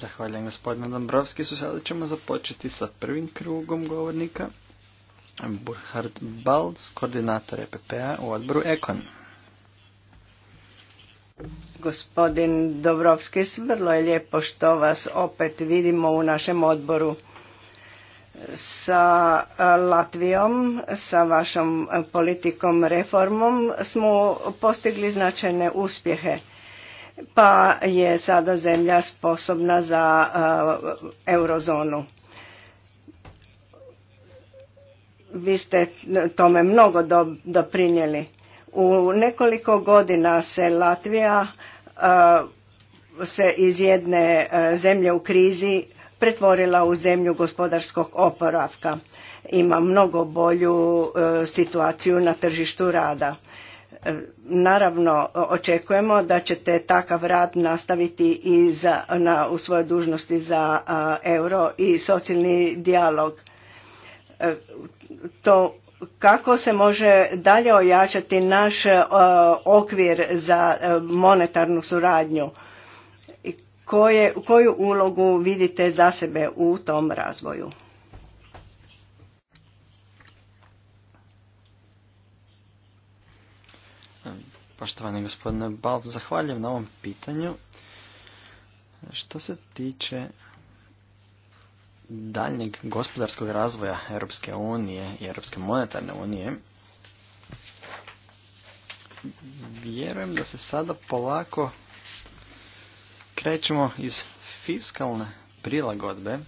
Zahvaljujem gospodinu Dombrovski. Su sada ćemo započeti sa prvim krugom govornika. Burhard Balz, koordinator EPP-a u odboru Ekon. Gospodin Dobrovski, vrlo je lijepo što vas opet vidimo u našem odboru sa e, Latvijom, sa vašom politikom reformom smo postigli značajne uspjehe pa je sada zemlja sposobna za eh, eurozonu. Vi ste tome mnogo doprinijeli. U nekoliko godina se Latvija eh, se iz jedne eh, zemlje u krizi pretvorila u zemlju gospodarskog oporavka. Ima mnogo bolju situaciju na tržištu rada Naravno, očekujemo da ćete takav rad nastaviti i za, na, u svojoj dužnosti za euro i socijalni dijalog. E, to kako se može dalje ojačati naš e, okvir za e, monetarnu suradnju? Koje, koju ulogu vidite za sebe u tom razvoju? Poštovani gospodine Bal, zahvaljujem na ovom pitanju. Što se tiče daljnjeg gospodarskog razvoja Europske unije i Europske monetarne unije, vjerujem da se sada polako krećemo iz fiskalne prilagodbe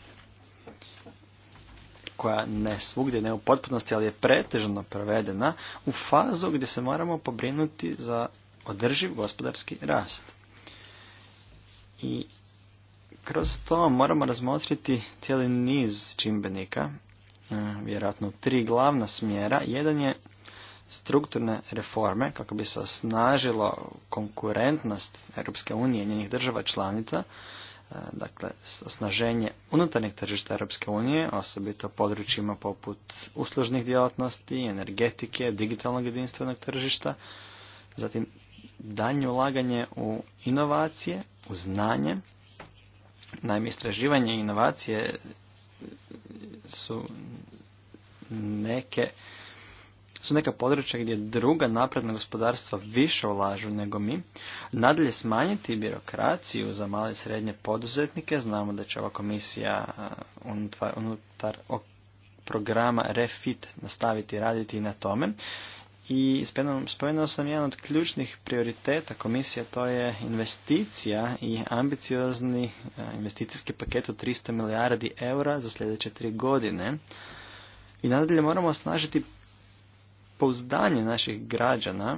koja ne svugdje, ne u potpunosti, ali je pretežno provedena u fazu gdje se moramo pobrinuti za održiv gospodarski rast. I kroz to moramo razmotriti cijeli niz čimbenika, e, vjerojatno tri glavna smjera. Jedan je strukturne reforme kako bi se osnažilo konkurentnost Europske unije i njenih država članica, E, dakle osnaženje unutarnjeg tržišta Europske unije, osobito područjima poput uslužnih djelatnosti, energetike, digitalnog jedinstvenog tržišta, zatim daljnje ulaganje u inovacije, u znanje. Naime, istraživanje i inovacije su neke su neka područja gdje druga napredna gospodarstva više ulažu nego mi. Nadalje smanjiti birokraciju za male i srednje poduzetnike. Znamo da će ova komisija uh, unutar programa Refit nastaviti raditi i na tome. I spomenuo sam jedan od ključnih prioriteta komisije, to je investicija i ambiciozni uh, investicijski paket od 300 milijardi eura za sljedeće tri godine. I nadalje moramo osnažiti pouzdanje naših građana,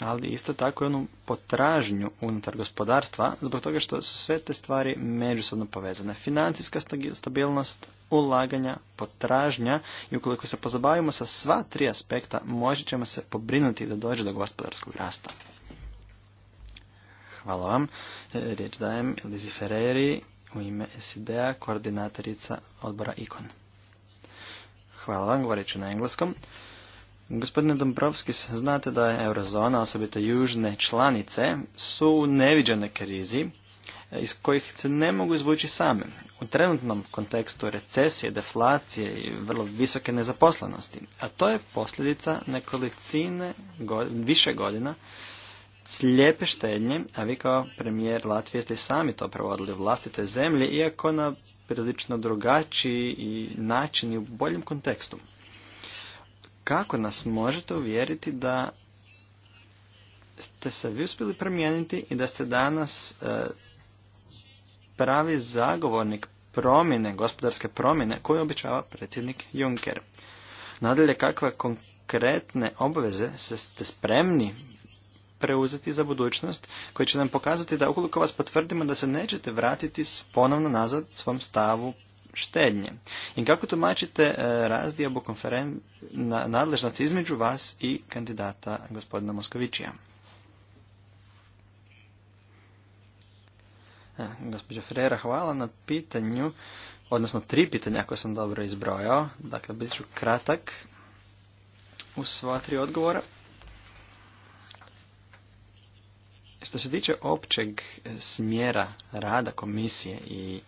ali isto tako i onu potražnju unutar gospodarstva, zbog toga što su sve te stvari međusobno povezane. Financijska stabilnost, ulaganja, potražnja i ukoliko se pozabavimo sa sva tri aspekta, moći ćemo se pobrinuti da dođe do gospodarskog rasta. Hvala vam. E, riječ dajem Lizi Ferreri u ime sid koordinatorica odbora ICON. Hvala vam, govorit ću na engleskom. Gospodine Dombrovskis, znate da je eurozona, osobito južne članice, su u neviđene krizi e, iz kojih se ne mogu izvući same. U trenutnom kontekstu recesije, deflacije i vrlo visoke nezaposlenosti, a to je posljedica nekolicine više godina slijepe štednje, a vi kao premijer Latvije ste sami to provodili u vlastite zemlje, iako na prilično drugačiji način i u boljem kontekstu kako nas možete uvjeriti da ste se vi uspjeli promijeniti i da ste danas e, pravi zagovornik promjene, gospodarske promjene koju običava predsjednik Juncker. Nadalje, kakve konkretne obveze ste spremni preuzeti za budućnost, koji će nam pokazati da ukoliko vas potvrdimo da se nećete vratiti ponovno nazad svom stavu štednje. I kako tumačite eh, razdijabu konferen... nadležnost nadležnosti između vas i kandidata gospodina Moskovićija? Eh, gospođa Ferreira, hvala na pitanju, odnosno tri pitanja ako sam dobro izbrojao. Dakle, bit ću kratak u sva tri odgovora. Što se tiče općeg eh, smjera rada komisije i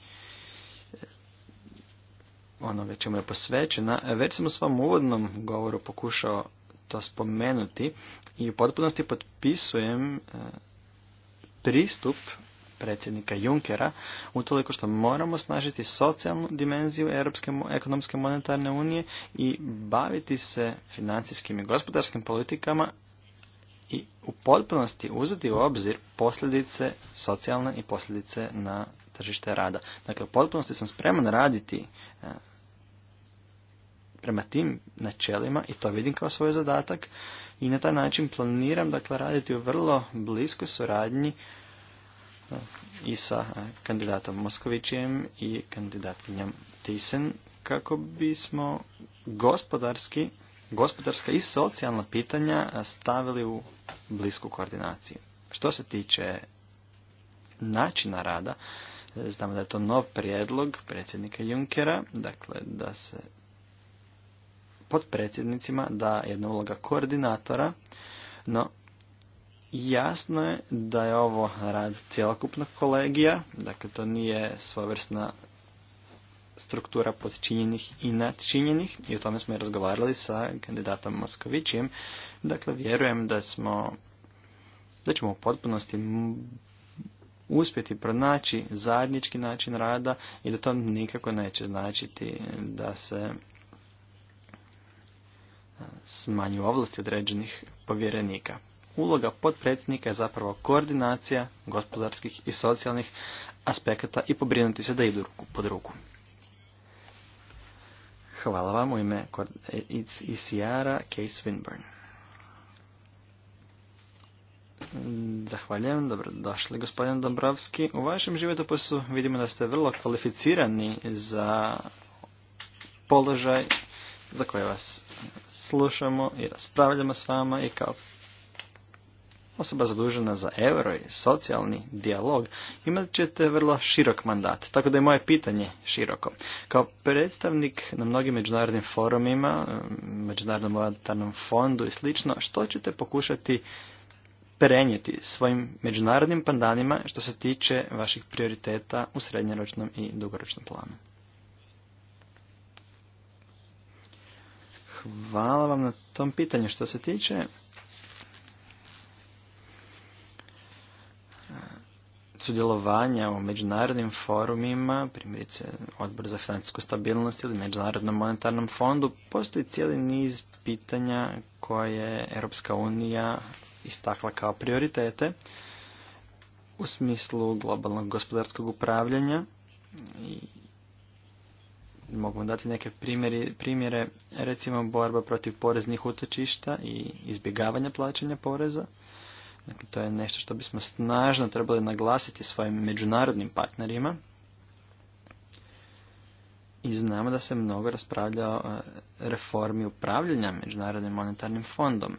onoga čemu je posvećena. Već sam u svom uvodnom govoru pokušao to spomenuti i u potpunosti potpisujem e, pristup predsjednika Junkera utoliko što moramo snažiti socijalnu dimenziju Europske ekonomske monetarne unije i baviti se financijskim i gospodarskim politikama i u potpunosti uzeti u obzir posljedice socijalne i posljedice na tržište rada. Dakle, u potpunosti sam spreman raditi e, prema tim načelima i to vidim kao svoj zadatak i na taj način planiram dakle raditi u vrlo bliskoj suradnji e, i sa e, kandidatom Moskovićem i kandidatinjem Tisen kako bismo gospodarski, gospodarska i socijalna pitanja e, stavili u blisku koordinaciju. Što se tiče načina rada, znamo da je to nov prijedlog predsjednika Junkera, dakle da se potpredsjednicima da jedna uloga koordinatora, no jasno je da je ovo rad cjelokupnog kolegija, dakle to nije svojevrsna struktura podčinjenih i nadčinjenih i o tome smo i razgovarali sa kandidatom Moskovićem. Dakle, vjerujem da smo da ćemo u potpunosti uspjeti pronaći zajednički način rada i da to nikako neće značiti da se smanju ovlasti određenih povjerenika. Uloga potpredsjednika je zapravo koordinacija gospodarskih i socijalnih aspekata i pobrinuti se da idu ruku pod ruku. Hvala vam u ime ICR-a Case Winburn. Zahvaljujem, dobrodošli gospodin Dombrovski. U vašem životopisu vidimo da ste vrlo kvalificirani za položaj za koje vas slušamo i raspravljamo s vama i kao osoba zadužena za euro i socijalni dijalog, imat ćete vrlo širok mandat, tako da je moje pitanje široko. Kao predstavnik na mnogim međunarodnim forumima, Međunarodnom monetarnom fondu i sl. što ćete pokušati prenijeti svojim međunarodnim pandanima što se tiče vaših prioriteta u srednjoročnom i dugoročnom planu? Hvala vam na tom pitanju. Što se tiče e, sudjelovanja u međunarodnim forumima, primjerice Odbor za financijsku stabilnost ili Međunarodnom monetarnom fondu, postoji cijeli niz pitanja koje je Europska unija istakla kao prioritete u smislu globalnog gospodarskog upravljanja i mogu dati neke primjeri, primjere, recimo borba protiv poreznih utočišta i izbjegavanja plaćanja poreza. Dakle, to je nešto što bismo snažno trebali naglasiti svojim međunarodnim partnerima. I znamo da se mnogo raspravlja o e, reformi upravljanja Međunarodnim monetarnim fondom.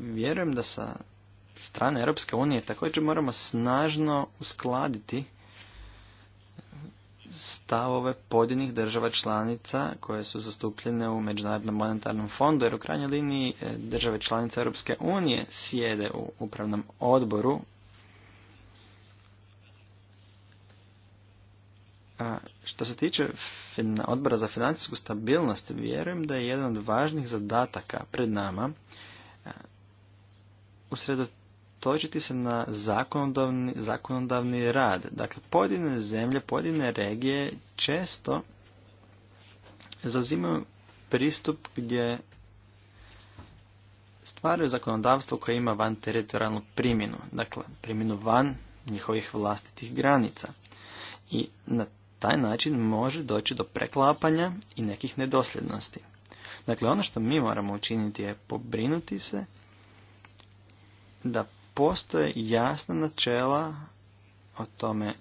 Vjerujem da sa strane Europske unije također moramo snažno uskladiti stavove pojedinih država članica koje su zastupljene u Međunarodnom monetarnom fondu, jer u krajnjoj liniji e, države članice Europske unije sjede u upravnom odboru A što se tiče odbora za financijsku stabilnost, vjerujem da je jedan od važnih zadataka pred nama e, usredo točiti se na zakonodavni, zakonodavni rad. Dakle, pojedine zemlje, pojedine regije često zauzimaju pristup gdje stvaraju zakonodavstvo koje ima van teritorijalnu primjenu. Dakle, primjenu van njihovih vlastitih granica. I na taj način može doći do preklapanja i nekih nedosljednosti. Dakle, ono što mi moramo učiniti je pobrinuti se da postoje jasna načela o tome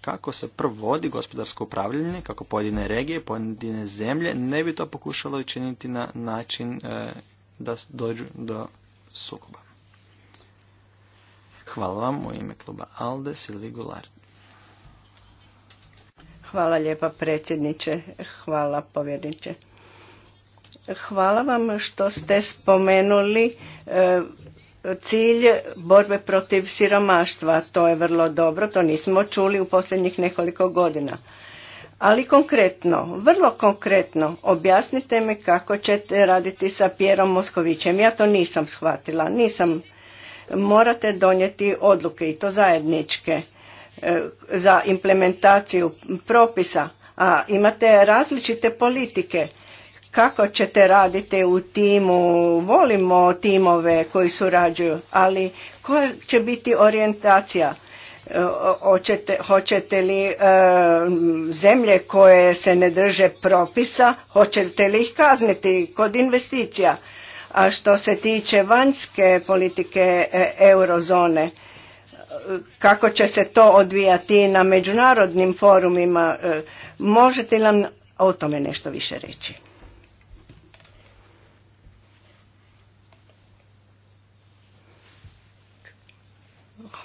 kako se provodi gospodarsko upravljanje, kako pojedine regije, pojedine zemlje ne bi to pokušalo učiniti na način e, da dođu do sukoba. Hvala vam u ime kluba Alde Silvi Goulart. Hvala lijepa predsjedniče, hvala povjedniče. Hvala vam što ste spomenuli e, cilj borbe protiv siromaštva. To je vrlo dobro, to nismo čuli u posljednjih nekoliko godina. Ali konkretno, vrlo konkretno, objasnite mi kako ćete raditi sa Pjerom Moskovićem. Ja to nisam shvatila, nisam. Morate donijeti odluke i to zajedničke e, za implementaciju propisa, a imate različite politike kako ćete raditi u timu, volimo timove koji surađuju, ali koja će biti orijentacija? Hoćete, e, hoćete li e, zemlje koje se ne drže propisa, hoćete li ih kazniti kod investicija? A što se tiče vanjske politike e, eurozone, kako će se to odvijati na međunarodnim forumima, možete li nam o tome nešto više reći?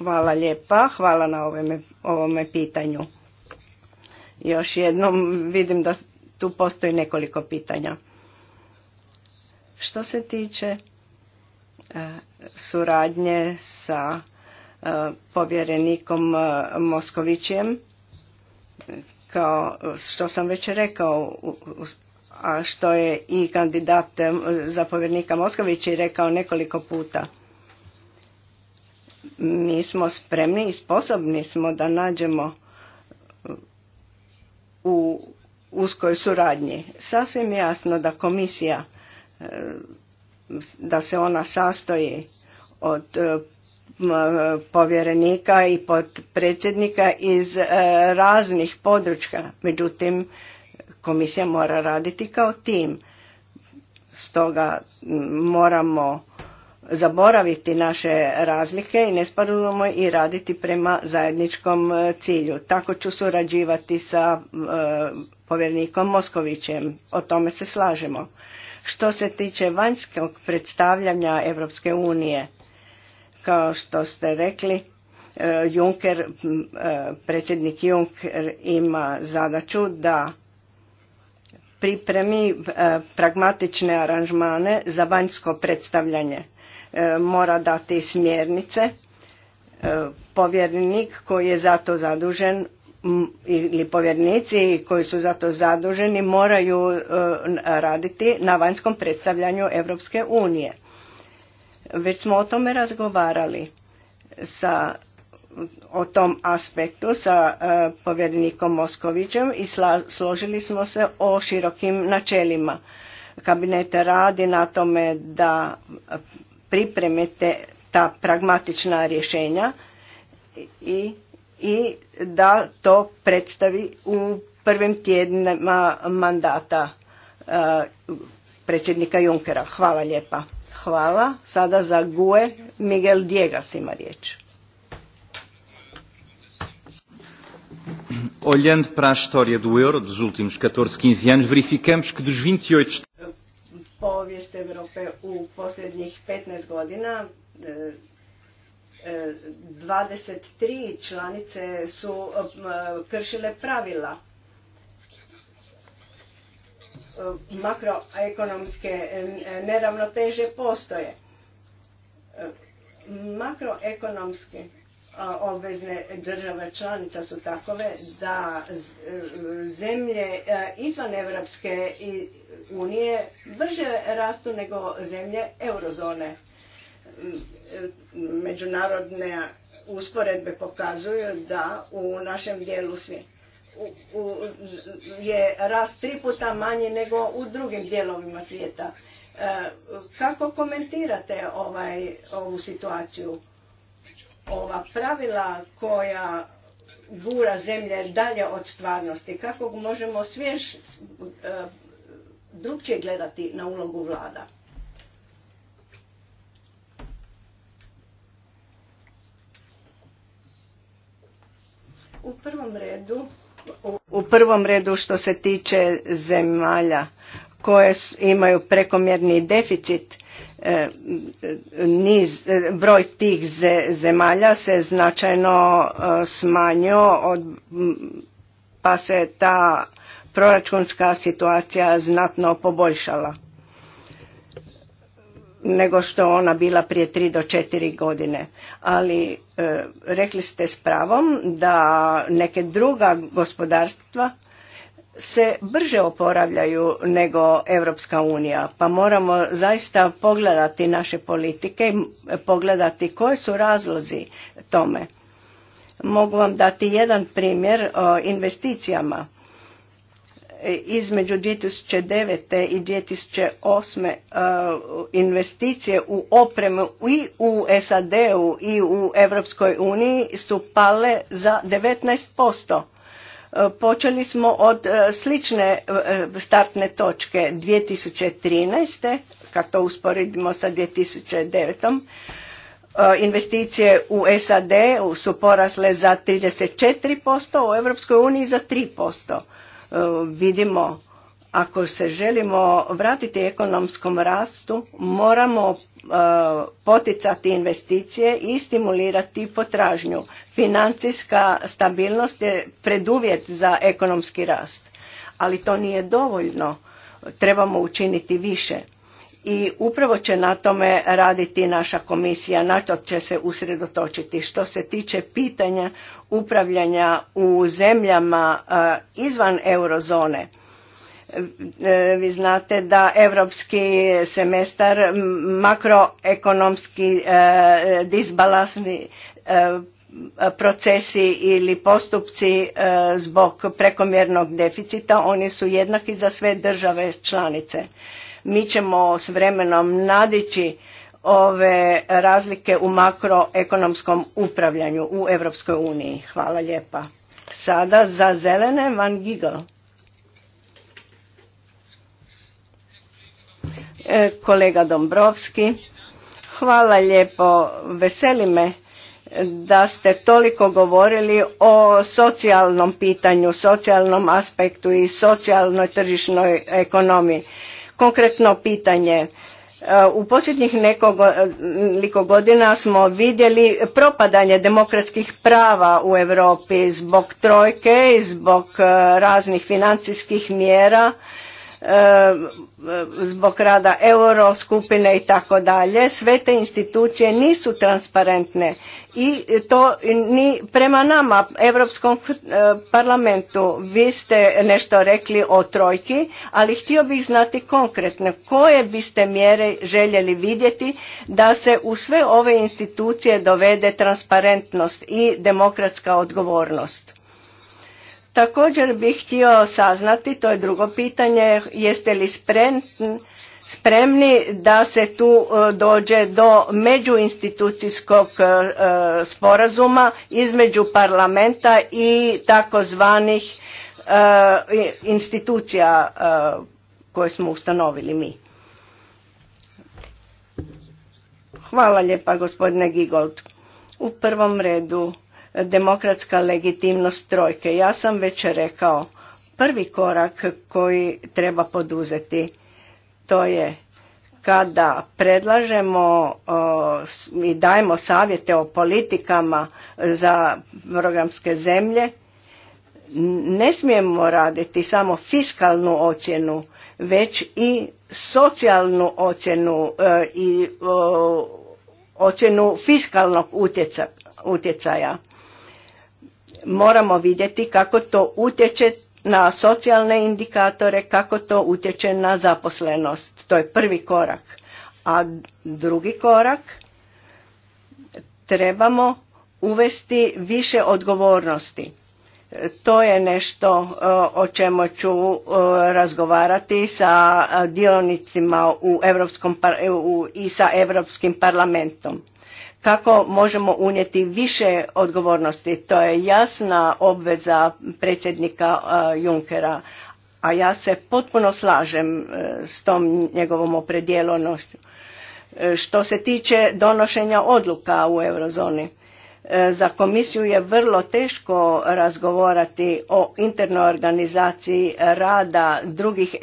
Hvala lijepa, hvala na ovome, ovome pitanju. Još jednom vidim da tu postoji nekoliko pitanja. Što se tiče e, suradnje sa e, povjerenikom e, Moskovićem, kao što sam već rekao, a što je i kandidat za povjerenika Mosković rekao nekoliko puta mi smo spremni i sposobni smo da nađemo uh, u uskoj suradnji. Sasvim jasno da komisija, uh, da se ona sastoji od uh, povjerenika i predsjednika iz raznih područja. Međutim, komisija mora raditi kao tim. Stoga moramo zaboraviti naše razlike i ne sparujemo i raditi prema zajedničkom e, cilju. Tako ću surađivati sa e, povjernikom Moskovićem. O tome se slažemo. Što se tiče vanjskog predstavljanja Europske unije, kao što ste rekli, e, Juncker, predsjednik Juncker ima zadaću da pripremi pragmatične aranžmane za vanjsko predstavljanje E, mora dati smjernice. E, povjernik koji je za to zadužen ili povjernici koji su za to zaduženi moraju e, raditi na vanjskom predstavljanju Europske unije. Već smo o tome razgovarali sa o tom aspektu sa povjerenikom Moskovićem i složili smo se o širokim načelima. Kabinete radi na tome da pripremite ta pragmatična rješenja i, i da to predstavi u prvim tjednima mandata e, predsjednika Junkera. Hvala lijepa. Hvala. Sada za GUE Miguel Diegas ima riječ. Olhando para a história do euro dos últimos 14, 15 anos, verificamos que dos 28 povijest Europe u posljednjih 15 godina 23 e, e, članice su e, kršile pravila makroekonomske neravnoteže postoje makroekonomske obvezne države članica su takove da e, zemlje e, izvan europske unije brže rastu nego zemlje eurozone. Mm, e, međunarodne usporedbe pokazuju da u našem dijelu svijeta je rast tri puta manji nego u drugim dijelovima svijeta. Kako komentirate ovaj, ovu situaciju? ova pravila koja gura zemlje dalje od stvarnosti, kako možemo svjež e, drugčije gledati na ulogu vlada. U prvom redu u prvom redu što se tiče zemalja koje imaju prekomjerni deficit E, niz, e, broj tih zemalja se značajno e, smanjio od, pa se ta proračunska situacija znatno poboljšala nego što ona bila prije tri do četiri godine. Ali rekli ste s pravom da neke druga gospodarstva se brže oporavljaju nego Europska unija, pa moramo zaista pogledati naše politike i pogledati koji su razlozi tome. Mogu vam dati jedan primjer o investicijama. E, između 2009. i 2008. E, investicije u opremu i u SAD-u i u Europskoj uniji su pale za 19%. Počeli smo od e, slične e, startne točke 2013. kad to usporedimo sa 2009. E, investicije u SAD su porasle za 34%, u Europskoj uniji za 3%. Vidimo ako se želimo vratiti ekonomskom rastu, moramo e, poticati investicije i stimulirati potražnju. Financijska stabilnost je preduvjet za ekonomski rast, ali to nije dovoljno. Trebamo učiniti više. I upravo će na tome raditi naša komisija, na to će se usredotočiti. Što se tiče pitanja upravljanja u zemljama e, izvan eurozone, E, vi znate da europski semestar makroekonomski e, disbalansni e, procesi ili postupci zbog prekomjernog deficita, oni su jednaki za sve države članice. Mi ćemo s vremenom nadići ove razlike u makroekonomskom upravljanju u Europskoj uniji. Hvala lijepa. Sada za zelene Van Gigel. E, kolega Dombrovski. Hvala lijepo, veseli me da ste toliko govorili o socijalnom pitanju, socijalnom aspektu i socijalnoj tržišnoj ekonomiji. Konkretno pitanje, e, u posljednjih nekoliko godina smo vidjeli propadanje demokratskih prava u Europi zbog trojke, i zbog e, raznih financijskih mjera E, zbog rada euro skupine i tako dalje. Sve te institucije nisu transparentne i to ni prema nama, Europskom e, parlamentu. Vi ste nešto rekli o trojki, ali htio bih znati konkretno koje biste mjere željeli vidjeti da se u sve ove institucije dovede transparentnost i demokratska odgovornost. Također bih htio saznati, to je drugo pitanje, jeste li spremni da se tu e, dođe do međuinstitucijskog e, sporazuma između parlamenta i takozvanih e, institucija koje smo ustanovili mi. Hvala lijepa gospodine Gigold. U prvom redu demokratska legitimnost trojke. Ja sam već rekao, prvi korak koji treba poduzeti to je kada predlažemo i dajemo savjete o politikama za programske zemlje, ne smijemo raditi samo fiskalnu ocjenu, već i socijalnu ocjenu e, i ocjenu fiskalnog utjecaja. Moramo vidjeti kako to utječe na socijalne indikatore, kako to utječe na zaposlenost. To je prvi korak. A drugi korak, trebamo uvesti više odgovornosti. To je nešto e, o čemu ću e, razgovarati sa e, dionicima u i sa Europskim parlamentom kako možemo unijeti više odgovornosti. To je jasna obveza predsjednika e, Junckera, a ja se potpuno slažem e, s tom njegovom opredjelonošću. E, što se tiče donošenja odluka u eurozoni, za komisiju je vrlo teško razgovarati o internoj organizaciji rada drugih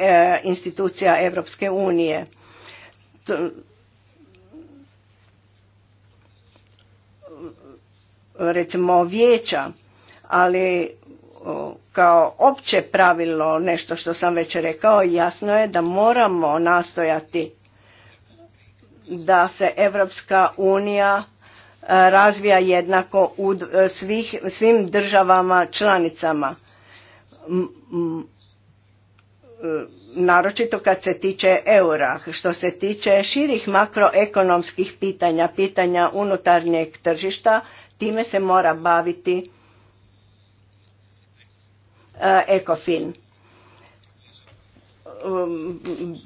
institucija Europske unije recimo vijeća, ali kao opće pravilo, nešto što sam već rekao, jasno je da moramo nastojati da se Evropska unija e, razvija jednako u e, svih, svim državama članicama. E, naročito kad se tiče eura, što se tiče širih makroekonomskih pitanja, pitanja unutarnjeg tržišta, Time se mora baviti e, ECOFIN. Um,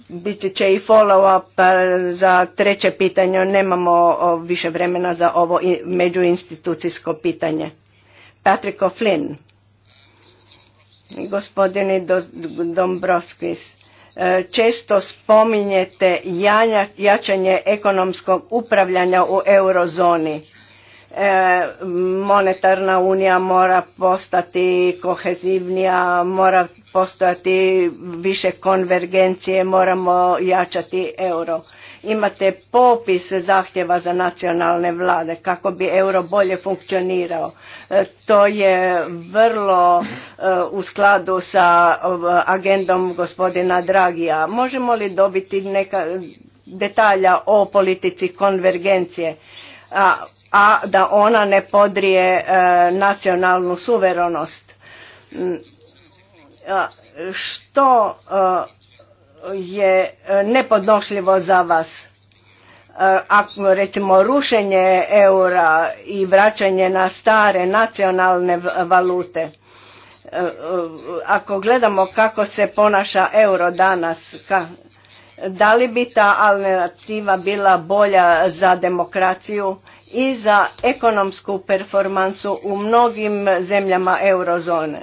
biti će i follow-up e, za treće pitanje. Nemamo više vremena za ovo međuinstitucijsko pitanje. Patrick O'Flynn, gospodini Dombrovskis, e, često spominjete jačanje ekonomskog upravljanja u eurozoni E, monetarna unija mora postati kohezivnija, mora postojati više konvergencije, moramo jačati euro. Imate popis zahtjeva za nacionalne vlade kako bi euro bolje funkcionirao. E, to je vrlo e, u skladu sa agendom gospodina Dragija. Možemo li dobiti neka detalja o politici konvergencije? A a da ona ne podrije e, nacionalnu suverenost. Mm, što e, je nepodnošljivo za vas? E, ako recimo rušenje eura i vraćanje na stare nacionalne valute, ako gledamo kako se ponaša euro danas, da li bi ta alternativa bila bolja za demokraciju i za ekonomsku performansu u mnogim zemljama eurozone.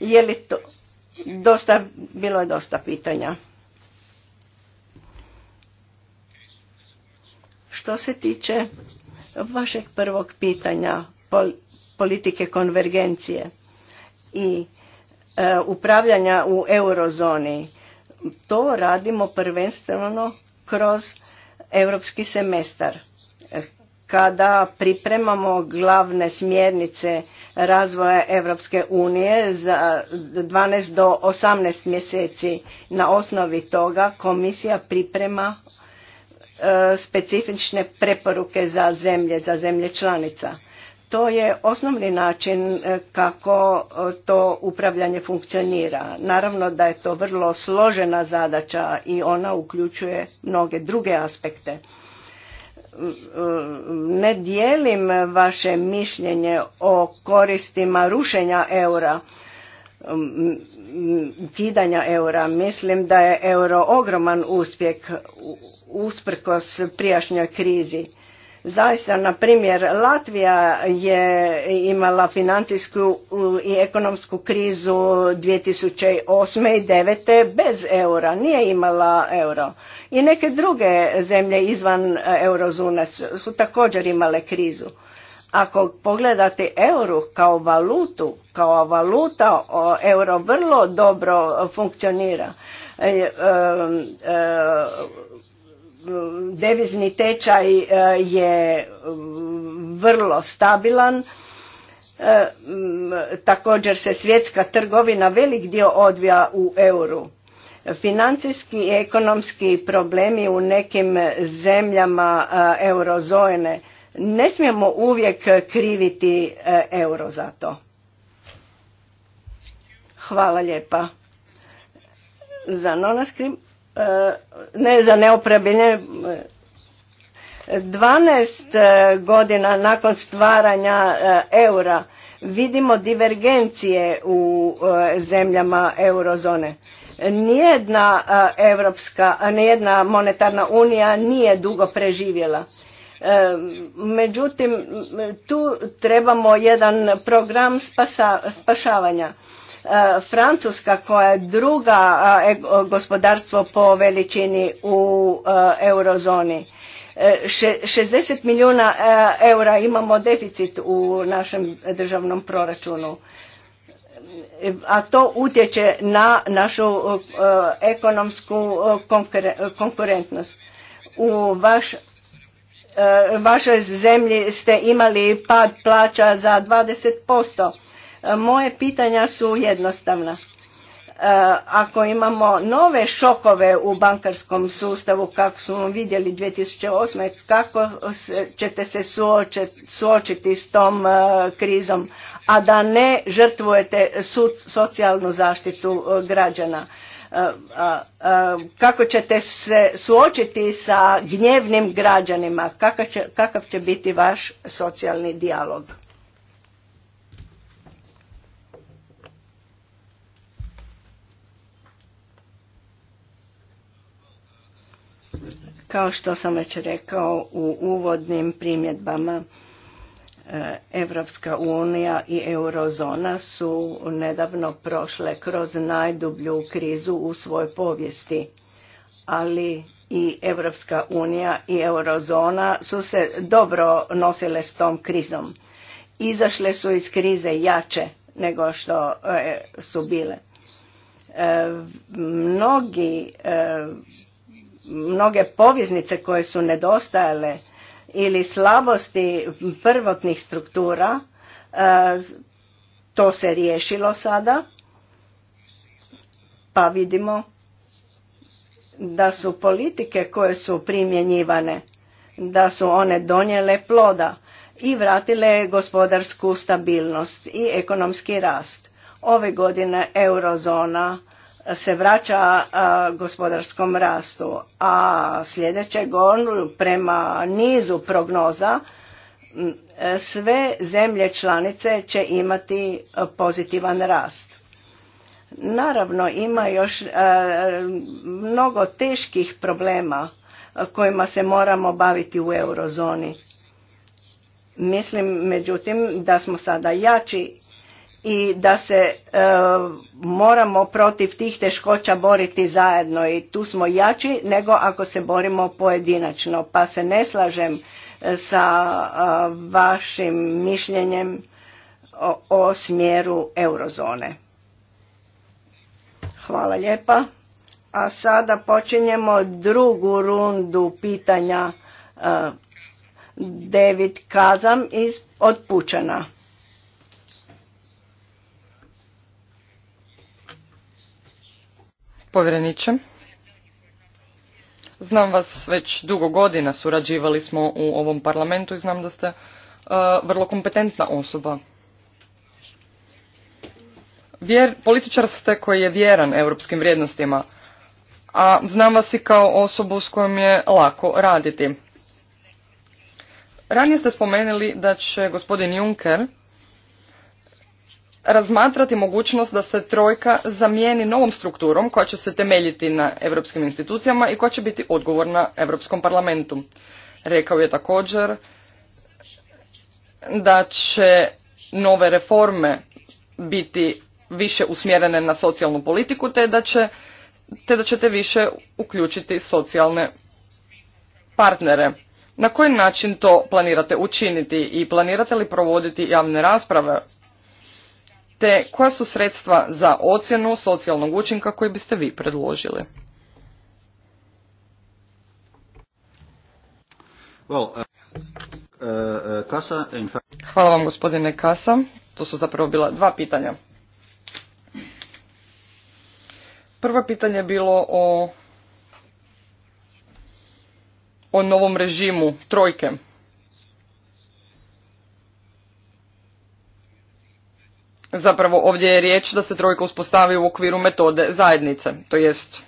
Je li to dosta, bilo je dosta pitanja. Što se tiče vašeg prvog pitanja politike konvergencije i e, upravljanja u eurozoni, to radimo prvenstveno kroz europski semestar kada pripremamo glavne smjernice razvoja Europske unije za 12 do 18 mjeseci. Na osnovi toga komisija priprema e, specifične preporuke za zemlje, za zemlje članica. To je osnovni način e, kako e, to upravljanje funkcionira. Naravno da je to vrlo složena zadaća i ona uključuje mnoge druge aspekte ne dijelim vaše mišljenje o koristima rušenja eura, kidanja eura. Mislim da je euro ogroman uspjeh usprkos prijašnjoj krizi Zaista, na primjer, Latvija je imala financijsku i ekonomsku krizu 2008. i 2009. bez eura, nije imala euro. I neke druge zemlje izvan eurozone su također imale krizu. Ako pogledate euro kao valutu, kao valuta, euro vrlo dobro funkcionira. E, e, devizni tečaj e, je vrlo stabilan. E, također se svjetska trgovina velik dio odvija u euru. Financijski i ekonomski problemi u nekim zemljama e, eurozone ne smijemo uvijek kriviti euro za to. Hvala lijepa. Za nonaskrim E, ne za neopravljenje 12 e, e, godina nakon stvaranja eura vidimo divergencije u zemljama eurozone. Nijedna evropska, nijedna monetarna unija nije dugo preživjela. Međutim, tu trebamo jedan program spašavanja. E, Francuska koja je druga e, gospodarstvo po veličini u e, eurozoni. 60 milijuna eura imamo deficit u našem državnom proračunu. A to utječe na našu ekonomsku konkurentnost. U vaš vašoj zemlji ste imali pad plaća za 20%. Moje pitanja su jednostavna. E, ako imamo nove šokove u bankarskom sustavu, kako smo vidjeli 2008. kako ćete se suočiti s tom e, krizom, a da ne žrtvujete socijalnu zaštitu e, građana? kako ćete se suočiti sa gnjevnim građanima, kakav će, kakav će biti vaš socijalni dijalog. Kao što sam već rekao u uvodnim primjedbama, e, Evropska unija i eurozona su nedavno prošle kroz najdublju krizu u svojoj povijesti, ali i Evropska unija i eurozona su se dobro nosile s tom krizom. Izašle su iz krize jače nego što e, su bile. E, mnogi mnoge poveznice koje su nedostajale ili slabosti prvotnih struktura, e, to se riješilo sada, pa vidimo da su politike koje su primjenjivane, da su one donijele ploda i vratile gospodarsku stabilnost i ekonomski rast. Ove godine eurozona se vraća gospodarskom rastu, a sljedeće godine prema nizu prognoza sve zemlje članice će imati pozitivan rast. Naravno ima još mnogo teških problema kojima se moramo baviti u eurozoni. Mislim međutim da smo sada jači i da se e, moramo protiv tih teškoća boriti zajedno i tu smo jači nego ako se borimo pojedinačno. Pa se ne slažem e, sa e, vašim mišljenjem o, smjeru eurozone. Hvala lijepa. A sada počinjemo drugu rundu pitanja. devet David Kazam iz, od Pučana. povjereniče. Znam vas već dugo godina, surađivali smo u ovom parlamentu i znam da ste e, vrlo kompetentna osoba. Vjer, političar ste koji je vjeran europskim vrijednostima, a znam vas i kao osobu s kojom je lako raditi. Ranije ste spomenuli da će gospodin Juncker razmatrati mogućnost da se trojka zamijeni novom strukturom koja će se temeljiti na europskim institucijama i koja će biti odgovorna Europskom parlamentu. Rekao je također da će nove reforme biti više usmjerene na socijalnu politiku te da, će, te da ćete više uključiti socijalne partnere. Na koji način to planirate učiniti i planirate li provoditi javne rasprave te koja su sredstva za ocjenu socijalnog učinka koji biste vi predložili? Uh, uh, uh, Hvala vam gospodine Kasa. To su zapravo bila dva pitanja. Prvo pitanje je bilo o, o novom režimu trojke. Zapravo ovdje je riječ da se trojka uspostavi u okviru metode zajednice, to jest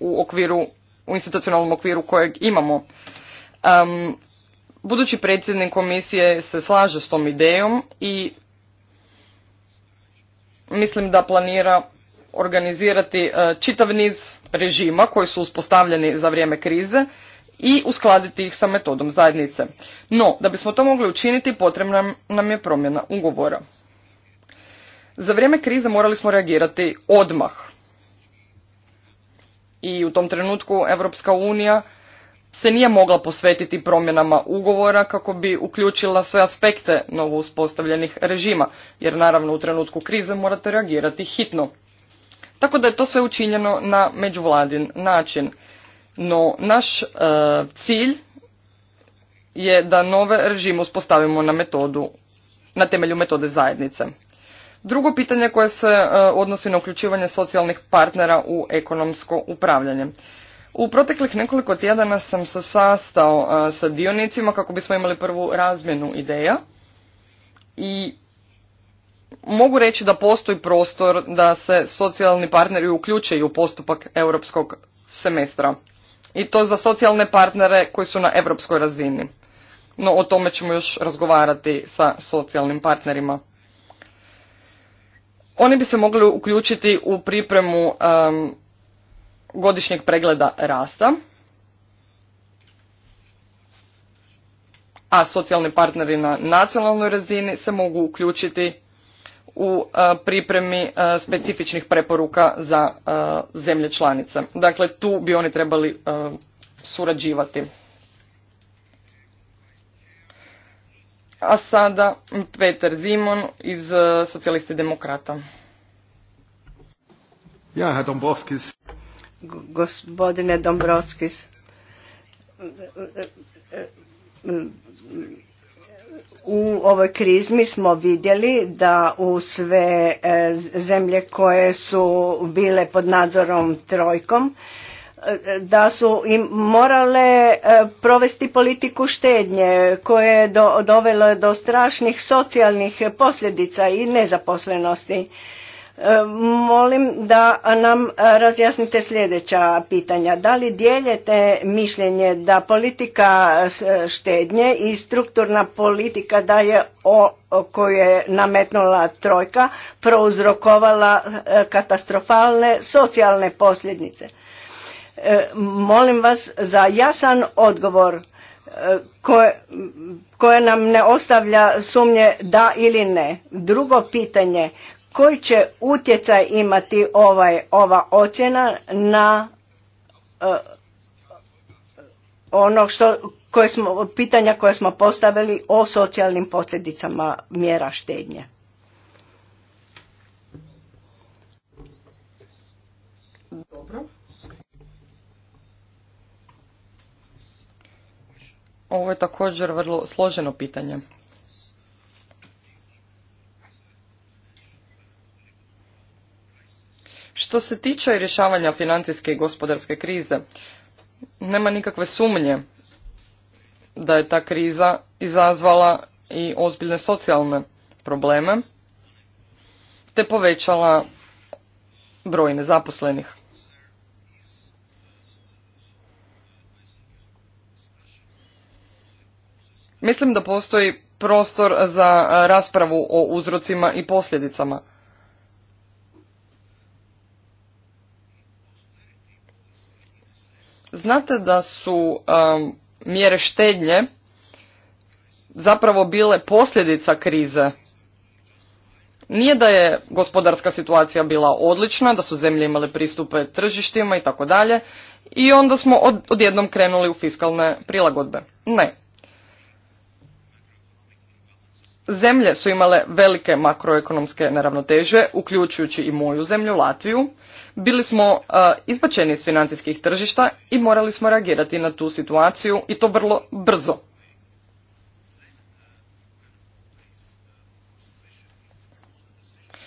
u okviru, u institucionalnom okviru kojeg imamo. budući predsjednik komisije se slaže s tom idejom i mislim da planira organizirati e, čitav niz režima koji su uspostavljeni za vrijeme krize i uskladiti ih sa metodom zajednice. No, da bismo to mogli učiniti potrebna nam je promjena ugovora. Za vrijeme krize morali smo reagirati odmah. I u tom trenutku Europska unija se nije mogla posvetiti promjenama ugovora kako bi uključila sve aspekte novo uspostavljenih režima, jer naravno u trenutku krize morate reagirati hitno. Tako da je to sve učinjeno na međuvladin način. No naš e, cilj je da nove režime uspostavimo na metodu, na temelju metode zajednice. Drugo pitanje koje se e, odnosi na uključivanje socijalnih partnera u ekonomsko upravljanje. U proteklih nekoliko tjedana sam se sastao e, sa dionicima kako bismo imali prvu razmjenu ideja i mogu reći da postoji prostor da se socijalni partneri uključe u postupak europskog semestra i to za socijalne partnere koji su na europskoj razini. No o tome ćemo još razgovarati sa socijalnim partnerima. Oni bi se mogli uključiti u pripremu godišnjeg pregleda rasta, a socijalni partneri na nacionalnoj razini se mogu uključiti u e, pripremi e, specifičnih preporuka za e, zemlje članice. Dakle, tu bi oni trebali surađivati. A sada Peter Zimon iz e, Socijaliste demokrata. Ja, Gospodine Dombrovskis, u ovoj krizmi smo vidjeli da u sve e, zemlje koje su bile pod nadzorom trojkom, da su im morale e, provesti politiku štednje koje je do, dovelo do strašnih socijalnih posljedica i nezaposlenosti. E, molim da nam razjasnite sljedeća pitanja. Da li dijeljete mišljenje da politika štednje i strukturna politika da je o, koju je nametnula trojka prouzrokovala e, katastrofalne socijalne posljedice? E, molim vas za jasan odgovor e, koje, nam ne ostavlja sumnje da ili ne. Drugo pitanje, koji će utjecaj imati ovaj, ova ocjena na e, ono što, koje smo, pitanja koje smo postavili o socijalnim posljedicama mjera štednje? Ovo je također vrlo složeno pitanje. Što se tiče rješavanja financijske i gospodarske krize, nema nikakve sumnje da je ta kriza izazvala i ozbiljne socijalne probleme, te povećala broj nezaposlenih. Mislim da postoji prostor za raspravu o uzrocima i posljedicama. Znate da su mjere štednje zapravo bile posljedica krize. Nije da je gospodarska situacija bila odlična, da su zemlje imale pristupe tržištima i tako dalje i onda smo odjednom krenuli u fiskalne prilagodbe. Ne, Zemlje su imale velike makroekonomske neravnoteže, uključujući i moju zemlju, Latviju. Bili smo e, izbačeni iz financijskih tržišta i morali smo reagirati na tu situaciju i to vrlo brzo.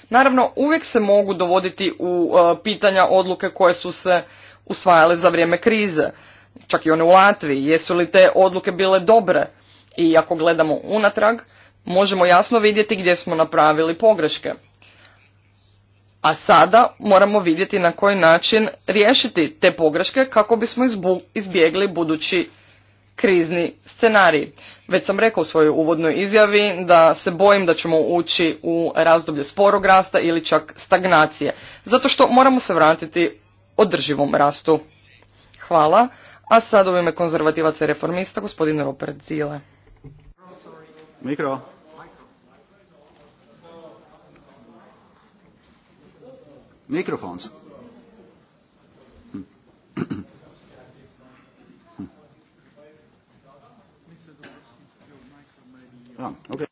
Naravno, uvijek se mogu dovoditi u e, pitanja odluke koje su se usvajale za vrijeme krize, čak i one u Latviji. Jesu li te odluke bile dobre? I ako gledamo unatrag, možemo jasno vidjeti gdje smo napravili pogreške. A sada moramo vidjeti na koji način riješiti te pogreške kako bismo izbjegli budući krizni scenarij. Već sam rekao u svojoj uvodnoj izjavi da se bojim da ćemo ući u razdoblje sporog rasta ili čak stagnacije, zato što moramo se vratiti održivom rastu. Hvala, a sada u ime konzervativaca i reformista gospodin Robert Zile. Mikro. Microfoons. Hm. Hm. Hm. okay.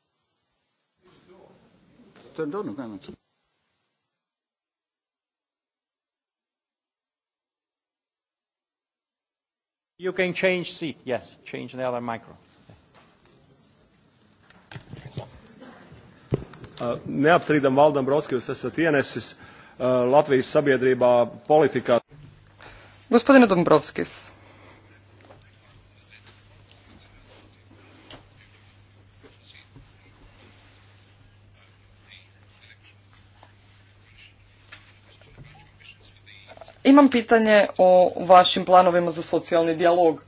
You can change seat, yes, change the other micro. Uh, Neapstrīdam Valdam Brovskijus esat Eh, Latvijas sabiedrībā politikā. Gospodine Dombrovskis. Imam pitanje o vašim planovima za socijalni dijalog.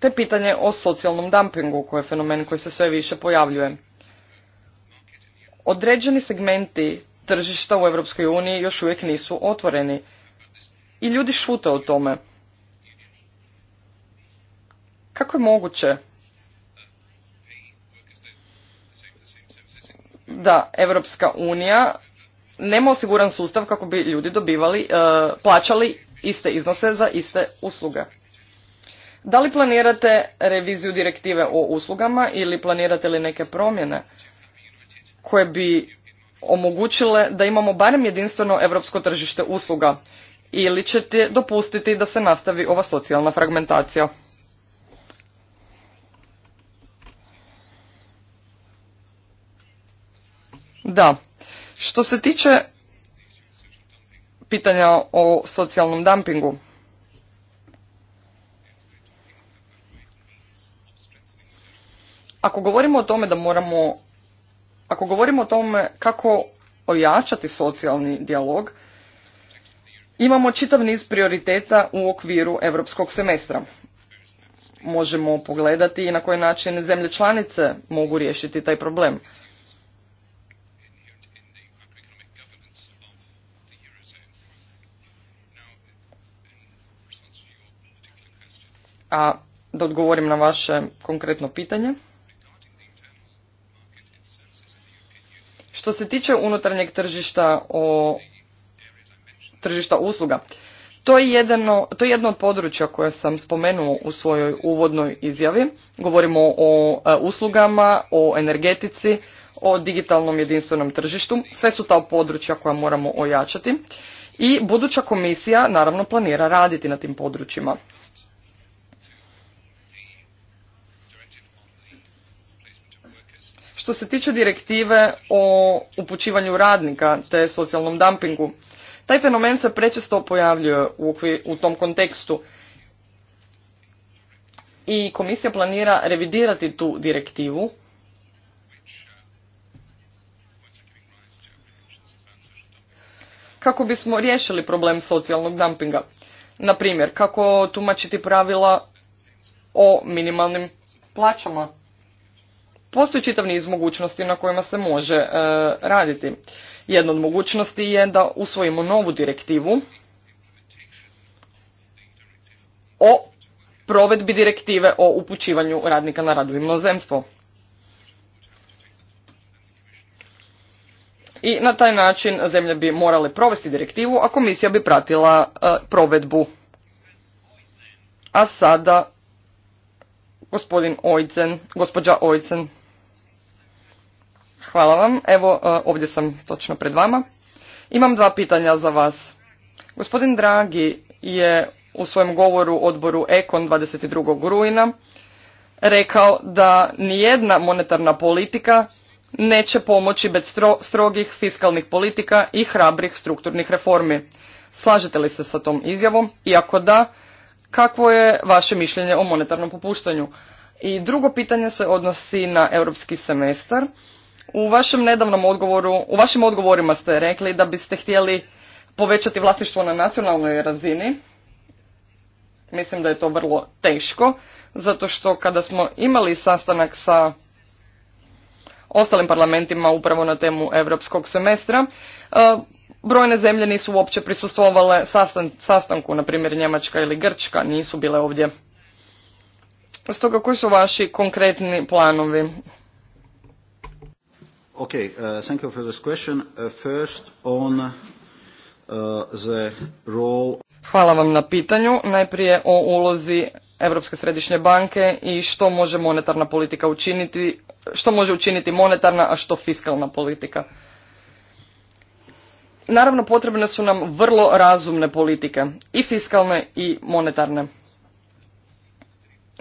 Te pitanje o socijalnom dumpingu, koji je fenomen koji se sve više pojavljuje. Određeni segmenti tržišta u Europskoj uniji još uvijek nisu otvoreni i ljudi šute o tome. Kako je moguće da Europska unija nema osiguran sustav kako bi ljudi dobivali, e, plaćali iste iznose za iste usluge? Da li planirate reviziju direktive o uslugama ili planirate li neke promjene? koje bi omogućile da imamo barem jedinstveno europsko tržište usluga ili ćete dopustiti da se nastavi ova socijalna fragmentacija? Da. Što se tiče pitanja o socijalnom dumpingu, ako govorimo o tome da moramo ako govorimo o tome kako ojačati socijalni dijalog, imamo čitav niz prioriteta u okviru europskog semestra. Možemo pogledati i na koji način zemlje članice mogu riješiti taj problem. A da odgovorim na vaše konkretno pitanje. Što se tiče unutarnjeg tržišta o tržišta usluga, to je, jedno, to je jedno od područja koje sam spomenuo u svojoj uvodnoj izjavi. Govorimo o e, uslugama, o energetici, o digitalnom jedinstvenom tržištu. Sve su ta područja koja moramo ojačati. I buduća komisija naravno planira raditi na tim područjima. Što se tiče direktive o upućivanju radnika te socijalnom dumpingu, taj fenomen se prečesto pojavljuje u, u tom kontekstu i komisija planira revidirati tu direktivu kako bismo riješili problem socijalnog dumpinga. Na primjer, kako tumačiti pravila o minimalnim plaćama. Postoji čitav niz mogućnosti na kojima se može e, raditi. Jedna od mogućnosti je da usvojimo novu direktivu o provedbi direktive o upućivanju radnika na radu inozemstvo. I na taj način zemlje bi morale provesti direktivu, a komisija bi pratila e, provedbu. A sada gospodin Ojcen, gospođa Ojcen. Hvala vam. Evo, e, ovdje sam točno pred vama. Imam dva pitanja za vas. Gospodin Dragi je u svojem govoru odboru Ekon 22. rujna rekao da nijedna monetarna politika neće pomoći bez strogih fiskalnih politika i hrabrih strukturnih reformi. Slažete li se sa tom izjavom? Iako da, kakvo je vaše mišljenje o monetarnom popuštanju? I drugo pitanje se odnosi na europski semestar u vašem nedavnom odgovoru, u vašim odgovorima ste rekli da biste htjeli povećati vlasništvo na nacionalnoj razini. Mislim da je to vrlo teško, zato što kada smo imali sastanak sa ostalim parlamentima upravo na temu europskog semestra, e, brojne zemlje nisu uopće prisustvovale sastanku, na primjer Njemačka ili Grčka, nisu bile ovdje. Stoga koji su vaši konkretni planovi Okay, uh, thank you for this question. Uh, first on uh, the role... Hvala vam na pitanju. Najprije o ulozi Europske središnje banke i što može monetarna politika učiniti, što može učiniti monetarna, a što fiskalna politika. Naravno, potrebne su nam vrlo razumne politike, i fiskalne i monetarne.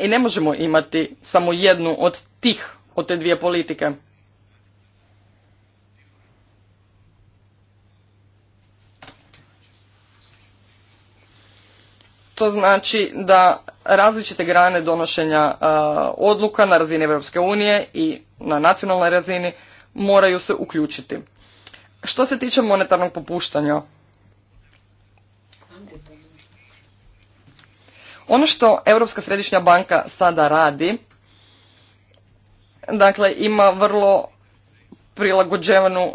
I ne možemo imati samo jednu od tih, od te dvije politike. To znači da različite grane donošenja e, odluka na razini Europske unije i na nacionalnoj razini moraju se uključiti. Što se tiče monetarnog popuštanja, ono što Europska središnja banka sada radi, dakle ima vrlo prilagođevanu e,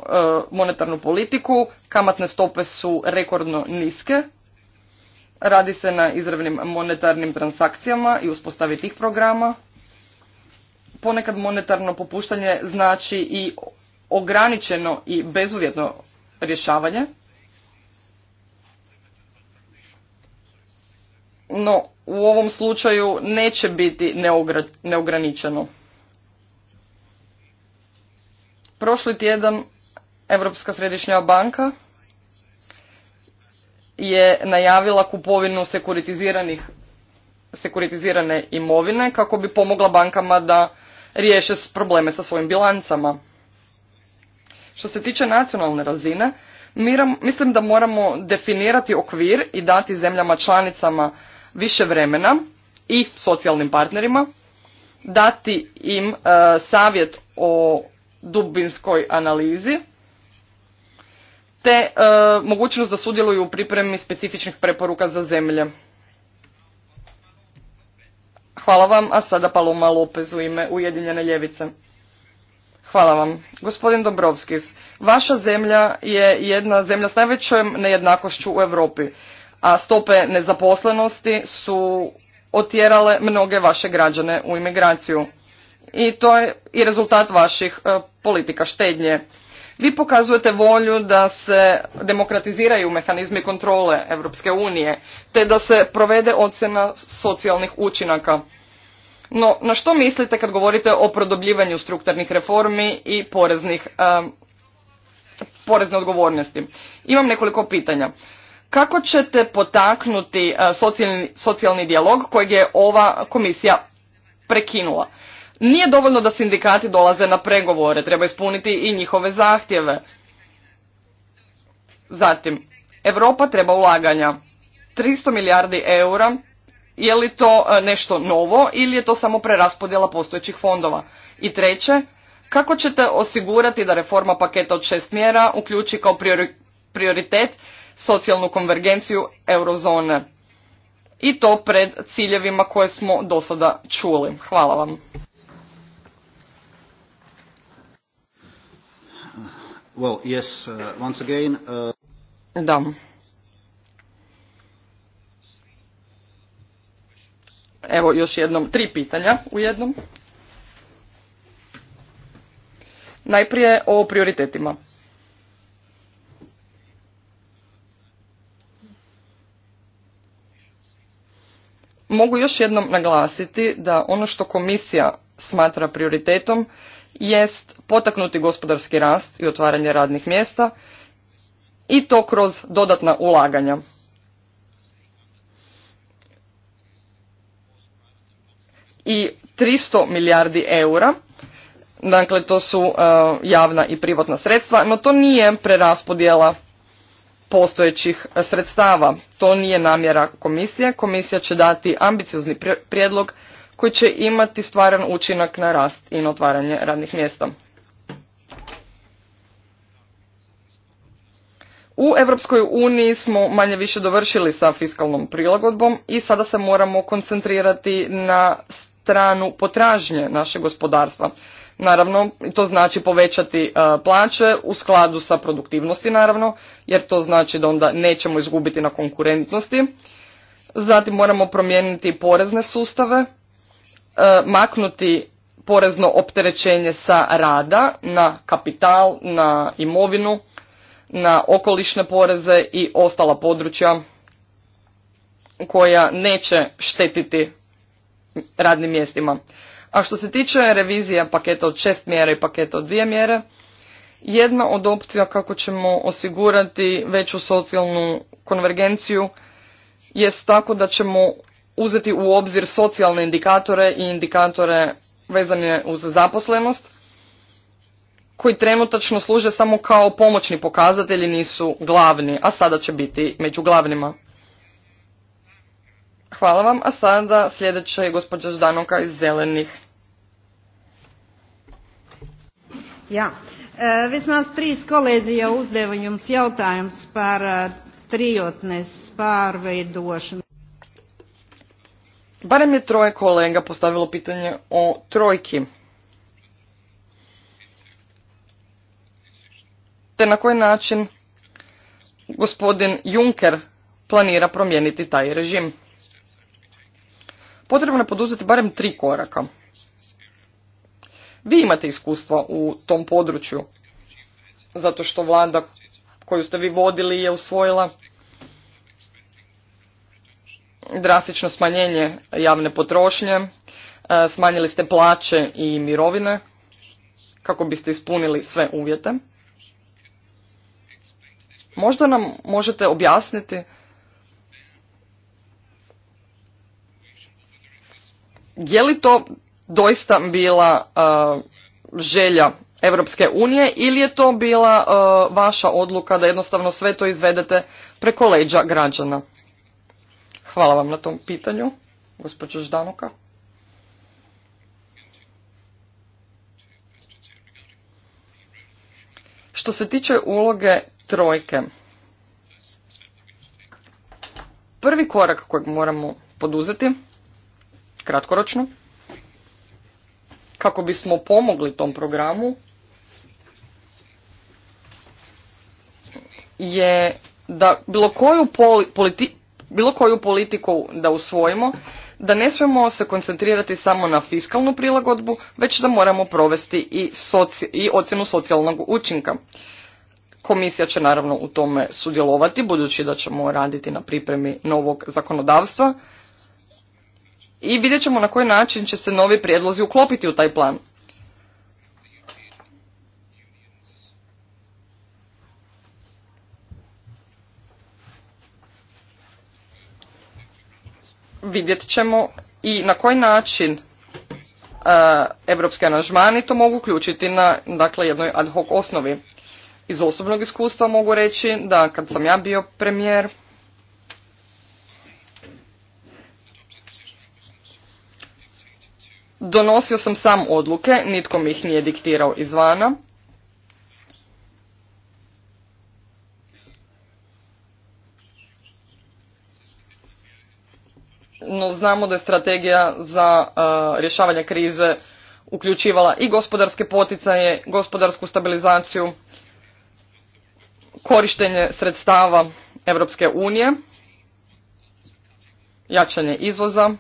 monetarnu politiku, kamatne stope su rekordno niske, Radi se na izravnim monetarnim transakcijama i uspostavi tih programa. Ponekad monetarno popuštanje znači i ograničeno i bezuvjetno rješavanje. No, u ovom slučaju neće biti neograničeno. Prošli tjedan Europska središnja banka je najavila kupovinu sekuritiziranih sekuritizirane imovine kako bi pomogla bankama da riješe probleme sa svojim bilancama. Što se tiče nacionalne razine, mislim da moramo definirati okvir i dati zemljama članicama više vremena i socijalnim partnerima, dati im e, savjet o dubinskoj analizi te e, mogućnost da sudjeluju u pripremi specifičnih preporuka za zemlje. Hvala vam, a sada Paloma Lopez u ime Ujedinjene ljevice. Hvala vam. Gospodin Dobrovskis, vaša zemlja je jedna zemlja s najvećom nejednakošću u Europi, a stope nezaposlenosti su otjerale mnoge vaše građane u imigraciju. I to je i rezultat vaših e, politika štednje vi pokazujete volju da se demokratiziraju mehanizmi kontrole Europske unije, te da se provede ocjena socijalnih učinaka. No, na što mislite kad govorite o produbljivanju strukturnih reformi i poreznih, porezne odgovornosti? Imam nekoliko pitanja. Kako ćete potaknuti socijalni, socijalni dijalog kojeg je ova komisija prekinula? Nije dovoljno da sindikati dolaze na pregovore, treba ispuniti i njihove zahtjeve. Zatim, Europa treba ulaganja. 300 milijardi eura, je li to e, nešto novo ili je to samo preraspodjela postojećih fondova? I treće, kako ćete osigurati da reforma paketa od šest mjera uključi kao prioritet socijalnu konvergenciju eurozone? I to pred ciljevima koje smo do sada čuli. Hvala vam. Well, uh, uh, Evo još jednom tri pitanja u jednom. Najprije o prioritetima. Mogu još jednom naglasiti da ono što komisija smatra prioritetom jest potaknuti gospodarski rast i otvaranje radnih mjesta i to kroz dodatna ulaganja. I 300 milijardi eura, dakle to su e, javna i privatna sredstva, no to nije preraspodjela postojećih sredstava. To nije namjera komisije. Komisija će dati ambiciozni prijedlog koji će imati stvaran učinak na rast i na otvaranje radnih mjesta. U Europskoj uniji smo manje više dovršili sa fiskalnom prilagodbom i sada se moramo koncentrirati na stranu potražnje našeg gospodarstva. Naravno, to znači povećati e, plaće u skladu sa produktivnosti, naravno, jer to znači da onda nećemo izgubiti na konkurentnosti. Zatim moramo promijeniti porezne sustave, e, maknuti porezno opterećenje sa rada na kapital, na imovinu, na okolišne poreze i ostala područja koja neće štetiti radnim mjestima. A što se tiče revizije paketa od šest mjera i paketa od dvije mjere, jedna od opcija kako ćemo osigurati veću socijalnu konvergenciju jest tako da ćemo uzeti u obzir socijalne indikatore i indikatore vezane uz zaposlenost koji trenutačno služe samo kao pomoćni pokazatelji, nisu glavni, a sada će biti među glavnima. Hvala vam, a sada sljedeća je gospođa Ždanoka iz Zelenih. Ja. E, tri trīs kolēģi jau uzdeva jums triotne par i Barem je troje kolega postavilo pitanje o trojki. te na koji način gospodin Juncker planira promijeniti taj režim. Potrebno je poduzeti barem tri koraka. Vi imate iskustva u tom području, zato što vlada koju ste vi vodili je usvojila drastično smanjenje javne potrošnje, e, smanjili ste plaće i mirovine kako biste ispunili sve uvjete. Možda nam možete objasniti je li to doista bila uh, želja Europske unije ili je to bila uh, vaša odluka da jednostavno sve to izvedete preko leđa građana? Hvala vam na tom pitanju, gospođo Ždanuka. Što se tiče uloge trojke. Prvi korak kojeg moramo poduzeti, kratkoročno, kako bismo pomogli tom programu, je da bilo koju, bilo koju politiku da usvojimo, da ne smijemo se koncentrirati samo na fiskalnu prilagodbu, već da moramo provesti i, i ocjenu socijalnog učinka. Komisija će naravno u tome sudjelovati, budući da ćemo raditi na pripremi novog zakonodavstva i vidjet ćemo na koji način će se novi prijedlozi uklopiti u taj plan. Vidjet ćemo i na koji način europski aranžmani to mogu uključiti na dakle, jednoj ad hoc osnovi. Iz osobnog iskustva mogu reći da kad sam ja bio premijer, donosio sam sam odluke, nitko mi ih nije diktirao izvana. No znamo da je strategija za e, rješavanje krize uključivala i gospodarske poticaje, gospodarsku stabilizaciju korištenje sredstava Europske unije, jačanje izvoza.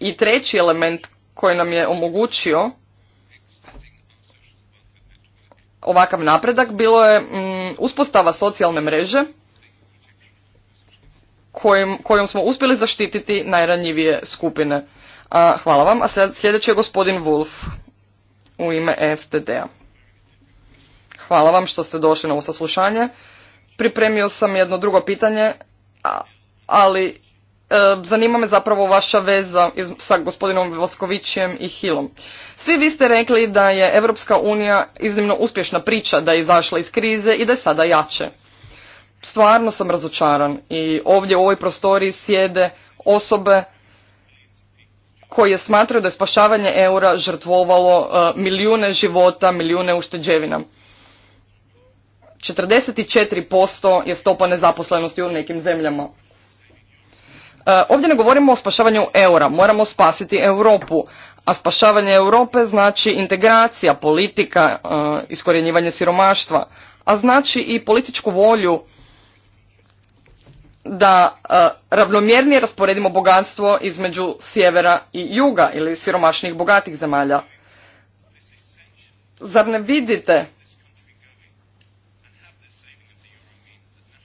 I treći element koji nam je omogućio ovakav napredak bilo je mm, uspostava socijalne mreže kojom smo uspjeli zaštititi najranjivije skupine. A, hvala vam. A sljedeći je gospodin Wolf u ime FTD-a. Hvala vam što ste došli na ovo saslušanje. Pripremio sam jedno drugo pitanje, ali e, zanima me zapravo vaša veza sa gospodinom Voskovićem i Hilom. Svi vi ste rekli da je Europska unija iznimno uspješna priča, da je izašla iz krize i da je sada jače. Stvarno sam razočaran i ovdje u ovoj prostoriji sjede osobe koji je smatrao da je spašavanje eura žrtvovalo e, milijune života, milijune ušteđevina. 44% je stopa nezaposlenosti u nekim zemljama. E, ovdje ne govorimo o spašavanju eura, moramo spasiti Europu, a spašavanje Europe znači integracija, politika, e, iskorjenjivanje siromaštva, a znači i političku volju da e, ravnomjernije rasporedimo bogatstvo između sjevera i juga ili siromašnih bogatih zemalja. Zar ne vidite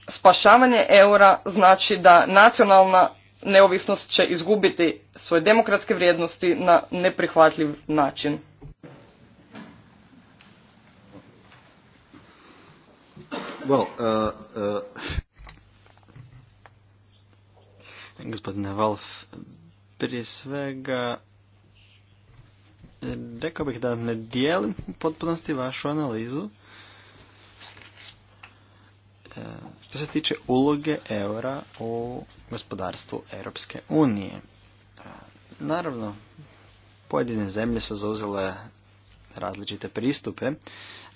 spašavanje eura znači da nacionalna neovisnost će izgubiti svoje demokratske vrijednosti na neprihvatljiv način. Well, uh... uh Gospodine Wolf, prije svega e, rekao bih da ne dijelim u potpunosti vašu analizu. E, što se tiče uloge eura u gospodarstvu Europske unije. E, naravno, pojedine zemlje su zauzele različite pristupe,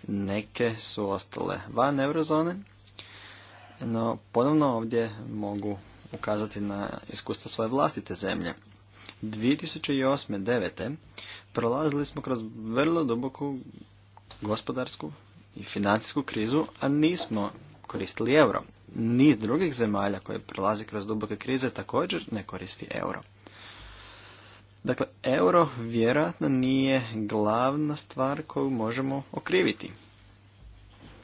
neke su ostale van eurozone, no ponovno ovdje mogu ukazati na iskustva svoje vlastite zemlje. 2008. 2009. prolazili smo kroz vrlo duboku gospodarsku i financijsku krizu, a nismo koristili euro. Niz drugih zemalja koje prolazi kroz duboke krize također ne koristi euro. Dakle, euro vjerojatno nije glavna stvar koju možemo okriviti.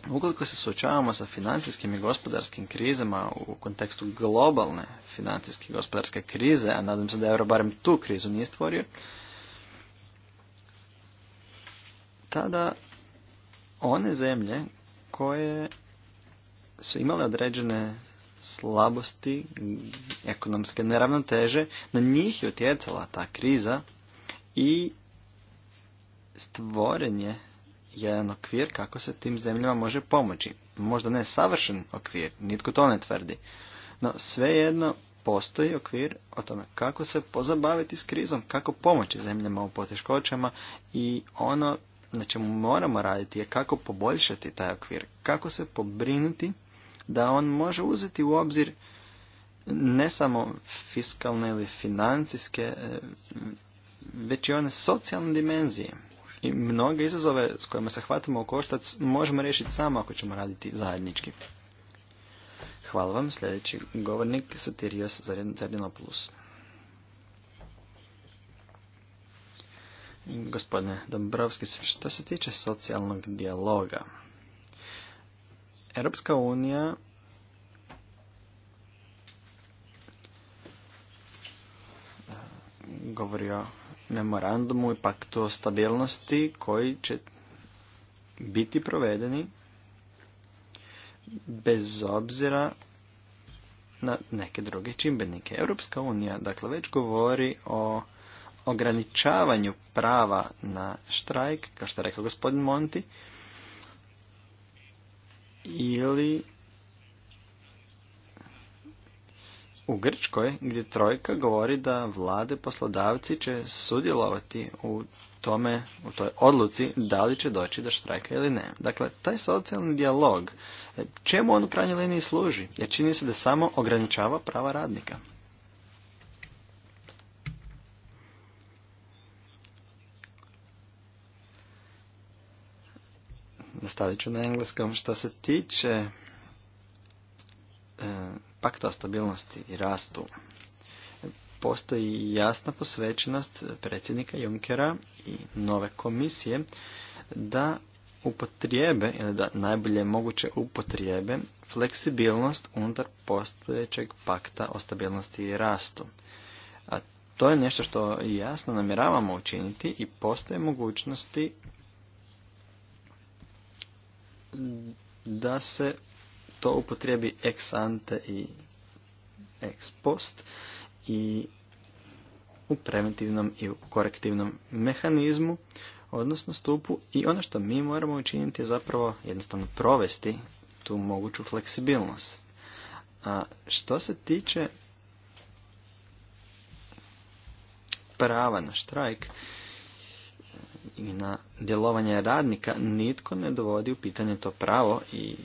Ukoliko se suočavamo sa financijskim i gospodarskim krizama u kontekstu globalne financijske i gospodarske krize, a nadam se da euro barem tu krizu nije stvorio, tada one zemlje koje su imale određene slabosti, ekonomske neravnoteže, na njih je utjecala ta kriza i stvorenje jedan okvir kako se tim zemljama može pomoći. Možda ne savršen okvir, nitko to ne tvrdi. No svejedno postoji okvir o tome kako se pozabaviti s krizom, kako pomoći zemljama u poteškoćama i ono na čemu moramo raditi je kako poboljšati taj okvir, kako se pobrinuti da on može uzeti u obzir ne samo fiskalne ili financijske, eh, već i one socijalne dimenzije. I mnoge izazove s kojima se hvatimo u koštac možemo riješiti samo ako ćemo raditi zajednički. Hvala vam. Sljedeći govornik Sotirios Zardinopoulos. Gospodine Dombrovski, što se tiče socijalnog dijaloga, Europska unija govori o memorandumu i paktu o stabilnosti koji će biti provedeni bez obzira na neke druge čimbenike. Europska unija dakle već govori o ograničavanju prava na štrajk, kao što je rekao gospodin Monti, ili u Grčkoj gdje trojka govori da vlade poslodavci će sudjelovati u tome, u toj odluci da li će doći do štrajka ili ne. Dakle, taj socijalni dijalog, čemu on u krajnjoj liniji služi? Jer čini se da samo ograničava prava radnika. Nastavit ću na engleskom. Što se tiče pakta o stabilnosti i rastu postoji jasna posvećenost predsjednika Junkera i nove komisije da upotrijebe ili da najbolje moguće upotrijebe fleksibilnost unutar postojećeg pakta o stabilnosti i rastu. A to je nešto što jasno namjeravamo učiniti i postoje mogućnosti da se to upotrijebi ex ante i ex post i u preventivnom i u korektivnom mehanizmu, odnosno stupu i ono što mi moramo učiniti je zapravo jednostavno provesti tu moguću fleksibilnost. A što se tiče prava na štrajk i na djelovanje radnika, nitko ne dovodi u pitanje to pravo i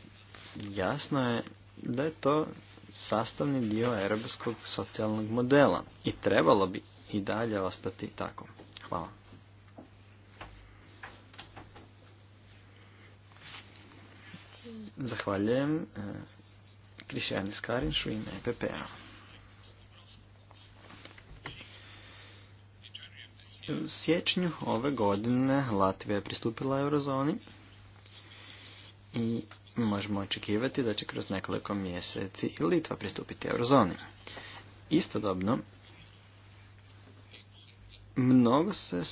jasno je da je to sastavni dio europskog socijalnog modela i trebalo bi i dalje ostati tako. Hvala. Zahvaljujem e, Krišijani Skarinšu i EPP-a. U siječnju ove godine Latvija je pristupila eurozoni i možemo očekivati da će kroz nekoliko mjeseci i Litva pristupiti eurozoni. Istodobno, mnogo se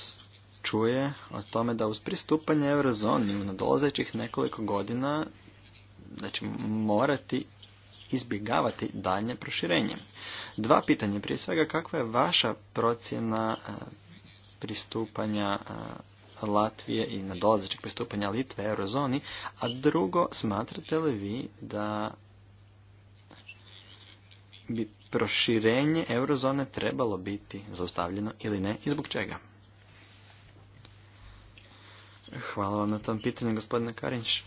čuje o tome da uz pristupanje eurozoni u nadolazećih nekoliko godina da će morati izbjegavati daljnje proširenje. Dva pitanja. Prije svega, kakva je vaša procjena e, pristupanja e, Latvije i na dolazećeg pristupanja Litve eurozoni, a drugo, smatrate li vi da bi proširenje eurozone trebalo biti zaustavljeno ili ne i zbog čega? Hvala vam na tom pitanju, gospodine Karinš.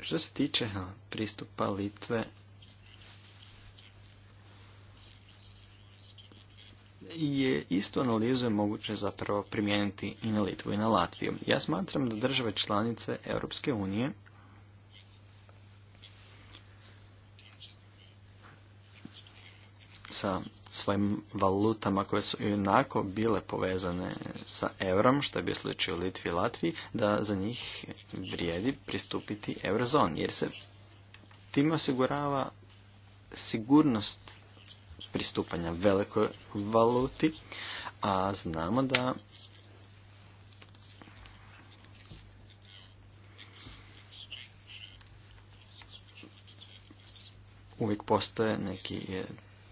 Što se tiče pristupa Litve je istu analizu moguće zapravo primijeniti i na Litvu i na Latviju. Ja smatram da države članice Europske unije sa svojim valutama koje su jednako bile povezane sa eurom, što je bio slučaj u Litvi i Latviji, da za njih vrijedi pristupiti eurozoni, jer se time osigurava sigurnost pristupanja velikoj valuti, a znamo da uvijek postoje neki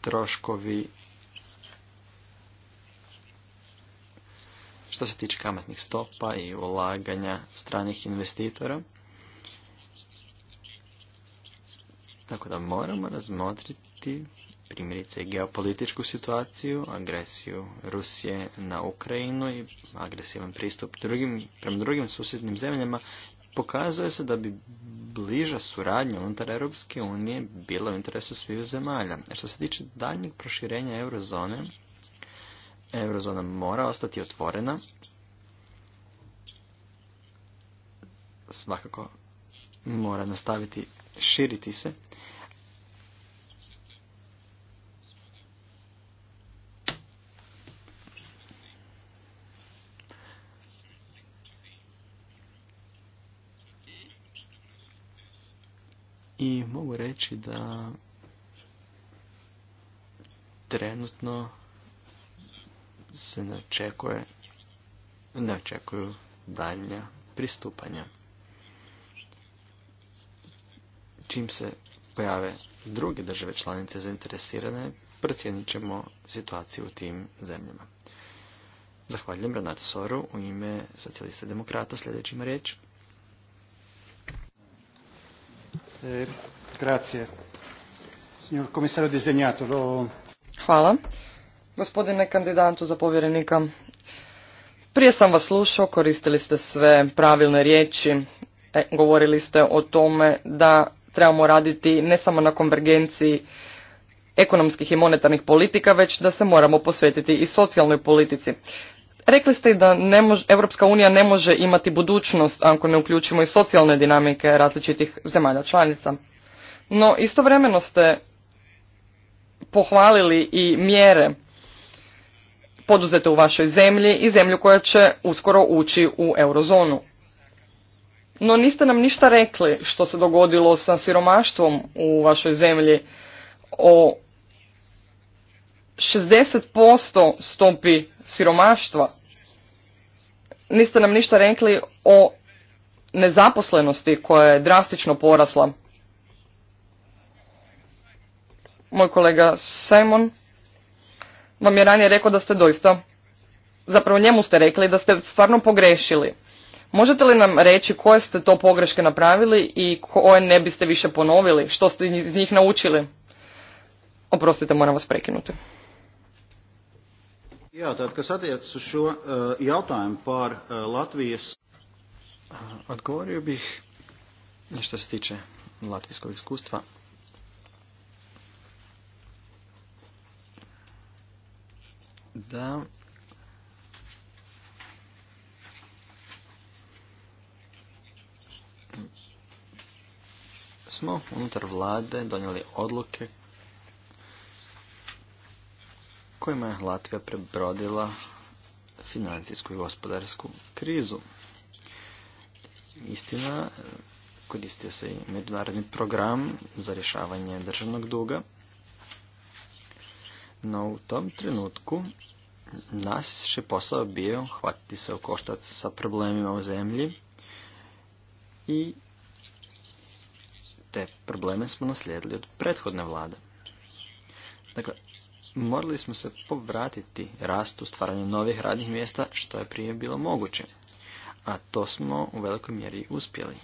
troškovi što se tiče kamatnih stopa i ulaganja stranih investitora. Tako da moramo razmotriti primjerice geopolitičku situaciju, agresiju Rusije na Ukrajinu i agresivan pristup drugim, prema drugim susjednim zemljama, pokazuje se da bi bliža suradnja unutar Europske unije bila u interesu svih zemalja. Što se tiče daljnjeg proširenja eurozone, eurozona mora ostati otvorena. Svakako mora nastaviti širiti se mogu reći da trenutno se ne očekuju daljnja pristupanja. Čim se pojave druge države članice zainteresirane, procijenit ćemo situaciju u tim zemljama. Zahvaljujem Renata Soru u ime socijalista demokrata sljedećima riječ. Eh, Hvala. Gospodine kandidatu za povjerenika, prije sam vas slušao, koristili ste sve pravilne riječi, e, govorili ste o tome da trebamo raditi ne samo na konvergenciji ekonomskih i monetarnih politika, već da se moramo posvetiti i socijalnoj politici. Rekli ste i da ne mož, Europska unija ne može imati budućnost ako ne uključimo i socijalne dinamike različitih zemalja članica. No istovremeno ste pohvalili i mjere poduzete u vašoj zemlji i zemlju koja će uskoro ući u eurozonu. No niste nam ništa rekli što se dogodilo sa siromaštvom u vašoj zemlji o 60% stopi siromaštva niste nam ništa rekli o nezaposlenosti koja je drastično porasla. Moj kolega Simon vam je ranije rekao da ste doista, zapravo njemu ste rekli da ste stvarno pogrešili. Možete li nam reći koje ste to pogreške napravili i koje ne biste više ponovili? Što ste iz njih naučili? Oprostite, moram vas prekinuti. Jā, tad, kas attiecas uz šo eh, jautājumu par uh, Latvijas... Odgovorio eh, bih što se tiče latvijskog iskustva. Da... Smo unutar vlade donijeli odluke kojima je Latvija prebrodila financijsku i gospodarsku krizu. Istina, koristio se i međunarodni program za rješavanje državnog duga, no u tom trenutku nas je posao bio hvatiti se u koštac sa problemima u zemlji i te probleme smo naslijedili od prethodne vlade. Dakle, morali smo se povratiti rastu stvaranju novih radnih mjesta što je prije bilo moguće. A to smo u velikoj mjeri uspjeli.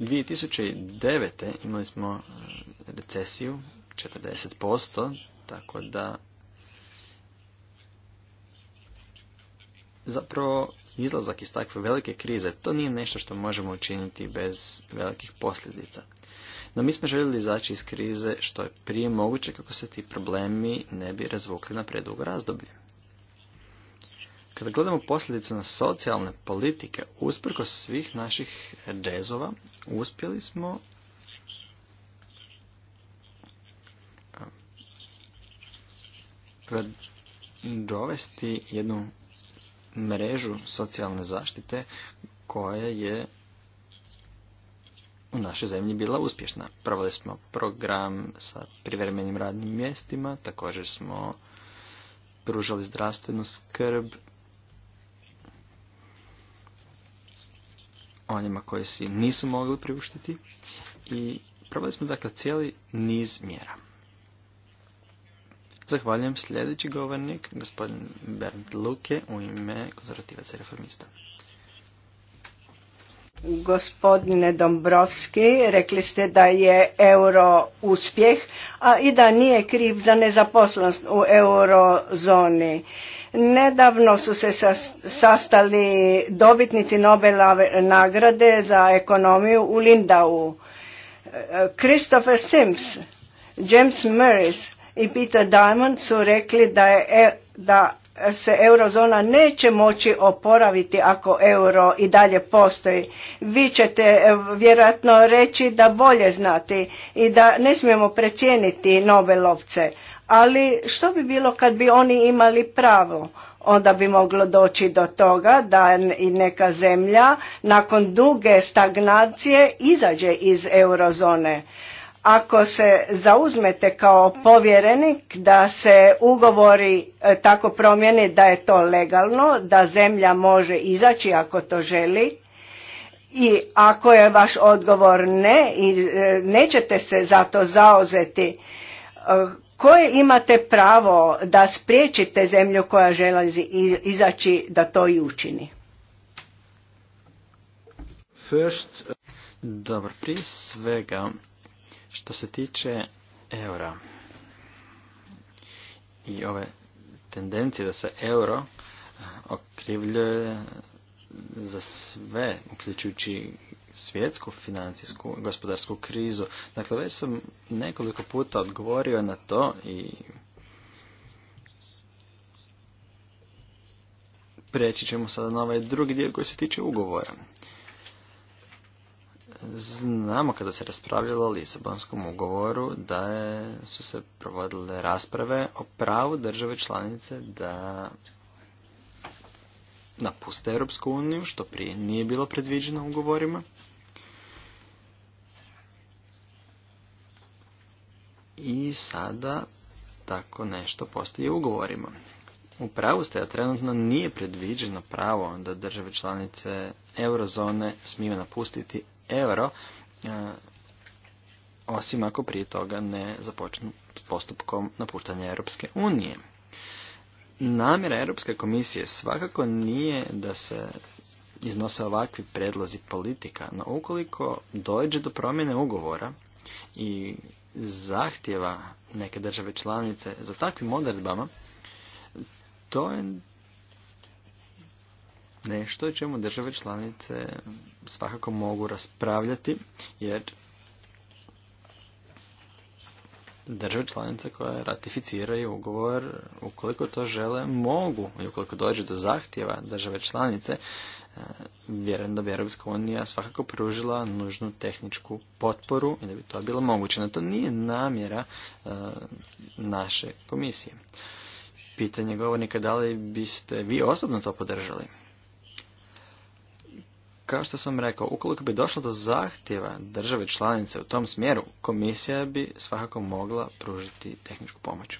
2009. imali smo e, recesiju 40%, tako da zapravo izlazak iz takve velike krize, to nije nešto što možemo učiniti bez velikih posljedica. No mi smo željeli izaći iz krize što je prije moguće kako se ti problemi ne bi razvukli na predugo razdoblje. Kada gledamo posljedicu na socijalne politike, usprkos svih naših rezova, uspjeli smo dovesti jednu mrežu socijalne zaštite koja je u našoj zemlji bila uspješna. Provali smo program sa privremenim radnim mjestima, također smo pružali zdravstvenu skrb onima koji si nisu mogli priuštiti i provali smo dakle cijeli niz mjera. Zahvaljujem sljedeći govornik, gospodin Bernd Luke, u ime konzervativaca i reformista. Gospodine Dombrovski, rekli ste da je euro uspjeh, a i da nije kriv za nezaposlenost u eurozoni. Nedavno su se sastali dobitnici Nobelove nagrade za ekonomiju u Lindau. Christopher Sims, James Murray i Peter Diamond su rekli da je e, da se eurozona neće moći oporaviti ako euro i dalje postoji. Vi ćete eh, vjerojatno reći da bolje znati i da ne smijemo precijeniti lovce. Ali što bi bilo kad bi oni imali pravo? Onda bi moglo doći do toga da i neka zemlja nakon duge stagnacije izađe iz eurozone. Ako se zauzmete kao povjerenik da se ugovori e, tako promijeni da je to legalno, da zemlja može izaći ako to želi i ako je vaš odgovor ne i e, nećete se za to zauzeti, e, koje imate pravo da spriječite zemlju koja želi izaći da to i učini? First, prije svega što se tiče eura i ove tendencije da se euro okrivljuje za sve, uključujući svjetsku financijsku gospodarsku krizu. Dakle, već sam nekoliko puta odgovorio na to i preći ćemo sada na ovaj drugi dio koji se tiče ugovora. Znamo kada se raspravljalo o Lisabonskom ugovoru da su se provodile rasprave o pravu države članice da napuste Europsku uniju, što prije nije bilo predviđeno ugovorima. I sada tako nešto postoji u ugovorima. U pravu ste, a trenutno nije predviđeno pravo da države članice eurozone smiju napustiti euro, e, osim ako prije toga ne započnu s postupkom napuštanja Europske unije. Namjera Europske komisije svakako nije da se iznose ovakvi predlozi politika, no ukoliko dođe do promjene ugovora i zahtjeva neke države članice za takvim odredbama, to je nešto o čemu države članice svakako mogu raspravljati, jer države članice koje ratificiraju ugovor, ukoliko to žele, mogu i ukoliko dođe do zahtjeva države članice, eh, vjerujem da bi Europska unija svakako pružila nužnu tehničku potporu i da bi to bilo moguće. Na to nije namjera eh, naše komisije. Pitanje govornika da li biste vi osobno to podržali? Kao što sam rekao, ukoliko bi došlo do zahtjeva države članice u tom smjeru, komisija bi svakako mogla pružiti tehničku pomoć.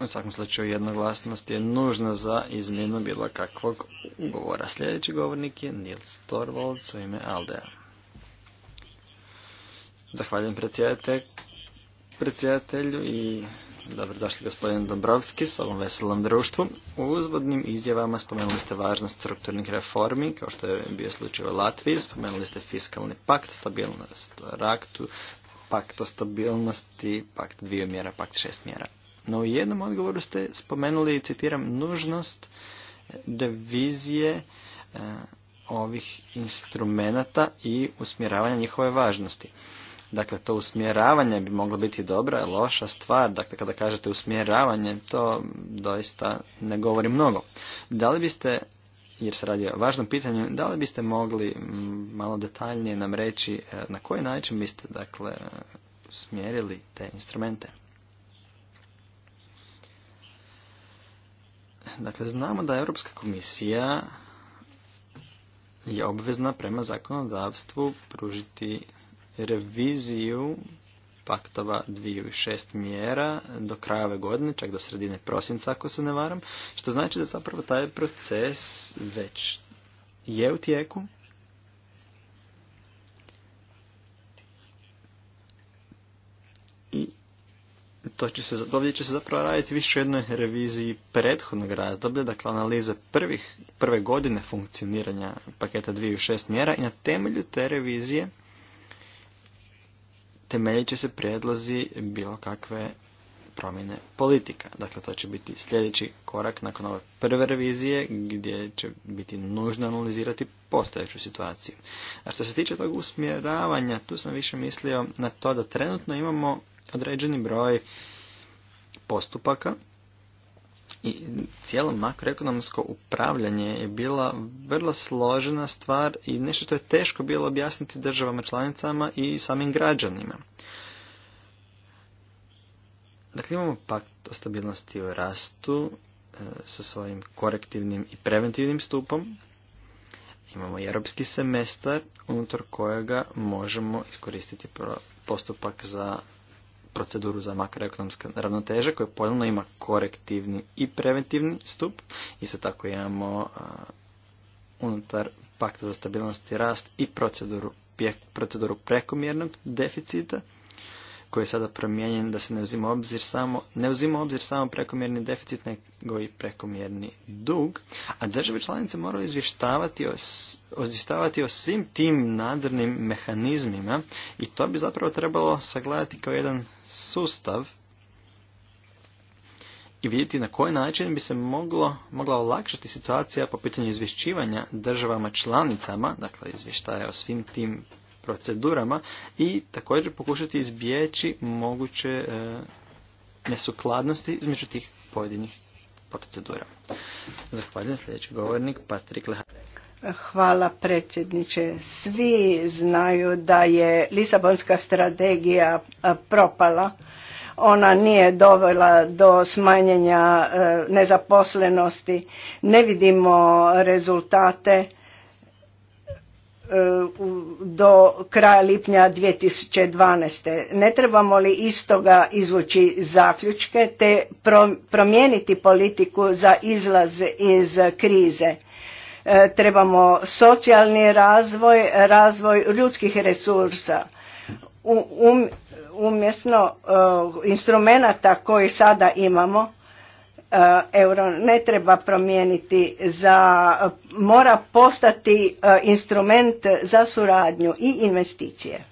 U svakom slučaju jednoglasnost je nužna za izmjenu bilo kakvog ugovora. Sljedeći govornik je Nils Torvald u ime Aldea. Zahvaljujem predsjedatelj predsjedatelju i dobrodošli gospodin Dombrovski s ovom veselom društvu. U uzvodnim izjavama spomenuli ste važnost strukturnih reformi, kao što je bio slučaj u Latviji, spomenuli ste fiskalni pakt, stabilnost raktu, pakt o stabilnosti, pakt dvije mjera, pakt šest mjera. No u jednom odgovoru ste spomenuli, citiram, nužnost revizije e, ovih instrumenata i usmjeravanja njihove važnosti. Dakle, to usmjeravanje bi moglo biti dobra, loša stvar. Dakle, kada kažete usmjeravanje, to doista ne govori mnogo. Da li biste, jer se radi o važnom pitanju, da li biste mogli mm, malo detaljnije nam reći e, na koji način biste, dakle, usmjerili te instrumente? Dakle, znamo da Europska komisija je obvezna prema zakonodavstvu pružiti reviziju paktova dviju i šest mjera do kraja ove godine, čak do sredine prosinca ako se ne varam, što znači da zapravo taj proces već je u tijeku. I to će se, ovdje će se zapravo raditi više o jednoj reviziji prethodnog razdoblja, dakle analize prvih, prve godine funkcioniranja paketa dviju i šest mjera i na temelju te revizije temeljit će se prijedlozi bilo kakve promjene politika. Dakle, to će biti sljedeći korak nakon ove prve revizije gdje će biti nužno analizirati postojeću situaciju. A što se tiče tog usmjeravanja, tu sam više mislio na to da trenutno imamo određeni broj postupaka i cijelo makroekonomsko upravljanje je bila vrlo složena stvar i nešto što je teško bilo objasniti državama članicama i samim građanima. Dakle, imamo pakt o stabilnosti u rastu e, sa svojim korektivnim i preventivnim stupom. Imamo i europski semestar unutar kojega možemo iskoristiti postupak za proceduru za makroekonomske ravnoteže koja ponovno ima korektivni i preventivni stup. Isto tako imamo unutar pakta za stabilnost i rast i proceduru prekomjernog deficita koji je sada promijenjen da se ne uzima obzir samo, ne uzima obzir samo prekomjerni deficit nego i prekomjerni dug, a države članice moraju izvještavati o, o svim tim nadzornim mehanizmima i to bi zapravo trebalo sagledati kao jedan sustav i vidjeti na koji način bi se moglo, mogla olakšati situacija po pitanju izvješćivanja državama članicama, dakle izvještaje o svim tim procedurama i također pokušati izbijeći moguće e, nesukladnosti između tih pojedinih procedura. Zahvaljujem sljedeći govornik Patrik Hvala predsjedniče. Svi znaju da je Lisabonska strategija e, propala. Ona nije dovela do smanjenja e, nezaposlenosti. Ne vidimo rezultate do kraja lipnja 2012. Ne trebamo li istoga izvući zaključke te promijeniti politiku za izlaz iz krize? E, trebamo socijalni razvoj, razvoj ljudskih resursa. Um, umjesto e, koji sada imamo Eh, euro ne treba promijeniti za mora postati eh, instrument za suradnju i investicije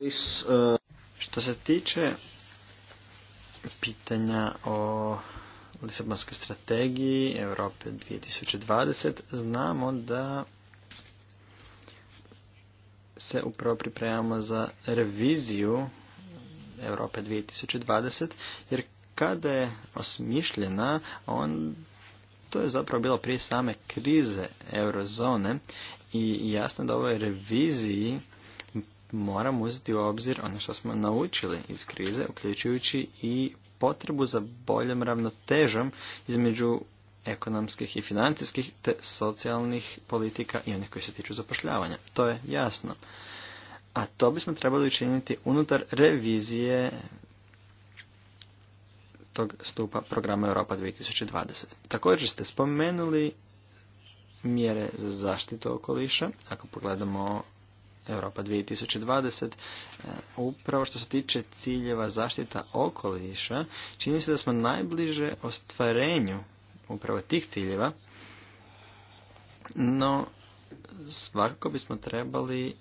eh, što se tiče pitanja o Lisabonskoj strategiji Europe 2020 znamo da se upravo pripremamo za reviziju Europe 2020, jer kada je osmišljena, on, to je zapravo bilo prije same krize eurozone i jasno da ovoj reviziji moramo uzeti u obzir ono što smo naučili iz krize, uključujući i potrebu za boljom ravnotežom između ekonomskih i financijskih te socijalnih politika i onih koji se tiču zapošljavanja. To je jasno. A to bismo trebali učiniti unutar revizije tog stupa programa Europa 2020. Također ste spomenuli mjere za zaštitu okoliša. Ako pogledamo Europa 2020, e, upravo što se tiče ciljeva zaštita okoliša, čini se da smo najbliže ostvarenju upravo tih ciljeva, no svakako bismo trebali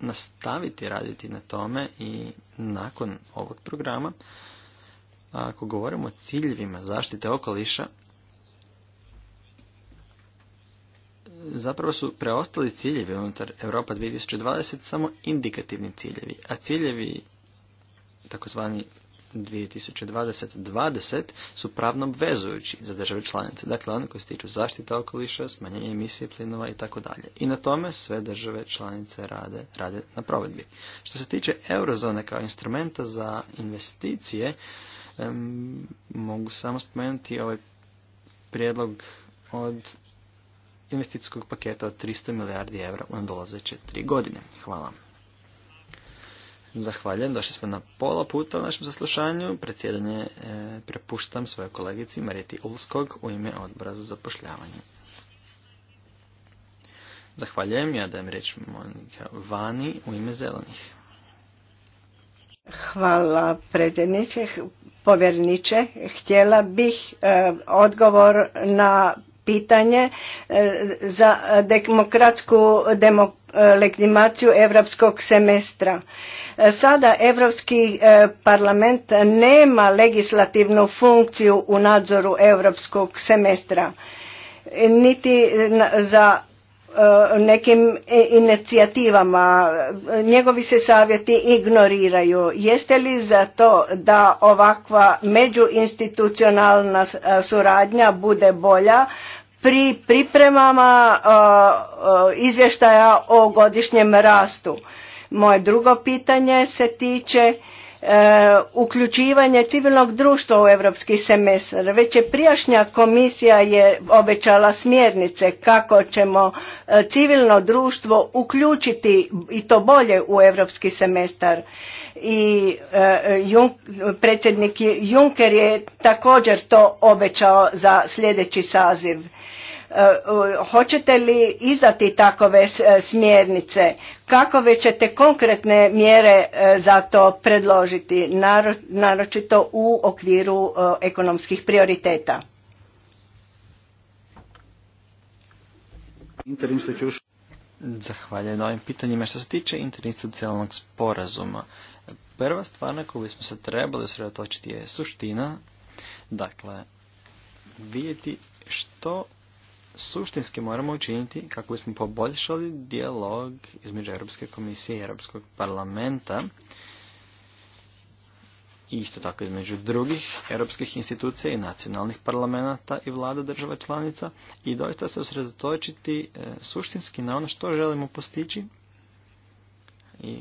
nastaviti raditi na tome i nakon ovog programa, a ako govorimo o ciljevima zaštite okoliša, zapravo su preostali ciljevi unutar Europa 2020 samo indikativni ciljevi, a ciljevi takozvani 2020-20 su pravno obvezujući za države članice. Dakle, one koje se tiču zaštite okoliša, smanjenja emisije plinova i tako dalje. I na tome sve države članice rade, rade na provedbi. Što se tiče eurozone kao instrumenta za investicije, mogu samo spomenuti ovaj prijedlog od investicijskog paketa od 300 milijardi eura u nadolazeće tri godine. Hvala. Zahvaljujem, došli smo na pola puta u našem zaslušanju. Predsjedanje e, prepuštam svojoj kolegici Marijeti Ulskog u ime odbora za zapošljavanje. Zahvaljujem, ja dajem reč Monika Vani u ime zelenih. Hvala predsjedniče, povjerniče. Htjela bih e, odgovor na pitanje e, za demokratsku demokraciju E, legitimaciju europskog semestra. E, sada Europski e, parlament nema legislativnu funkciju u nadzoru europskog semestra, niti za nekim inicijativama, njegovi se savjeti ignoriraju. Jeste li za to da ovakva međuinstitucionalna suradnja bude bolja, pri pripremama e, e, izvještaja o godišnjem rastu. Moje drugo pitanje se tiče e, uključivanje civilnog društva u europski semestar. Već je prijašnja komisija je obećala smjernice kako ćemo civilno društvo uključiti i to bolje u europski semestar. I predsjednik Juncker je također to obećao za sljedeći saziv E, hoćete li izdati takove e, smjernice? Kakove ćete konkretne mjere e, za to predložiti, naročito u okviru ekonomskih prioriteta? Zahvaljujem na ovim pitanjima. Što se tiče interinstitucionalnog sporazuma, prva stvar na koju bismo se trebali sredotočiti je suština. Dakle, vidjeti što suštinski moramo učiniti kako bismo poboljšali dijalog između Europske komisije i Europskog parlamenta i isto tako između drugih europskih institucija i nacionalnih parlamenta i vlada država članica i doista se usredotočiti e, suštinski na ono što želimo postići i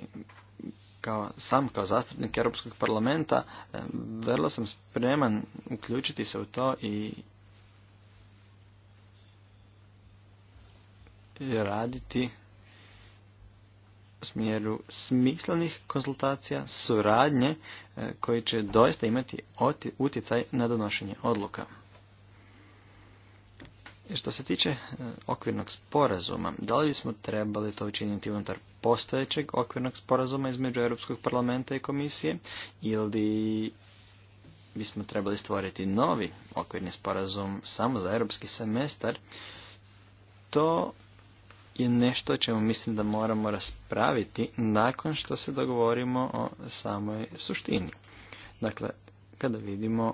kao, sam kao zastupnik Europskog parlamenta e, vrlo sam spreman uključiti se u to i raditi u smjeru smislenih konzultacija, suradnje e, koji će doista imati utjecaj na donošenje odluka. E, što se tiče e, okvirnog sporazuma, da li bismo trebali to učiniti unutar postojećeg okvirnog sporazuma između Europskog parlamenta i komisije ili bismo trebali stvoriti novi okvirni sporazum samo za europski semestar, to je nešto o čemu mislim da moramo raspraviti nakon što se dogovorimo o samoj suštini. Dakle, kada vidimo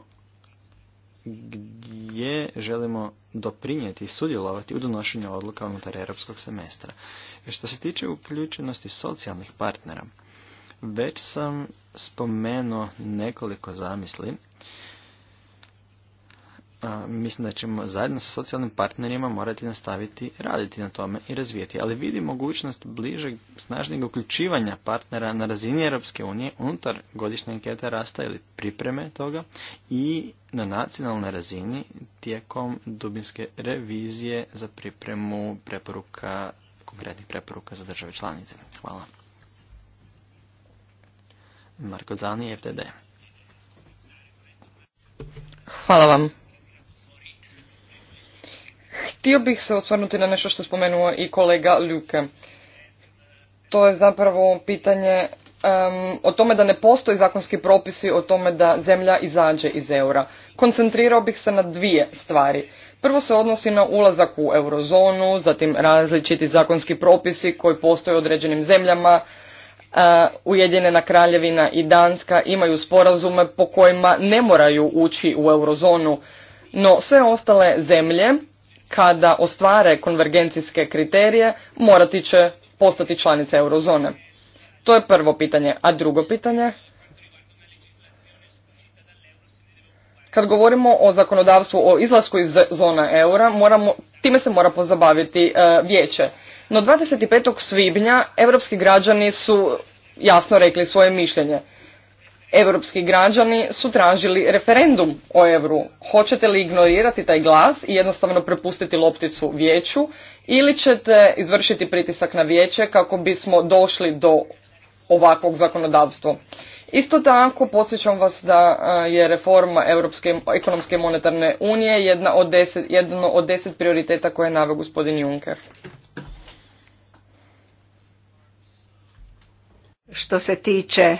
gdje želimo doprinijeti i sudjelovati u donošenju odluka unutar europskog semestra. E, što se tiče uključenosti socijalnih partnera, već sam spomenuo nekoliko zamisli mislim da ćemo zajedno sa socijalnim partnerima morati nastaviti raditi na tome i razvijeti. Ali vidi mogućnost bližeg, snažnijeg uključivanja partnera na razini Europske unije unutar godišnje ankete rasta ili pripreme toga i na nacionalnoj razini tijekom dubinske revizije za pripremu preporuka, konkretnih preporuka za države članice. Hvala. Marko Zani, FTD. Hvala vam Htio bih se osvrnuti na nešto što spomenuo i kolega Ljuke. To je zapravo pitanje o tome da ne postoji zakonski propisi o tome da zemlja izađe iz eura. Koncentrirao bih se na dvije stvari. Prvo se odnosi na ulazak u eurozonu, zatim različiti zakonski propisi koji postoje u određenim zemljama. E, Ujedinjena kraljevina i Danska imaju sporazume po kojima ne moraju ući u eurozonu, no sve ostale zemlje kada ostvare konvergencijske kriterije, morati će postati članice eurozone. To je prvo pitanje. A drugo pitanje, kad govorimo o zakonodavstvu o izlasku iz zona eura, moramo, time se mora pozabaviti e, vijeće. No 25. svibnja europski građani su jasno rekli svoje mišljenje. Europski građani su tražili referendum o evru. Hoćete li ignorirati taj glas i jednostavno prepustiti lopticu vijeću ili ćete izvršiti pritisak na vijeće kako bismo došli do ovakvog zakonodavstva? Isto tako podsjećam vas da je reforma Europske ekonomske i monetarne unije jedna od jedno od deset prioriteta koje je naveo gospodin Juncker. Što se tiče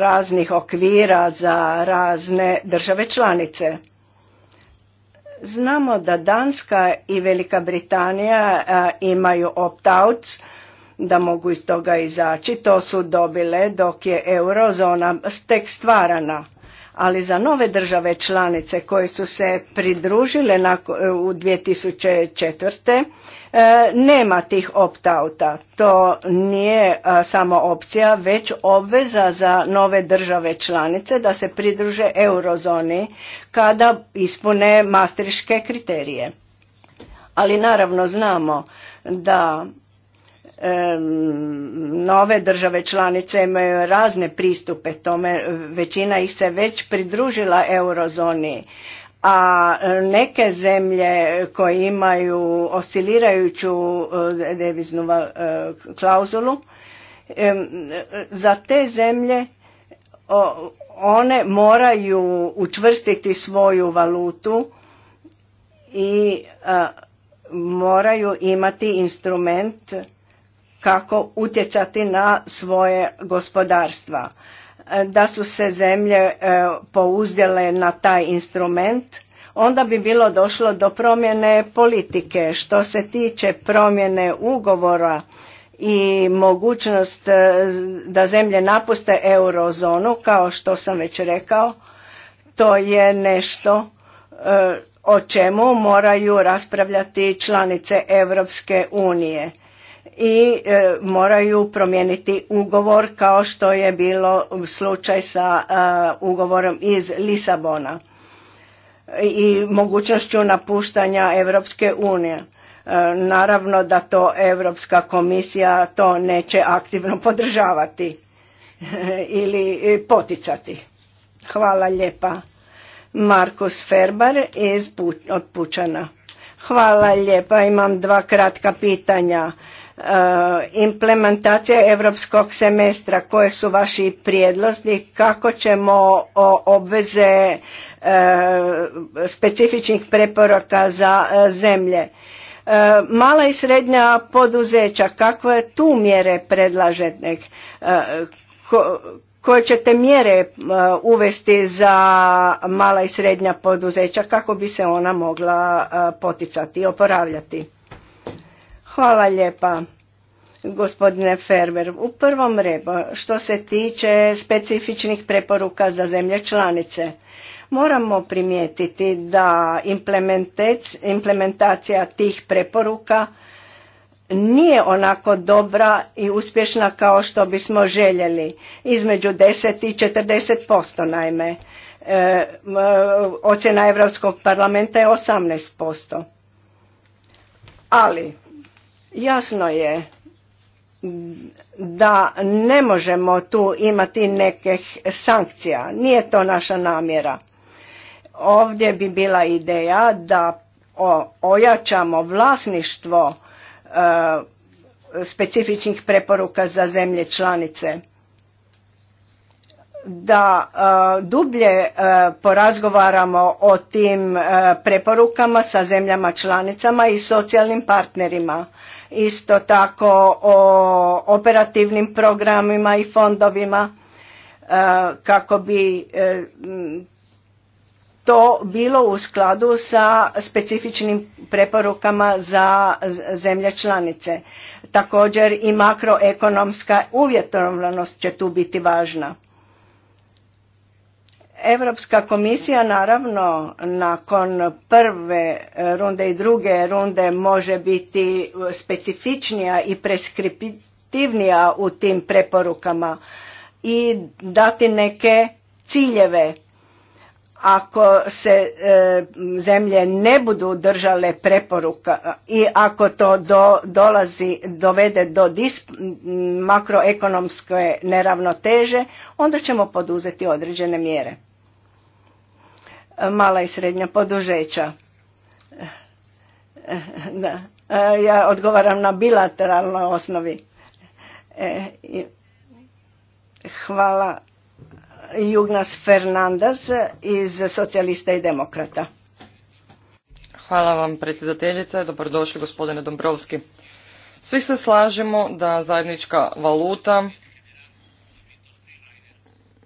raznih okvira za razne države članice. Znamo da Danska i Velika Britanija imaju opt-outs, da mogu iz toga izaći. To su dobile dok je eurozona tek stvarana. Ali za nove države članice koje su se pridružile u 2004. E, nema tih opt-outa. To nije e, samo opcija, već obveza za nove države članice da se pridruže eurozoni kada ispune mastriške kriterije. Ali naravno znamo da nove države članice imaju razne pristupe tome, većina ih se već pridružila eurozoni a e, neke zemlje koje imaju oscilirajuću e, deviznu e, klauzulu, za te zemlje one moraju učvrstiti svoju valutu i moraju imati instrument kako utjecati na svoje gospodarstva da su se zemlje e, pouzdjele na taj instrument, onda bi bilo došlo do promjene politike. Što se tiče promjene ugovora i mogućnost e, da zemlje napuste eurozonu, kao što sam već rekao, to je nešto e, o čemu moraju raspravljati članice Europske unije i e, moraju promijeniti ugovor kao što je bilo slučaj sa e, ugovorom iz Lisabona i mogućnošću napuštanja Europske unije. E, naravno da to Europska komisija to neće aktivno podržavati ili poticati. Hvala lijepa. Markus Ferbar iz Pučana. Hvala lijepa, imam dva kratka pitanja Eh, implementacija europskog semestra, koje su vaši prijedlozi, kako ćemo obveze eh, specifičnih preporoka za eh, zemlje. Mala i srednja poduzeća, kakve tu mjere predlažete, koje ćete mjere uvesti za mala i srednja poduzeća kako bi se ona mogla poticati i oporavljati? Hvala lijepa, gospodine Ferber. U prvom redu, što se tiče specifičnih preporuka za zemlje članice, moramo primijetiti da implementacija tih preporuka nije onako dobra i uspješna kao što bismo željeli, između 10 i 40% naime. E, ocjena Europskog parlamenta je 18%. Ali Jasno je da ne možemo tu imati nekih sankcija. Nije to naša namjera. Ovdje bi bila ideja da ojačamo vlasništvo e, specifičnih preporuka za zemlje članice da e, dublje e, porazgovaramo o tim preporukama sa zemljama članicama i socijalnim partnerima isto tako o operativnim programima i fondovima e, kako bi e, to bilo u skladu sa specifičnim preporukama za zemlje članice. Također i makroekonomska uvjetovanost će tu biti važna. Europska komisija naravno nakon prve eh, runde i druge runde može biti specifičnija i preskriptivnija u tim preporukama i dati neke ciljeve ako se eh, zemlje ne budu držale preporuka i ako to do, dolazi dovede do makroekonomske neravnoteže onda ćemo poduzeti određene mjere mala i srednja poduzeća. Da. E, ja odgovaram na bilateralnoj osnovi. E, hvala Jugnas Fernandez iz Socijalista i Demokrata. Hvala vam predsjedateljice, dobrodošli gospodine Dombrovski. Svi se slažemo da zajednička valuta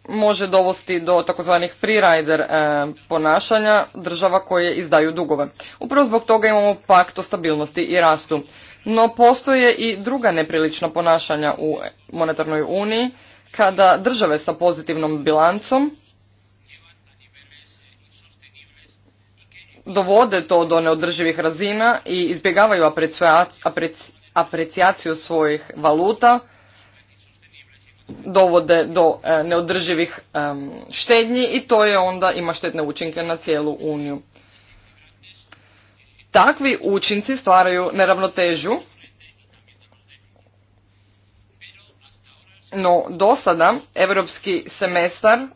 može dovesti do takozvanih freerider e, ponašanja država koje izdaju dugove. Upravo zbog toga imamo pakt o stabilnosti i rastu. No postoje i druga neprilična ponašanja u monetarnoj uniji kada države sa pozitivnom bilancom dovode to do neodrživih razina i izbjegavaju aprecijaciju svojih valuta dovode do e, neodrživih e, štednji i to je onda ima štetne učinke na cijelu uniju. Takvi učinci stvaraju neravnotežu, no do sada europski semestar e,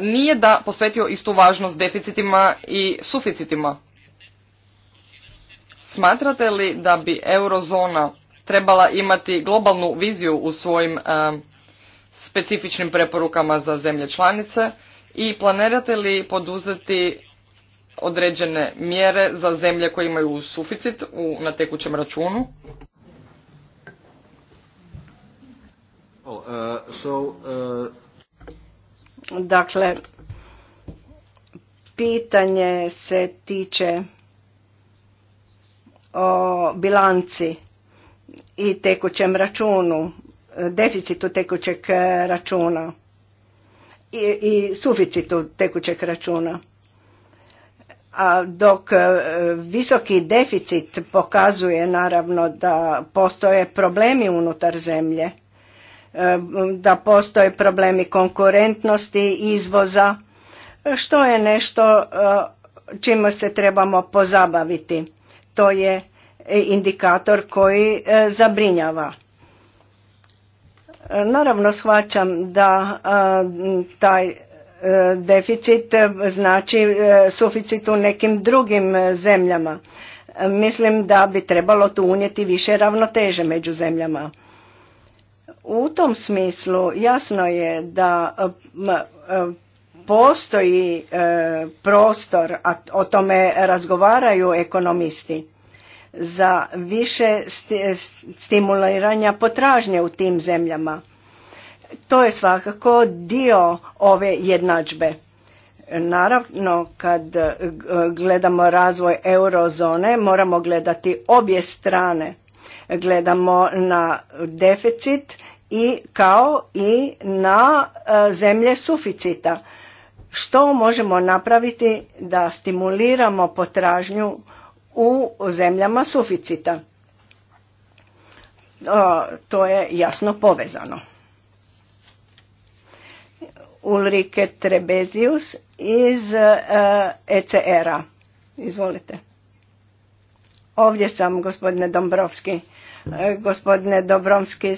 nije da posvetio istu važnost deficitima i suficitima. Smatrate li da bi eurozona trebala imati globalnu viziju u svojim e, specifičnim preporukama za zemlje članice i planirate li poduzeti određene mjere za zemlje koje imaju suficit u, na tekućem računu? Uh, uh, dakle, pitanje se tiče o bilanci i tekućem računu, deficitu tekućeg e, računa i, suficitu tekućeg računa. A dok e, visoki deficit pokazuje naravno da postoje problemi unutar zemlje, e, da postoje problemi konkurentnosti, izvoza, što je nešto čime se trebamo pozabaviti. To je E, indikator koji e, zabrinjava. E, naravno shvaćam da taj deficit znači suficit u nekim drugim zemljama. Mislim da bi trebalo tu unijeti više ravnoteže među zemljama. U tom smislu jasno je da postoji prostor, a o tome razgovaraju ekonomisti, za više stimuliranja potražnje u tim zemljama. To je svakako dio ove jednadžbe. Naravno, kad gledamo razvoj eurozone, moramo gledati obje strane. Gledamo na deficit i kao i na e, zemlje suficita. Što možemo napraviti da stimuliramo potražnju u zemljama suficita. To je jasno povezano. Ulrike Trebezius iz ECR-a. E Izvolite. Ovdje sam, gospodine Dombrovski. E, gospodine Dombrovski,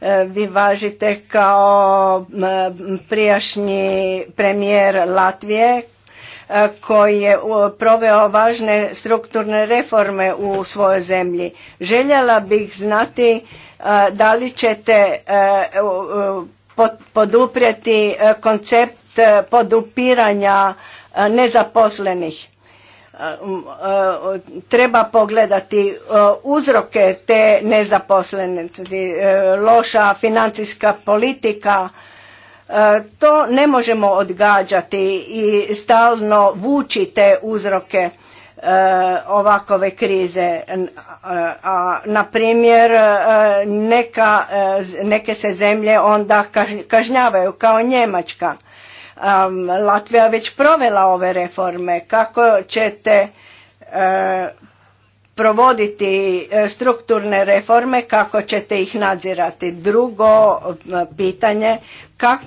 e, vi važite kao prijašnji premijer Latvije koji je proveo važne strukturne reforme u svojoj zemlji. Željela bih znati e, da li ćete poduprijeti koncept podupiranja nezaposlenih. Treba pogledati e, uzroke te nezaposlenosti, e, loša financijska politika, E, to ne možemo odgađati i stalno vući te uzroke e, ovakove krize. E, a, na primjer, neke se zemlje onda kažnjavaju kao Njemačka. Latvija već provela ove reforme. Kako ćete provoditi e, strukturne reforme, kako ćete ih nadzirati? Drugo pitanje,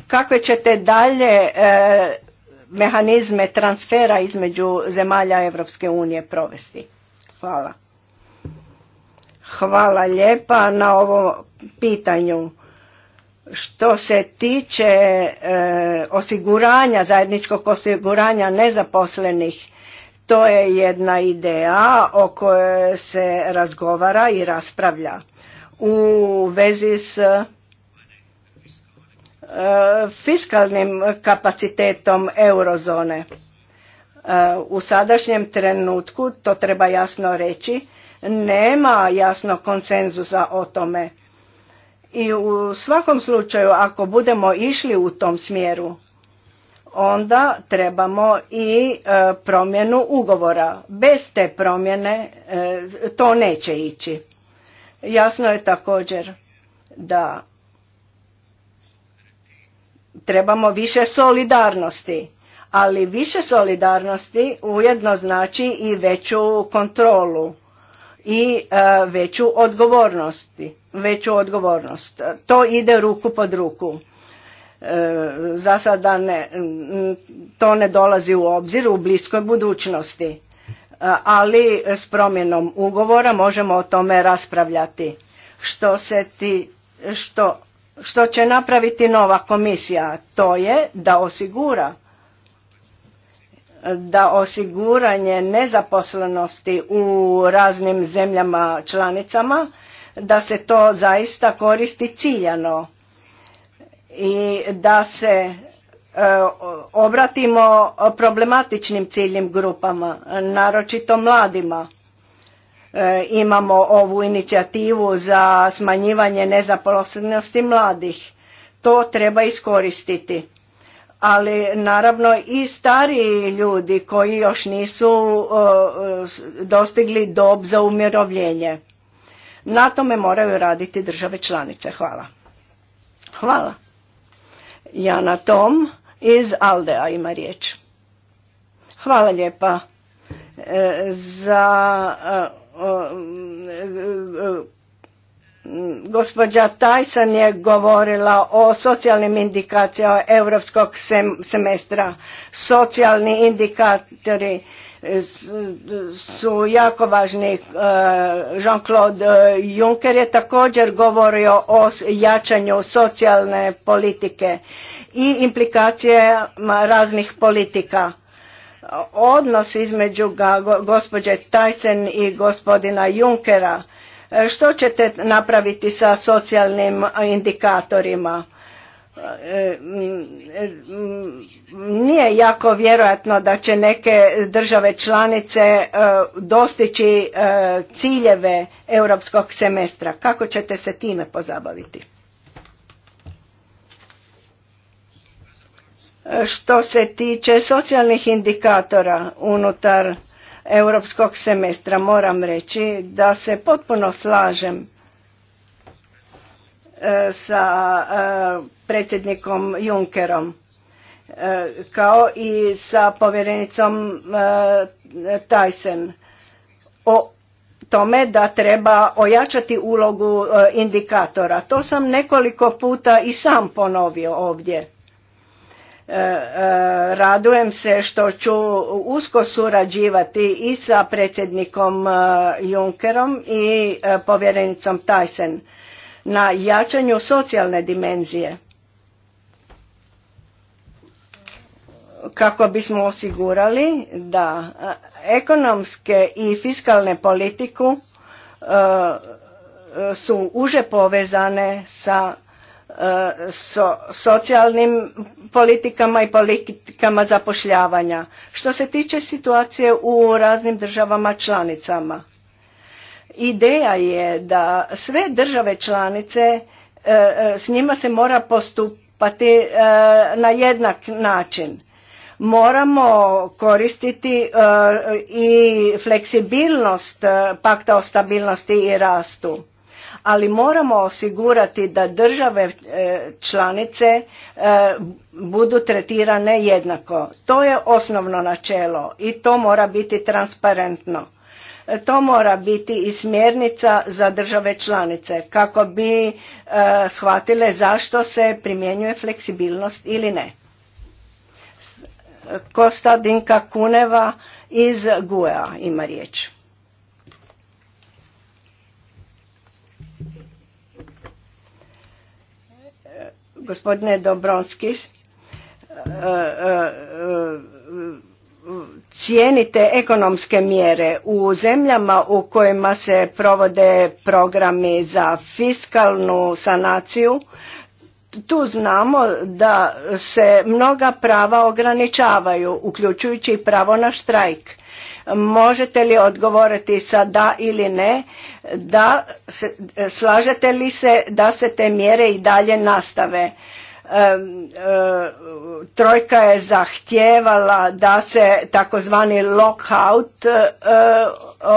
kakve ćete dalje e, mehanizme transfera između zemalja Europske unije provesti? Hvala. Hvala lijepa na ovom pitanju. Što se tiče e, osiguranja, zajedničkog osiguranja nezaposlenih, to je jedna ideja o kojoj se razgovara i raspravlja u vezi s e, fiskalnim kapacitetom eurozone. E, u sadašnjem trenutku, to treba jasno reći, nema jasno konsenzusa o tome. I u svakom slučaju, ako budemo išli u tom smjeru, onda trebamo i e, promjenu ugovora. Bez te promjene e, to neće ići. Jasno je također da trebamo više solidarnosti, ali više solidarnosti ujedno znači i veću kontrolu i e, veću odgovornosti, veću odgovornost. To ide ruku pod ruku za sada ne, to ne dolazi u obzir u bliskoj budućnosti, e, ali s promjenom ugovora možemo o tome raspravljati. Što se ti, što, što će napraviti nova komisija, to je da osigura da osiguranje nezaposlenosti u raznim zemljama članicama, da se to zaista koristi ciljano i da se e, obratimo problematičnim ciljnim grupama, naročito mladima. E, imamo ovu inicijativu za smanjivanje nezaposlenosti mladih. To treba iskoristiti. Ali naravno i stariji ljudi koji još nisu e, dostigli dob za umirovljenje. Na tome moraju raditi države članice. Hvala. Hvala. Jana Tom iz Aldea ima riječ. Hvala lijepa e, za e, e, gospođa Tajsan je govorila o socijalnim indikacijama europskog semestra. Socijalni indikatori su jako važni. E, Jean-Claude e, Juncker je također govorio o jačanju socijalne politike i implikacijama raznih politika. Odnos između gospođe Tyson i gospodina Junckera. E, što ćete napraviti sa socijalnim indikatorima? nije jako vjerojatno da će neke države članice e, dostići e, ciljeve europskog semestra. Kako ćete se time pozabaviti? Što se tiče socijalnih indikatora unutar europskog semestra, moram reći da se potpuno slažem E, sa e, predsjednikom Junckerom e, kao i sa povjerenicom Tyson o tome da treba ojačati ulogu indikatora. To sam nekoliko puta i sam ponovio ovdje. Radujem se što ću usko surađivati i sa predsjednikom Junckerom i povjerenicom Tyson na jačanju socijalne dimenzije kako bismo osigurali da ekonomske i fiskalne politiku e, su uže povezane sa e, socijalnim politikama i politikama zapošljavanja. Što se tiče situacije u raznim državama članicama, Ideja je da sve države članice, e, e, s njima se mora postupati e, na jednak način. Moramo koristiti i fleksibilnost pakta o stabilnosti i rastu ali moramo osigurati da države članice budu tretirane jednako. To je osnovno načelo i to mora biti transparentno. To mora biti i smjernica za države članice kako bi e, shvatile zašto se primjenjuje fleksibilnost ili ne. Kostadinka Kuneva iz GUEA ima riječ. Gospodine Dobronski, e, e, e, cijenite ekonomske mjere u zemljama u kojima se provode programi za fiskalnu sanaciju tu znamo da se mnoga prava ograničavaju uključujući i pravo na štrajk možete li odgovoriti sa da ili ne da slažete li se da se te mjere i dalje nastave E, trojka je zahtijevala da se takozvani lockout e,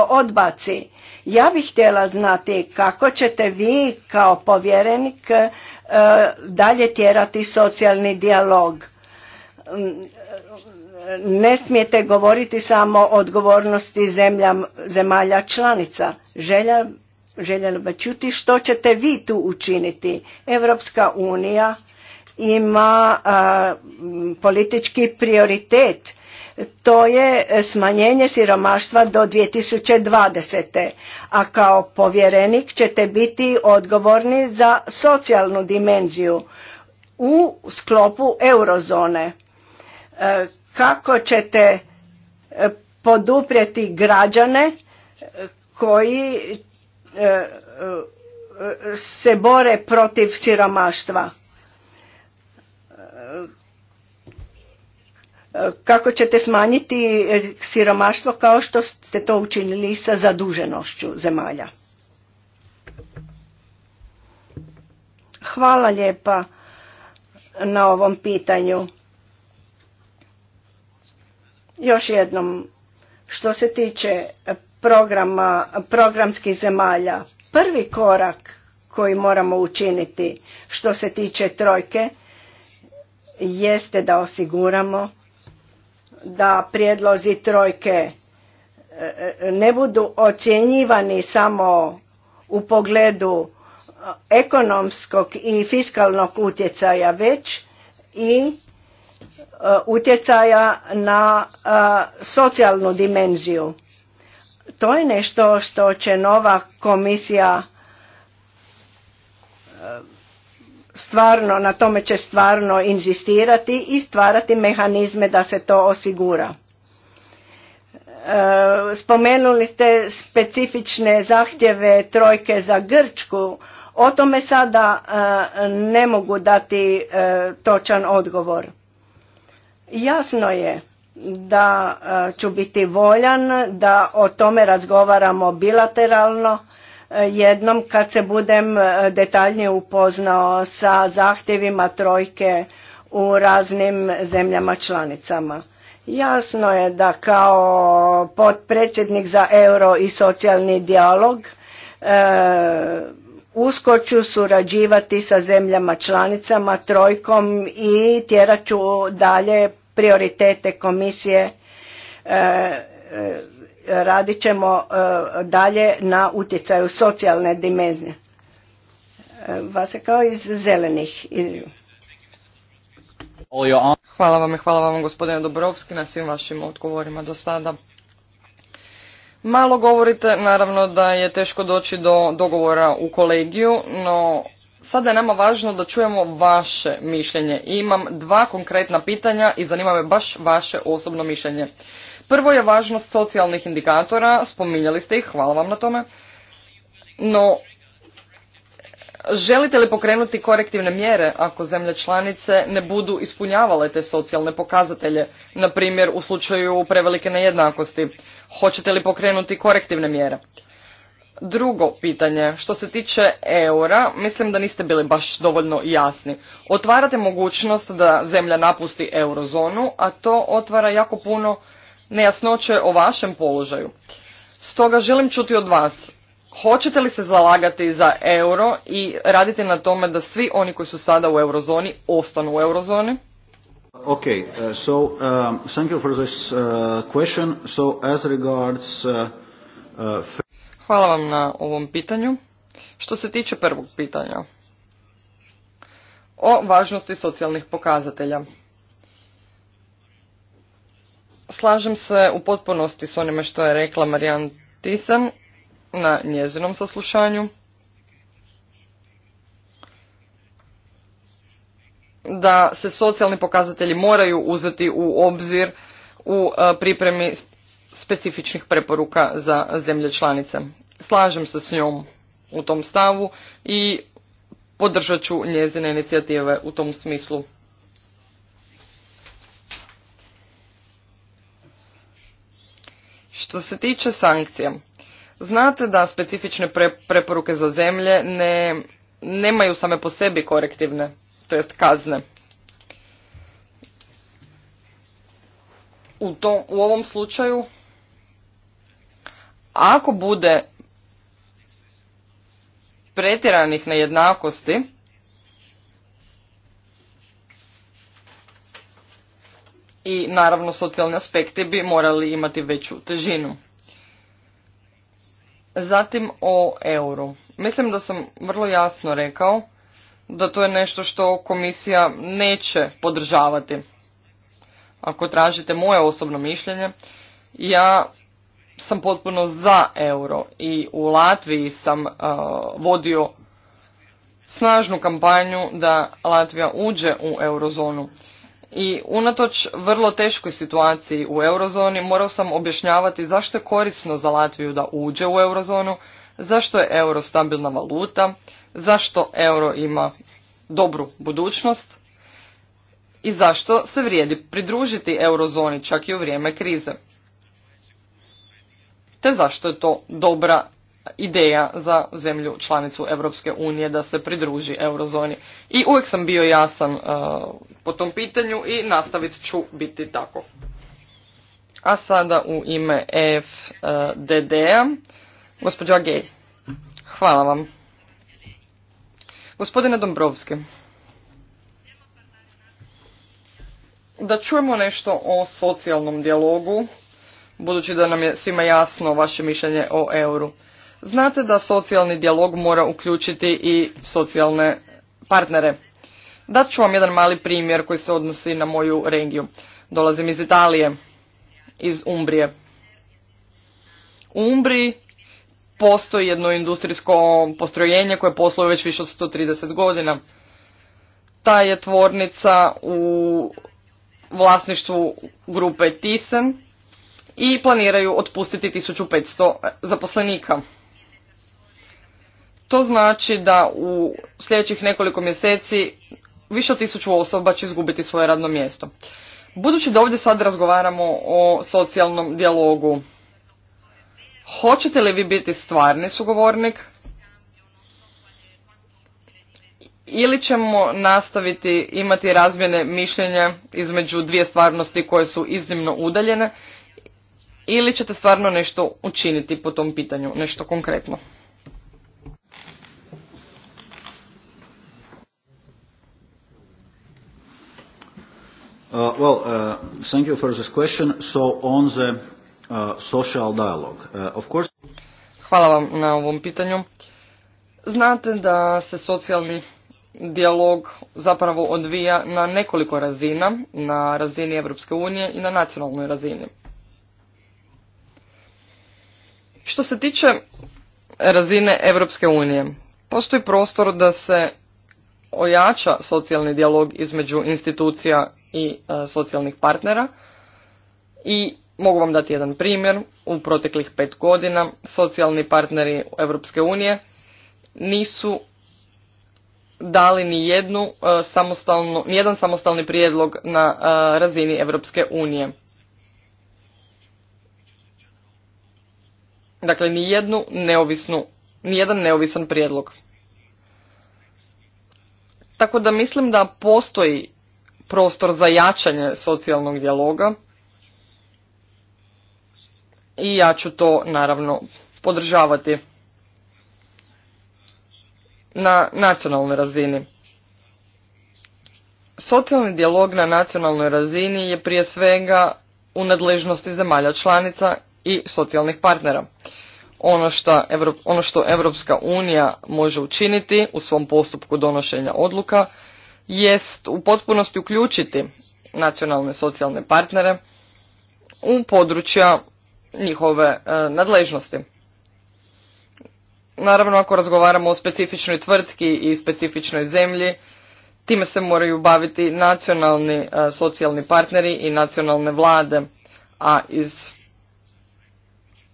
odbaci. Ja bih htjela znati kako ćete vi kao povjerenik e, dalje tjerati socijalni dijalog. Ne smijete govoriti samo o odgovornosti zemlja, zemalja članica. Želja, željela bi čuti što ćete vi tu učiniti. Europska unija ima politički prioritet to je smanjenje siromaštva do 2020. A kao povjerenik ćete biti odgovorni za socijalnu dimenziju u sklopu eurozone. E, kako ćete e, poduprijeti građane e, koji se bore protiv siromaštva? kako ćete smanjiti e, siromaštvo kao što ste to učinili sa zaduženošću zemalja. Hvala lijepa na ovom pitanju. Još jednom, što se tiče programa, programskih zemalja, prvi korak koji moramo učiniti što se tiče trojke jeste da osiguramo da prijedlozi trojke e, e, ne budu ocjenjivani samo u pogledu ekonomskog i fiskalnog utjecaja već i e, utjecaja na socijalnu dimenziju. To je nešto što će nova komisija stvarno, na tome će stvarno inzistirati i stvarati mehanizme da se to osigura. E, spomenuli ste specifične zahtjeve trojke za Grčku. O tome sada e, ne mogu dati e, točan odgovor. Jasno je da ću biti voljan da o tome razgovaramo bilateralno jednom kad se budem e, detaljnije upoznao sa zahtjevima trojke u raznim zemljama članicama. Jasno je da kao potpredsjednik za euro i socijalni dijalog e, usko ću surađivati sa zemljama članicama, trojkom i tjeraću dalje prioritete komisije e, e, radit ćemo e, dalje na utjecaju socijalne dimenzije. E, Vas kao iz zelenih. Hvala vam i hvala vam gospodine Dobrovski na svim vašim odgovorima do sada. Malo govorite, naravno da je teško doći do dogovora u kolegiju, no sada je nama važno da čujemo vaše mišljenje. Imam dva konkretna pitanja i zanima me baš vaše osobno mišljenje. Prvo je važnost socijalnih indikatora, spominjali ste ih, hvala vam na tome. No, želite li pokrenuti korektivne mjere ako zemlje članice ne budu ispunjavale te socijalne pokazatelje, na primjer u slučaju prevelike nejednakosti? Hoćete li pokrenuti korektivne mjere? Drugo pitanje, što se tiče eura, mislim da niste bili baš dovoljno jasni. Otvarate mogućnost da zemlja napusti eurozonu, a to otvara jako puno nejasnoće o vašem položaju. Stoga želim čuti od vas, hoćete li se zalagati za euro i raditi na tome da svi oni koji su sada u eurozoni ostanu u eurozoni? Okay, eh, so um, thank you for this eh, question. So as regards eh, Hvala vam na ovom pitanju. Što se tiče prvog pitanja o važnosti socijalnih pokazatelja. Slažem se u potpunosti s onime što je rekla Marijan Tisan na njezinom saslušanju. Da se socijalni pokazatelji moraju uzeti u obzir u e, pripremi specifičnih preporuka za zemlje članice. Slažem se s njom u tom stavu i podržat ću njezine inicijative u tom smislu. Što se tiče sankcija, znate da specifične preporuke za zemlje ne, nemaju same po sebi korektivne, to jest kazne. U, to, u ovom slučaju, ako bude pretjeranih nejednakosti, i naravno socijalni aspekti bi morali imati veću težinu. Zatim o euro. Mislim da sam vrlo jasno rekao da to je nešto što komisija neće podržavati. Ako tražite moje osobno mišljenje, ja sam potpuno za euro i u Latviji sam uh, vodio snažnu kampanju da Latvija uđe u eurozonu i unatoč vrlo teškoj situaciji u eurozoni morao sam objašnjavati zašto je korisno za Latviju da uđe u eurozonu, zašto je euro stabilna valuta, zašto euro ima dobru budućnost i zašto se vrijedi pridružiti eurozoni čak i u vrijeme krize. Te zašto je to dobra ideja za zemlju članicu Europske unije da se pridruži eurozoni. I uvijek sam bio jasan uh, po tom pitanju i nastavit ću biti tako. A sada u ime e FDD-a, gospođa Gej. Hvala vam. Gospodine Dombrovski. Da čujemo nešto o socijalnom dijalogu, budući da nam je svima jasno vaše mišljenje o euru. Znate da socijalni dijalog mora uključiti i socijalne partnere. Dat ću vam jedan mali primjer koji se odnosi na moju regiju. Dolazim iz Italije, iz Umbrije. U Umbriji postoji jedno industrijsko postrojenje koje posluje već više od 130 godina. Ta je tvornica u vlasništvu grupe Tisen i planiraju otpustiti 1500 zaposlenika. To znači da u sljedećih nekoliko mjeseci više od tisuću osoba će izgubiti svoje radno mjesto. Budući da ovdje sad razgovaramo o socijalnom dijalogu, hoćete li vi biti stvarni sugovornik ili ćemo nastaviti imati razmjene mišljenja između dvije stvarnosti koje su iznimno udaljene ili ćete stvarno nešto učiniti po tom pitanju, nešto konkretno? Uh, well, uh, thank you for this question. So on the uh, social dialogue, uh, of course. Hvala vam na ovom pitanju. Znate da se socijalni dijalog zapravo odvija na nekoliko razina, na razini Europske unije i na nacionalnoj razini. Što se tiče razine Europske unije, postoji prostor da se ojača socijalni dijalog između institucija i e, socijalnih partnera. I mogu vam dati jedan primjer. U proteklih pet godina socijalni partneri Europske unije nisu dali ni jednu e, samostalnu, ni jedan samostalni prijedlog na e, razini Europske unije. Dakle, ni jednu neovisnu, ni jedan neovisan prijedlog. Tako da mislim da postoji prostor za jačanje socijalnog dijaloga i ja ću to naravno podržavati na nacionalnoj razini. Socijalni dijalog na nacionalnoj razini je prije svega u nadležnosti zemalja članica i socijalnih partnera. Ono što, Evrop, ono što Evropska unija može učiniti u svom postupku donošenja odluka jest u potpunosti uključiti nacionalne socijalne partnere u područja njihove e, nadležnosti. Naravno, ako razgovaramo o specifičnoj tvrtki i specifičnoj zemlji, time se moraju baviti nacionalni e, socijalni partneri i nacionalne vlade, a iz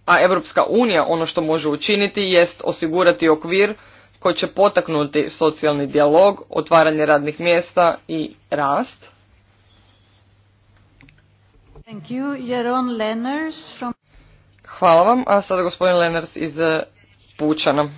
a Europska unija ono što može učiniti jest osigurati okvir koji će potaknuti socijalni dijalog, otvaranje radnih mjesta i rast. Thank you. Lenners from... Hvala vam, a sada gospodin Lenners iz eh, Pučana.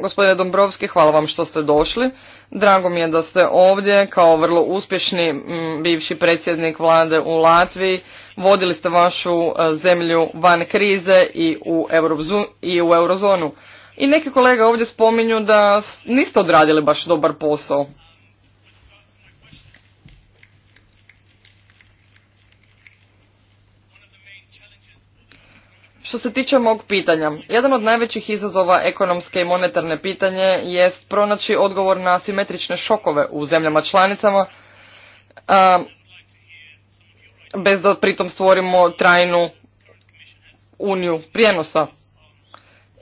Gospodine Dombrovski, hvala vam što ste došli. Drago mi je da ste ovdje kao vrlo uspješni bivši predsjednik vlade u Latviji. Vodili ste vašu e, zemlju van krize i u, Eurozu, i u eurozonu. I neki kolega ovdje spominju da niste odradili baš dobar posao. Što se tiče mog pitanja, jedan od najvećih izazova ekonomske i monetarne pitanje jest pronaći odgovor na simetrične šokove u zemljama članicama, bez da pritom stvorimo trajnu uniju prijenosa.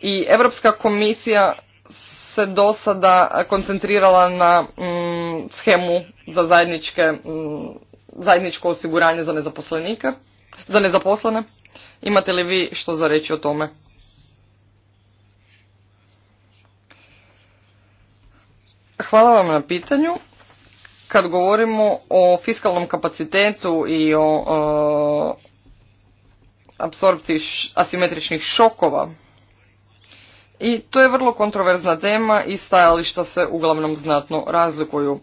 I Europska komisija se do sada koncentrirala na mm, schemu za zajedničke, mm, zajedničko osiguranje za nezaposlenike, za nezaposlene. Imate li vi što za reći o tome? Hvala vam na pitanju. Kad govorimo o fiskalnom kapacitetu i o, apsorpciji asimetričnih šokova, i to je vrlo kontroverzna tema i stajališta se uglavnom znatno razlikuju.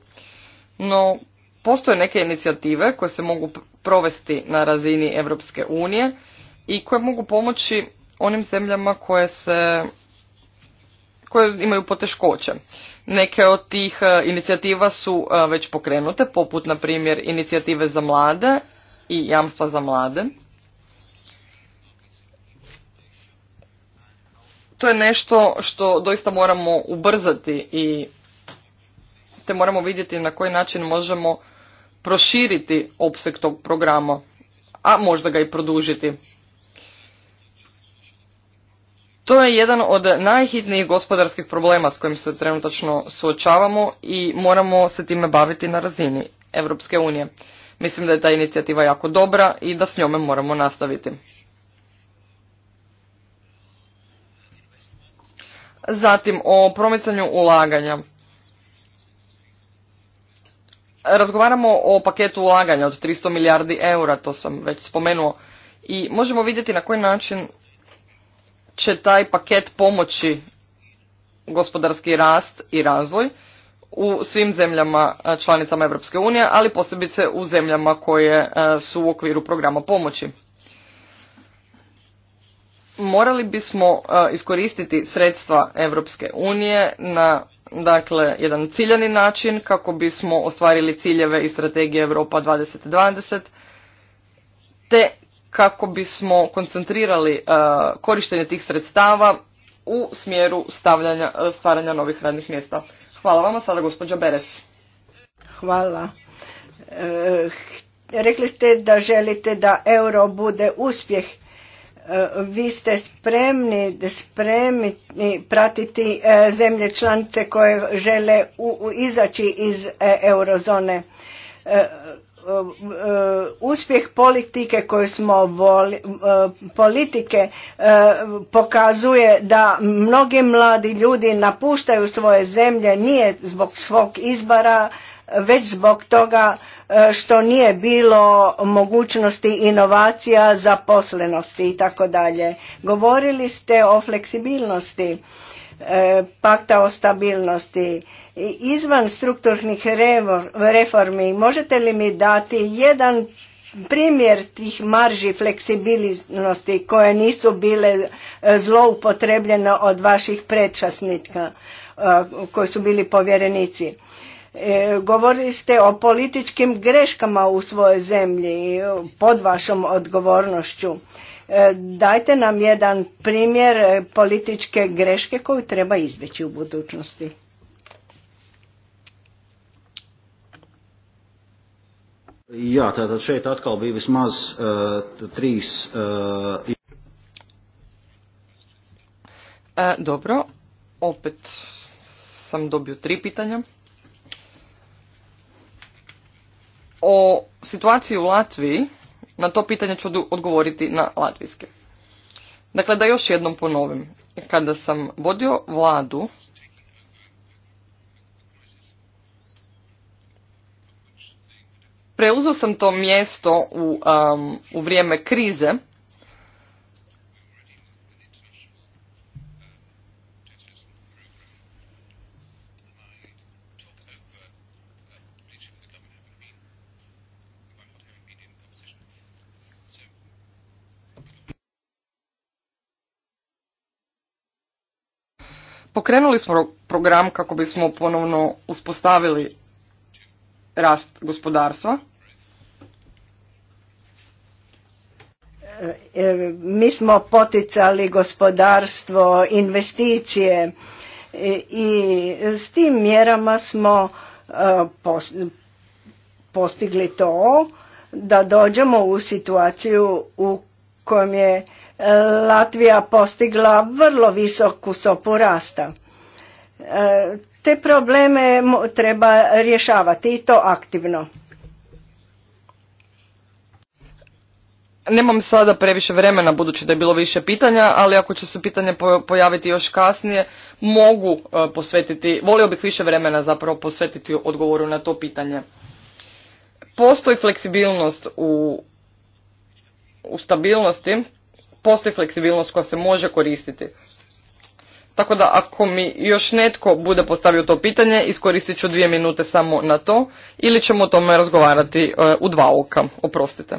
No, postoje neke inicijative koje se mogu provesti na razini Europske unije i koje mogu pomoći onim zemljama koje se koje imaju poteškoće. Neke od tih e, inicijativa su e, već pokrenute, poput na primjer inicijative za mlade i jamstva za mlade. To je nešto što doista moramo ubrzati i te moramo vidjeti na koji način možemo proširiti opseg tog programa, a možda ga i produžiti. To je jedan od najhitnijih gospodarskih problema s kojim se trenutačno suočavamo i moramo se time baviti na razini Europske unije. Mislim da je ta inicijativa jako dobra i da s njome moramo nastaviti. Zatim o promicanju ulaganja. Razgovaramo o paketu ulaganja od 300 milijardi eura, to sam već spomenuo, i možemo vidjeti na koji način će taj paket pomoći gospodarski rast i razvoj u svim zemljama e, članicama Europske unije, ali posebice u zemljama koje e, su u okviru programa pomoći. Morali bismo e, iskoristiti sredstva Europske unije na dakle jedan ciljani način kako bismo ostvarili ciljeve i strategije Europa 2020 te kako bismo koncentrirali e, korištenje tih sredstava u smjeru e, stvaranja novih radnih mjesta. Hvala vama sada gospođa Beres. Hvala. E, rekli ste da želite da euro bude uspjeh. vi ste spremni, spremni pratiti zemlje članice koje žele izaći iz eurozone Eh, uspjeh politike koju smo eh, politike eh, pokazuje da mnogi mladi ljudi napuštaju svoje zemlje nije zbog svog izbora već zbog toga što nije bilo mogućnosti inovacija, zaposlenosti i tako dalje. Govorili ste o fleksibilnosti E, pakta o stabilnosti i izvan strukturnih reformi. Možete li mi dati jedan primjer tih marži fleksibilnosti koje nisu bile e, zloupotrebljene od vaših predčasnika e, koji su bili povjerenici? Govorili ste o političkim greškama u svojoj zemlji pod vašom odgovornošću E, dajte nam jedan primjer e, političke greške koju treba izbjeći u budućnosti. dobro, opet sam dobio tri pitanja. O situaciji u Latviji na to pitanje ću odgovoriti na Latvijske. Dakle, da još jednom ponovim. Kada sam vodio vladu, preuzeo sam to mjesto u, um, u vrijeme krize Pokrenuli smo program kako bismo ponovno uspostavili rast gospodarstva. E, e, mi smo poticali gospodarstvo, investicije e, i s tim mjerama smo postigli to da dođemo u situaciju u kojem je Latvija postigla vrlo visoku stopu rasta. E, te probleme treba rješavati i to aktivno. Nemam sada previše vremena budući da je bilo više pitanja, ali ako će se pitanje pojaviti još kasnije, mogu e, posvetiti, volio bih više vremena zapravo posvetiti odgovoru na to pitanje. Postoji fleksibilnost u, u stabilnosti, postoji fleksibilnost koja se može koristiti. Tako da ako mi još netko bude postavio to pitanje, iskoristit ću dvije minute samo na to ili ćemo o tome razgovarati e, u dva oka. Oprostite.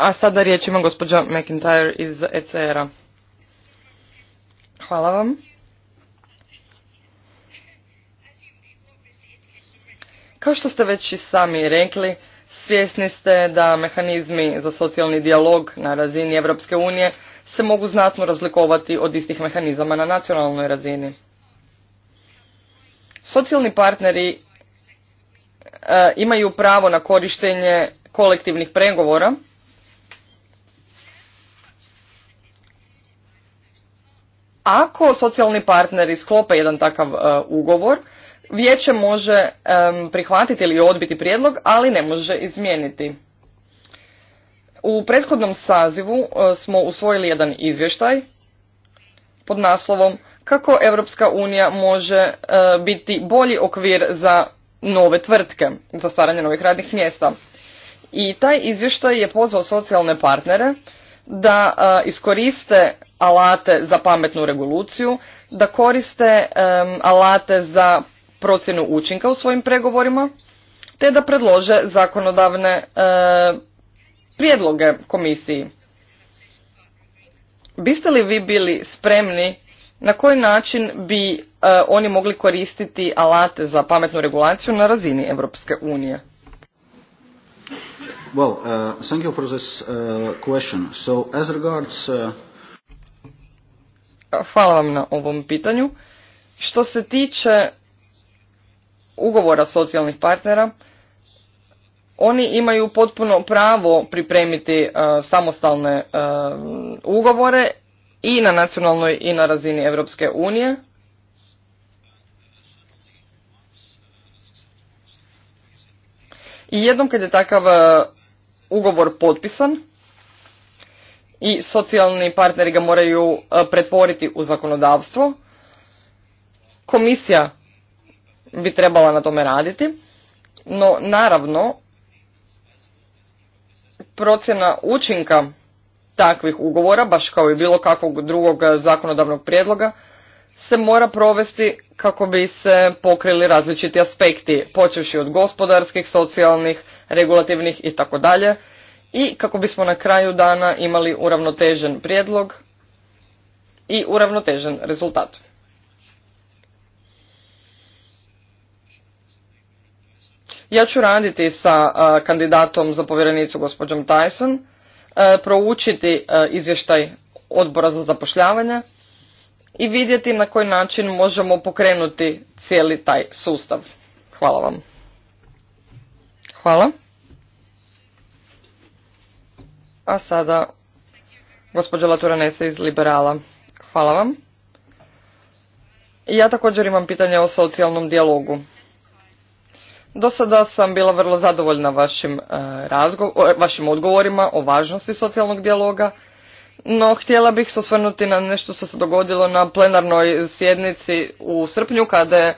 A sada riječ ima gospođa McIntyre iz ECR-a. Hvala vam. Kao što ste već i sami rekli, svjesni ste da mehanizmi za socijalni dijalog na razini Europske unije se mogu znatno razlikovati od istih mehanizama na nacionalnoj razini. Socijalni partneri e, imaju pravo na korištenje kolektivnih pregovora Ako socijalni partneri sklope jedan takav e, ugovor, vijeće može prihvatiti ili odbiti prijedlog, ali ne može izmijeniti. U prethodnom sazivu e, smo usvojili jedan izvještaj pod naslovom kako Europska unija može e, biti bolji okvir za nove tvrtke, za stvaranje novih radnih mjesta. I taj izvještaj je pozvao socijalne partnere da e, iskoriste alate za pametnu regulaciju da koriste e, alate za procjenu učinka u svojim pregovorima, te da predlože zakonodavne e, prijedloge komisiji. Biste li vi bili spremni na koji način bi oni mogli koristiti alate za pametnu regulaciju na razini Europske unije? Well, uh, thank you for this uh, question. So, as regards... Uh, hvala vam na ovom pitanju. Što se tiče ugovora socijalnih partnera, oni imaju potpuno pravo pripremiti uh, samostalne ugovore i na nacionalnoj i na razini Evropske unije. I jednom kad je takav ugovor potpisan i socijalni partneri ga moraju e, pretvoriti u zakonodavstvo. Komisija bi trebala na tome raditi, no naravno procjena učinka takvih ugovora, baš kao i bilo kakvog drugog zakonodavnog prijedloga, se mora provesti kako bi se pokrili različiti aspekti, počevši od gospodarskih, socijalnih, regulativnih i tako dalje i kako bismo na kraju dana imali uravnotežen prijedlog i uravnotežen rezultat. Ja ću raditi sa kandidatom za povjerenicu gospođom Tyson, proučiti izvještaj odbora za zapošljavanje i vidjeti na koji način možemo pokrenuti cijeli taj sustav. Hvala vam. Hvala. A sada gospođa Nese iz Liberala. Hvala vam. Ja također imam pitanje o socijalnom dijalogu. Do sada sam bila vrlo zadovoljna vašim, e, vašim odgovorima o važnosti socijalnog dijaloga, no htjela bih se osvrnuti na nešto što se dogodilo na plenarnoj sjednici u srpnju kada je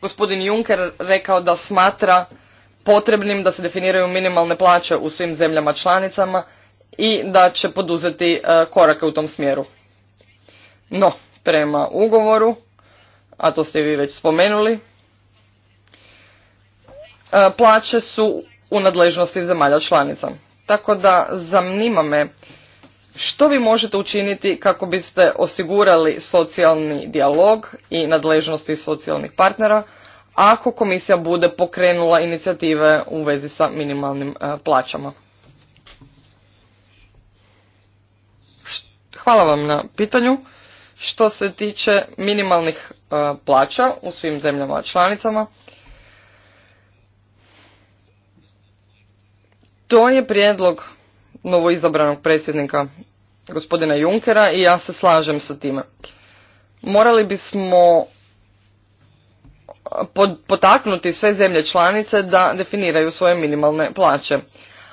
gospodin Juncker rekao da smatra potrebnim da se definiraju minimalne plaće u svim zemljama članicama i da će poduzeti e, korake u tom smjeru. No, prema ugovoru, a to ste vi već spomenuli, e, plaće su u nadležnosti zemalja članica. Tako da zanima me što vi možete učiniti kako biste osigurali socijalni dijalog i nadležnosti socijalnih partnera, ako komisija bude pokrenula inicijative u vezi sa minimalnim e, plaćama. Hvala vam na pitanju. Što se tiče minimalnih e, plaća u svim zemljama članicama, to je prijedlog novoizabranog predsjednika gospodina Junkera i ja se slažem sa time. Morali bismo potaknuti sve zemlje članice da definiraju svoje minimalne plaće.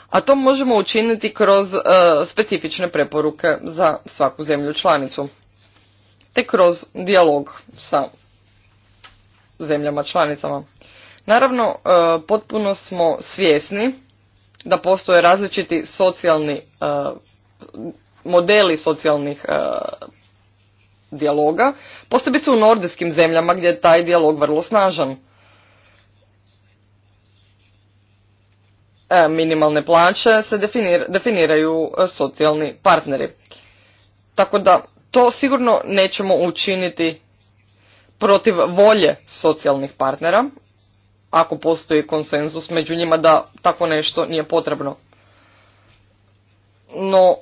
A to možemo učiniti kroz e, specifične preporuke za svaku zemlju članicu. Te kroz dijalog sa zemljama članicama. Naravno, e, potpuno smo svjesni da postoje različiti socijalni e, modeli socijalnih dijaloga, posebice u nordijskim zemljama gdje je taj dijalog vrlo snažan. E, minimalne plaće se definiraju e, socijalni partneri. Tako da to sigurno nećemo učiniti protiv volje socijalnih partnera, ako postoji konsenzus među njima da tako nešto nije potrebno. No,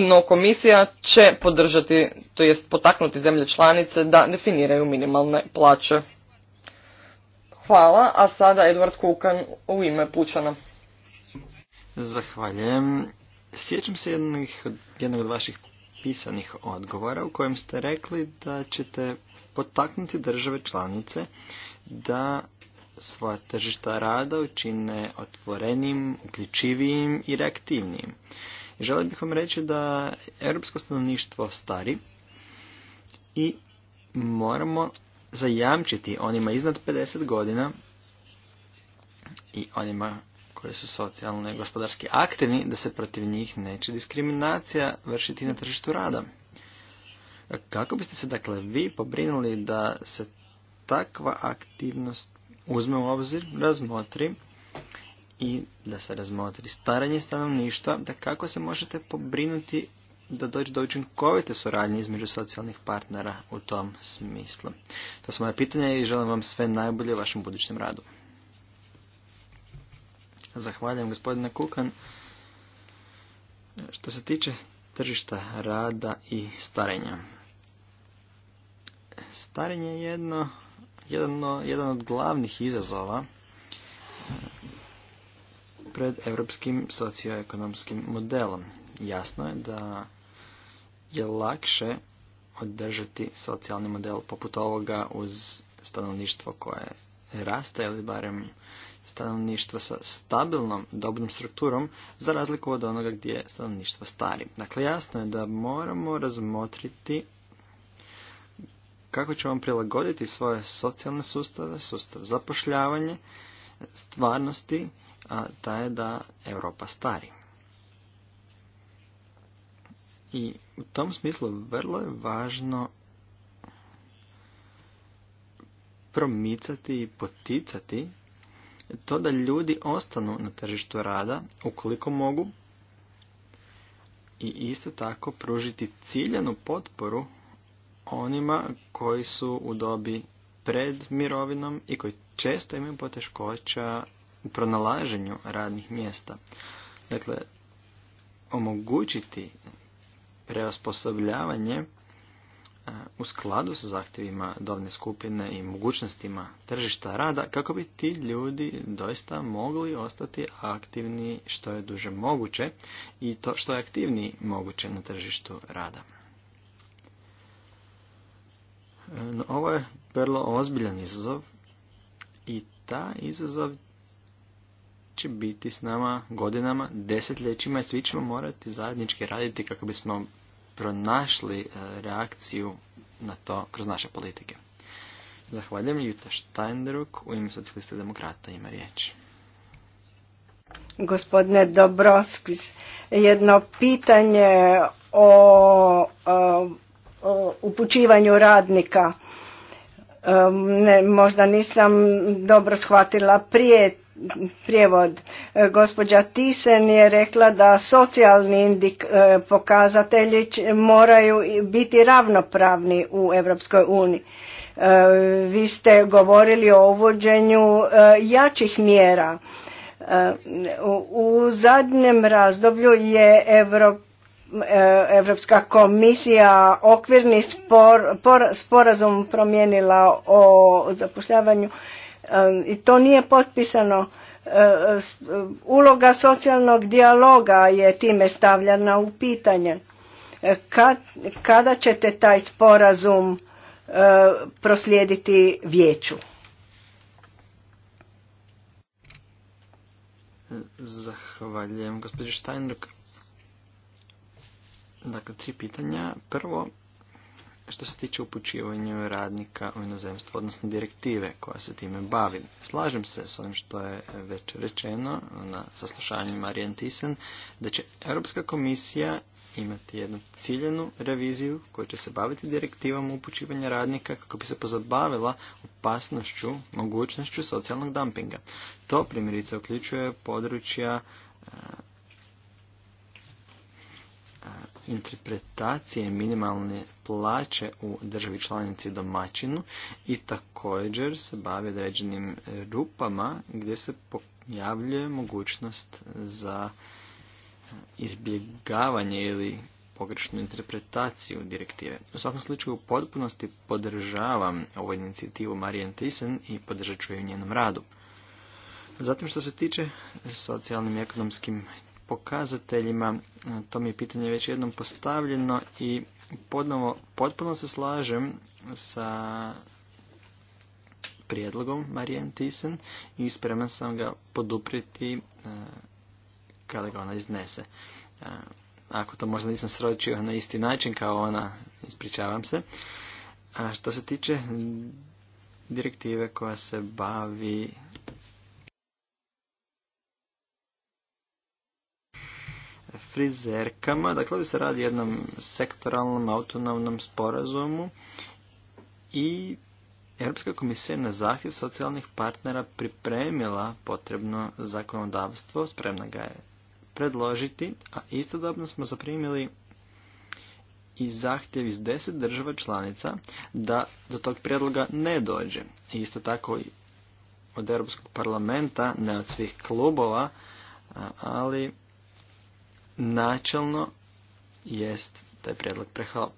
no komisija će podržati, to jest potaknuti zemlje članice da definiraju minimalne plaće. Hvala, a sada Edward Kukan u ime Pučana. Zahvaljujem. Sjećam se jednih, jednog od vaših pisanih odgovora u kojem ste rekli da ćete potaknuti države članice da svoja tržišta rada učine otvorenim, uključivijim i reaktivnijim želio bih vam reći da europsko stanovništvo stari i moramo zajamčiti onima iznad 50 godina i onima koji su socijalno i gospodarski aktivni da se protiv njih neće diskriminacija vršiti na tržištu rada. Kako biste se dakle vi pobrinuli da se takva aktivnost uzme u obzir, razmotri i da se razmotri staranje stanovništva, da kako se možete pobrinuti da dođe do učinkovite suradnje između socijalnih partnera u tom smislu. To su moje pitanja i želim vam sve najbolje u vašem budućem radu. Zahvaljujem gospodine Kukan. Što se tiče tržišta rada i starenja. Starenje je jedno, jedno, jedan od glavnih izazova pred europskim socioekonomskim modelom. Jasno je da je lakše održati socijalni model poput ovoga uz stanovništvo koje raste ili barem stanovništvo sa stabilnom dobnom strukturom za razliku od onoga gdje je stanovništvo stari. Dakle, jasno je da moramo razmotriti kako ćemo prilagoditi svoje socijalne sustave, sustav zapošljavanje, stvarnosti a ta je da Europa stari. I u tom smislu vrlo je važno promicati i poticati to da ljudi ostanu na tržištu rada ukoliko mogu i isto tako pružiti ciljanu potporu onima koji su u dobi pred mirovinom i koji često imaju poteškoća pronalaženju radnih mjesta. Dakle, omogućiti preosposobljavanje e, u skladu sa zahtjevima dobne skupine i mogućnostima tržišta rada kako bi ti ljudi doista mogli ostati aktivni što je duže moguće i to što je aktivniji moguće na tržištu rada. E, ovo je vrlo ozbiljan izazov i ta izazov će biti s nama godinama, desetljećima i svi ćemo morati zajednički raditi kako bismo pronašli e, reakciju na to kroz naše politike. Zahvaljujem Juta Steinruk u ime socijaliste demokrata ima riječ. Gospodine Dobroskis, jedno pitanje o, o, o upućivanju radnika. E, ne, možda nisam dobro shvatila prije prijevod. E, gospođa Tisen je rekla da socijalni e, pokazatelji moraju biti ravnopravni u Europskoj uniji. E, vi ste govorili o uvođenju jačih mjera. U zadnjem razdoblju je Europska komisija okvirni spor, sporazum promijenila o zapošljavanju i to nije potpisano. Uloga socijalnog dijaloga je time stavljena u pitanje. E, kada ćete taj sporazum e, proslijediti vijeću? Zahvaljujem, gospođo Dakle, tri pitanja. Prvo, što se tiče upućivanja radnika u inozemstvo, odnosno direktive koja se time bavi. Slažem se s onim što je već rečeno na saslušanju Marijan Thyssen, da će Europska komisija imati jednu ciljenu reviziju koja će se baviti direktivom upućivanja radnika kako bi se pozabavila opasnošću, mogućnošću socijalnog dumpinga. To primjerice uključuje područja eh, interpretacije minimalne plaće u državi članici domaćinu i također se bavi određenim rupama gdje se pojavljuje mogućnost za izbjegavanje ili pogrešnu interpretaciju direktive. U svakom slučaju u potpunosti podržavam ovu inicijativu Marijan Thyssen i podržat ću je u njenom radu. Zatim što se tiče socijalnim i ekonomskim pokazateljima, to mi je pitanje već jednom postavljeno i podnovo, potpuno se slažem sa prijedlogom Marijan Thyssen i spreman sam ga poduprijeti kada ga ona iznese. Ako to možda nisam sročio na isti način kao ona, ispričavam se. A što se tiče direktive koja se bavi frizerkama. Dakle, se radi o jednom sektoralnom autonomnom sporazumu i Europska komisija na zahtjev socijalnih partnera pripremila potrebno zakonodavstvo, spremna ga je predložiti, a istodobno smo zaprimili i zahtjev iz deset država članica da do tog prijedloga ne dođe. isto tako i od Europskog parlamenta, ne od svih klubova, ali načelno jest taj prijedlog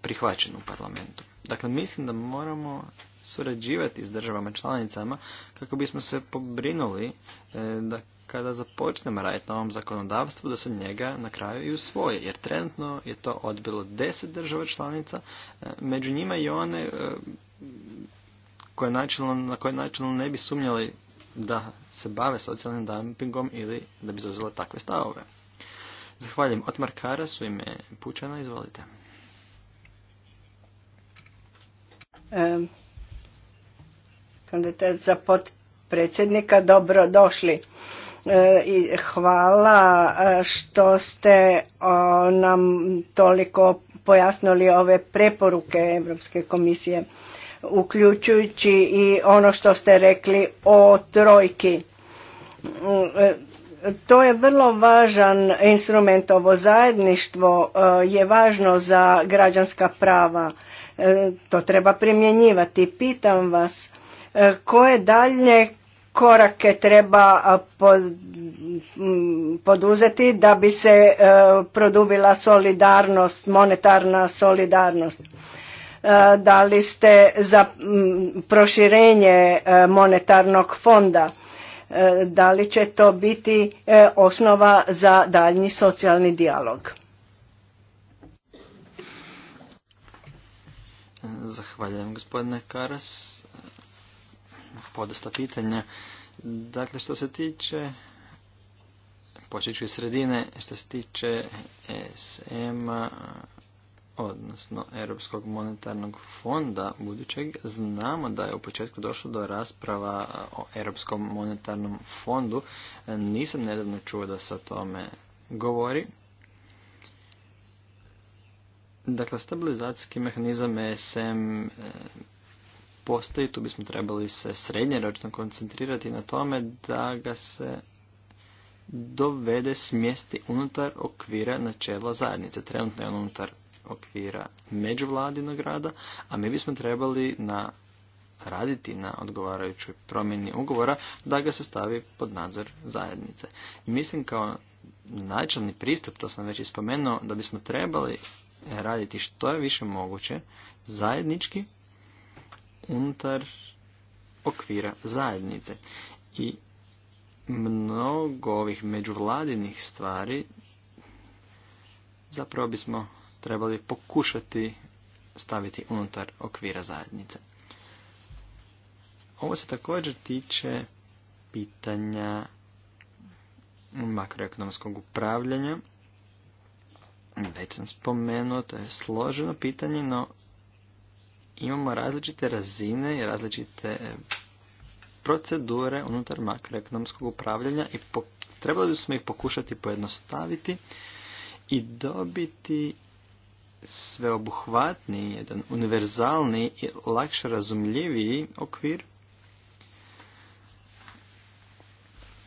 prihvaćen u parlamentu. Dakle, mislim da moramo surađivati s državama članicama kako bismo se pobrinuli e, da kada započnemo raditi na ovom zakonodavstvu da se njega na kraju i usvoje. Jer trenutno je to odbilo deset država članica, e, među njima i one e, koje na koje načelno ne bi sumnjali da se bave socijalnim dumpingom ili da bi zauzela takve stavove. Zahvaljujem. Otmar Karas u ime Pučana, izvolite. kandidat za potpredsjednika, dobro došli. E, I hvala e, što ste nam toliko pojasnili ove preporuke Europske komisije, uključujući i ono što ste rekli o trojki. Mm, e, to je vrlo važan instrument, ovo zajedništvo e, je važno za građanska prava, e, to treba primjenjivati. Pitam vas, e, koje daljnje korake treba poduzeti da bi se produbila solidarnost, monetarna solidarnost? Da li ste za proširenje monetarnog fonda? E, da li će to biti e, osnova za daljnji socijalni dijalog. Zahvaljujem gospodine Karas. Podesta pitanja. Dakle, što se tiče, počet ću iz sredine, što se tiče sm odnosno Europskog monetarnog fonda budućeg, znamo da je u početku došlo do rasprava o Europskom monetarnom fondu. Nisam nedavno čuo da se o tome govori. Dakle, stabilizacijski mehanizam ESM e, postoji, tu bismo trebali se srednjeročno koncentrirati na tome da ga se dovede smjesti unutar okvira načela zajednice. Trenutno je unutar okvira međuvladinog rada, a mi bismo trebali na raditi na odgovarajućoj promjeni ugovora da ga se stavi pod nadzor zajednice. Mislim kao načelni pristup, to sam već ispomenuo, da bismo trebali raditi što je više moguće zajednički unutar okvira zajednice. I mnogo ovih međuvladinih stvari zapravo bismo trebali pokušati staviti unutar okvira zajednice. Ovo se također tiče pitanja makroekonomskog upravljanja. Već sam spomenuo, to je složeno pitanje, no imamo različite razine i različite e, procedure unutar makroekonomskog upravljanja i trebali smo ih pokušati pojednostaviti i dobiti sveobuhvatniji, jedan univerzalni i lakše razumljiviji okvir.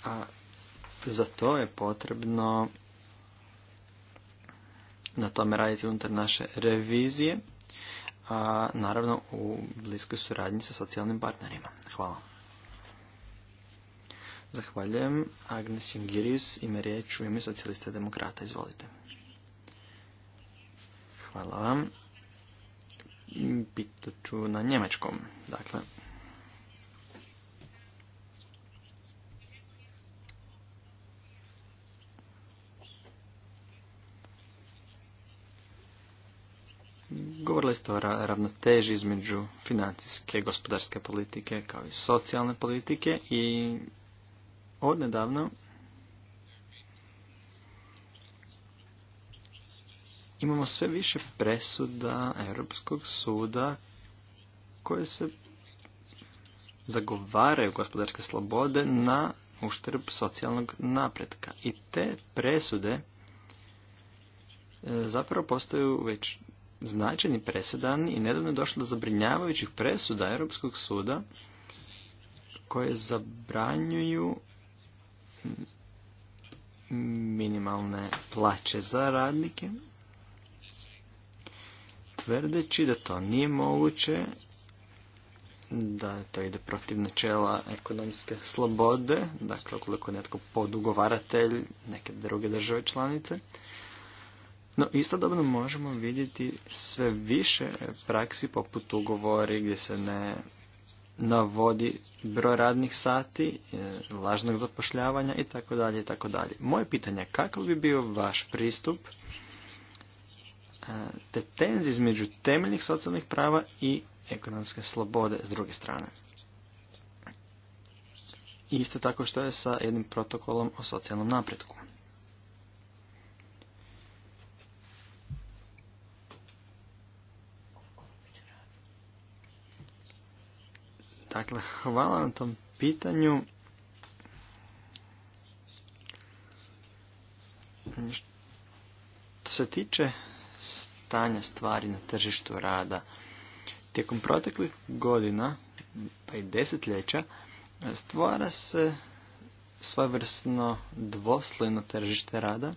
A za to je potrebno na tome raditi unutar naše revizije, a naravno u bliskoj suradnji sa socijalnim partnerima. Hvala. Zahvaljujem. Agnes Ingirius ima riječ u ime socijalista demokrata. Izvolite. Hvala vam. Pitaću na njemačkom. Dakle, Govorili ste o ravnoteži između financijske, gospodarske politike kao i socijalne politike i odnedavno imamo sve više presuda Europskog suda koje se zagovaraju gospodarske slobode na uštrb socijalnog napretka. I te presude e, zapravo postaju već značajni presedani i nedavno je došlo do zabrinjavajućih presuda Europskog suda koje zabranjuju minimalne plaće za radnike tvrdeći da to nije moguće, da to ide protiv načela ekonomske slobode, dakle ukoliko je netko podugovaratelj neke druge države članice. No istodobno možemo vidjeti sve više praksi poput ugovori gdje se ne navodi broj radnih sati, e, lažnog zapošljavanja i tako dalje i tako Moje pitanje je kakav bi bio vaš pristup te tenzi između temeljnih socijalnih prava i ekonomske slobode s druge strane. Isto tako što je sa jednim protokolom o socijalnom napretku. Dakle, hvala na tom pitanju. Što se tiče stanja stvari na tržištu rada. Tijekom proteklih godina, pa i desetljeća, stvara se svojvrsno dvoslojno tržište rada,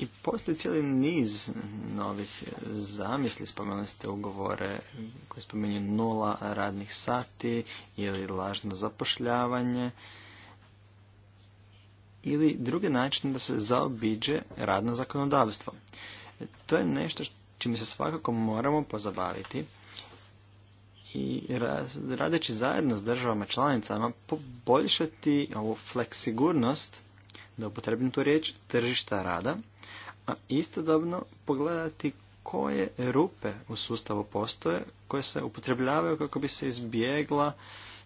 I postoji cijeli niz novih zamisli, spomenuli ste ugovore koji spominju nula radnih sati ili lažno zapošljavanje, ili druge način da se zaobiđe radno zakonodavstvo. To je nešto čime se svakako moramo pozabaviti i radeći zajedno s državama članicama poboljšati ovu fleksigurnost, da upotrebim tu riječ, tržišta rada, a istodobno pogledati koje rupe u sustavu postoje koje se upotrebljavaju kako bi se izbjegla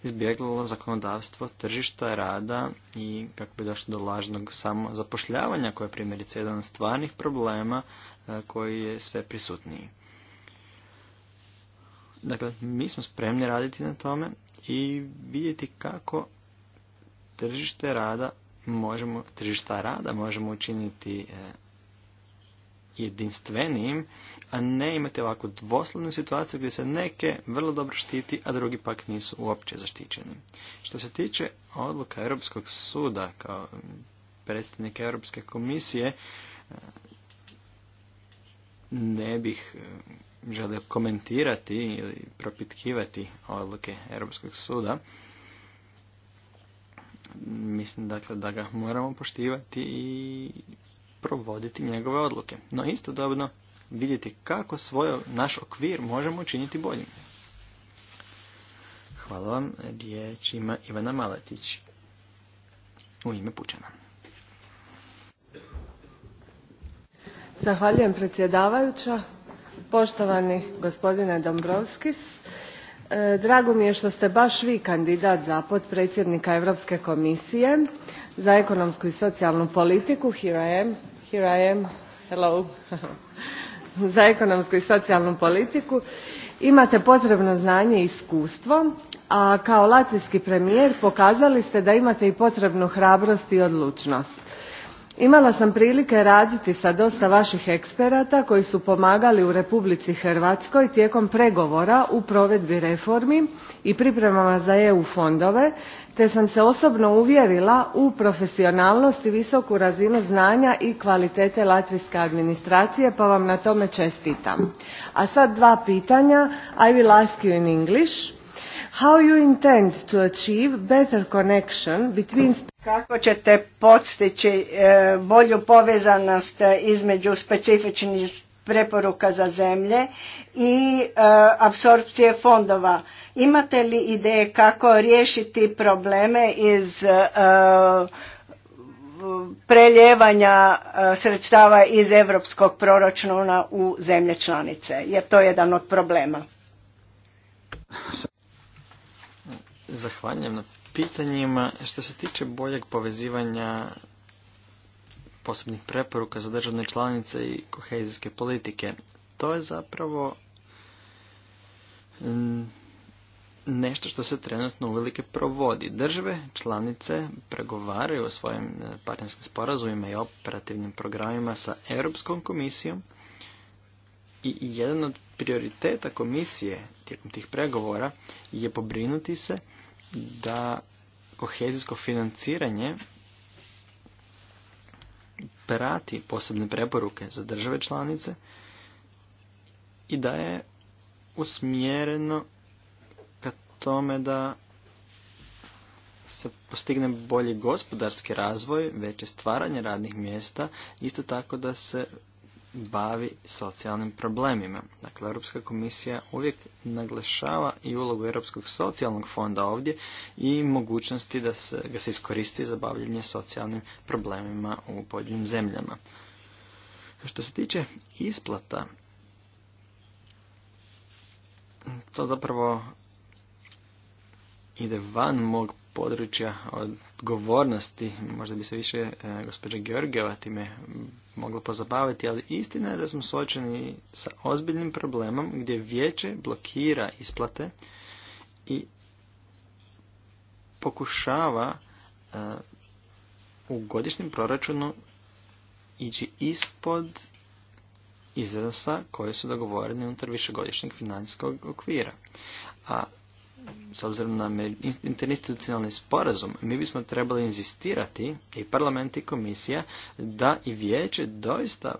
izbjeglo zakonodavstvo tržišta rada i kako bi došlo do lažnog samozapošljavanja koje je primjerice jedan od stvarnih problema e, koji je sve prisutniji. Dakle, mi smo spremni raditi na tome i vidjeti kako tržište rada možemo, tržišta rada možemo učiniti e, jedinstvenijim, a ne imate ovakvu dvoslovnu situaciju gdje se neke vrlo dobro štiti, a drugi pak nisu uopće zaštićeni. Što se tiče odluka Europskog suda kao predstavnika Europske komisije, e, ne bih e, želio komentirati ili propitkivati odluke Europskog suda. Mislim dakle da ga moramo poštivati i provoditi njegove odluke, no istodobno vidjeti kako svoj naš okvir možemo učiniti boljim. Hvala vam, riječ ima Ivana Maletić u ime Pučana. Zahvaljujem predsjedavajuća, poštovani gospodine Dombrovskis. E, drago mi je što ste baš vi kandidat za potpredsjednika Europske komisije za ekonomsku i socijalnu politiku. Here I am, Here za ekonomsku i socijalnu politiku imate potrebno znanje i iskustvo a kao latvijski premijer pokazali ste da imate i potrebnu hrabrost i odlučnost imala sam prilike raditi sa dosta vaših eksperata koji su pomagali u republici hrvatskoj tijekom pregovora u provedbi reformi i pripremama za eu fondove te sam se osobno uvjerila u profesionalnost i visoku razinu znanja i kvalitete latvijske administracije pa vam na tome čestitam. A sad dva pitanja. I will ask you in English. How you intend to achieve better connection between kako ćete postići e, bolju povezanost između specifičnih preporuka za zemlje i e, apsorpcije fondova Imate li ideje kako riješiti probleme iz e, preljevanja e, sredstava iz europskog proračuna u zemlje članice? Jer to je jedan od problema. Zahvaljujem na pitanjima. Što se tiče boljeg povezivanja posebnih preporuka za državne članice i kohezijske politike, to je zapravo nešto što se trenutno uvelike provodi. Države članice pregovaraju o svojim e, partnerskim sporazumima i operativnim programima sa Europskom komisijom i jedan od prioriteta komisije tijekom tih pregovora je pobrinuti se da kohezijsko financiranje prati posebne preporuke za države članice i da je usmjereno tome da se postigne bolji gospodarski razvoj, veće stvaranje radnih mjesta, isto tako da se bavi socijalnim problemima. Dakle, Europska komisija uvijek naglašava i ulogu Europskog socijalnog fonda ovdje i mogućnosti da se, ga se iskoristi za bavljanje socijalnim problemima u pojedinim zemljama. Što se tiče isplata, to zapravo ide van mog područja odgovornosti, možda bi se više e, gospođa Georgijeva time moglo pozabaviti, ali istina je da smo suočeni sa ozbiljnim problemom gdje vijeće blokira isplate i pokušava e, u godišnjem proračunu ići ispod iznosa koji su dogovoreni unutar višegodišnjeg financijskog okvira. A s obzirom na interinstitucionalni sporazum, mi bismo trebali inzistirati i parlament i komisija da i vijeće doista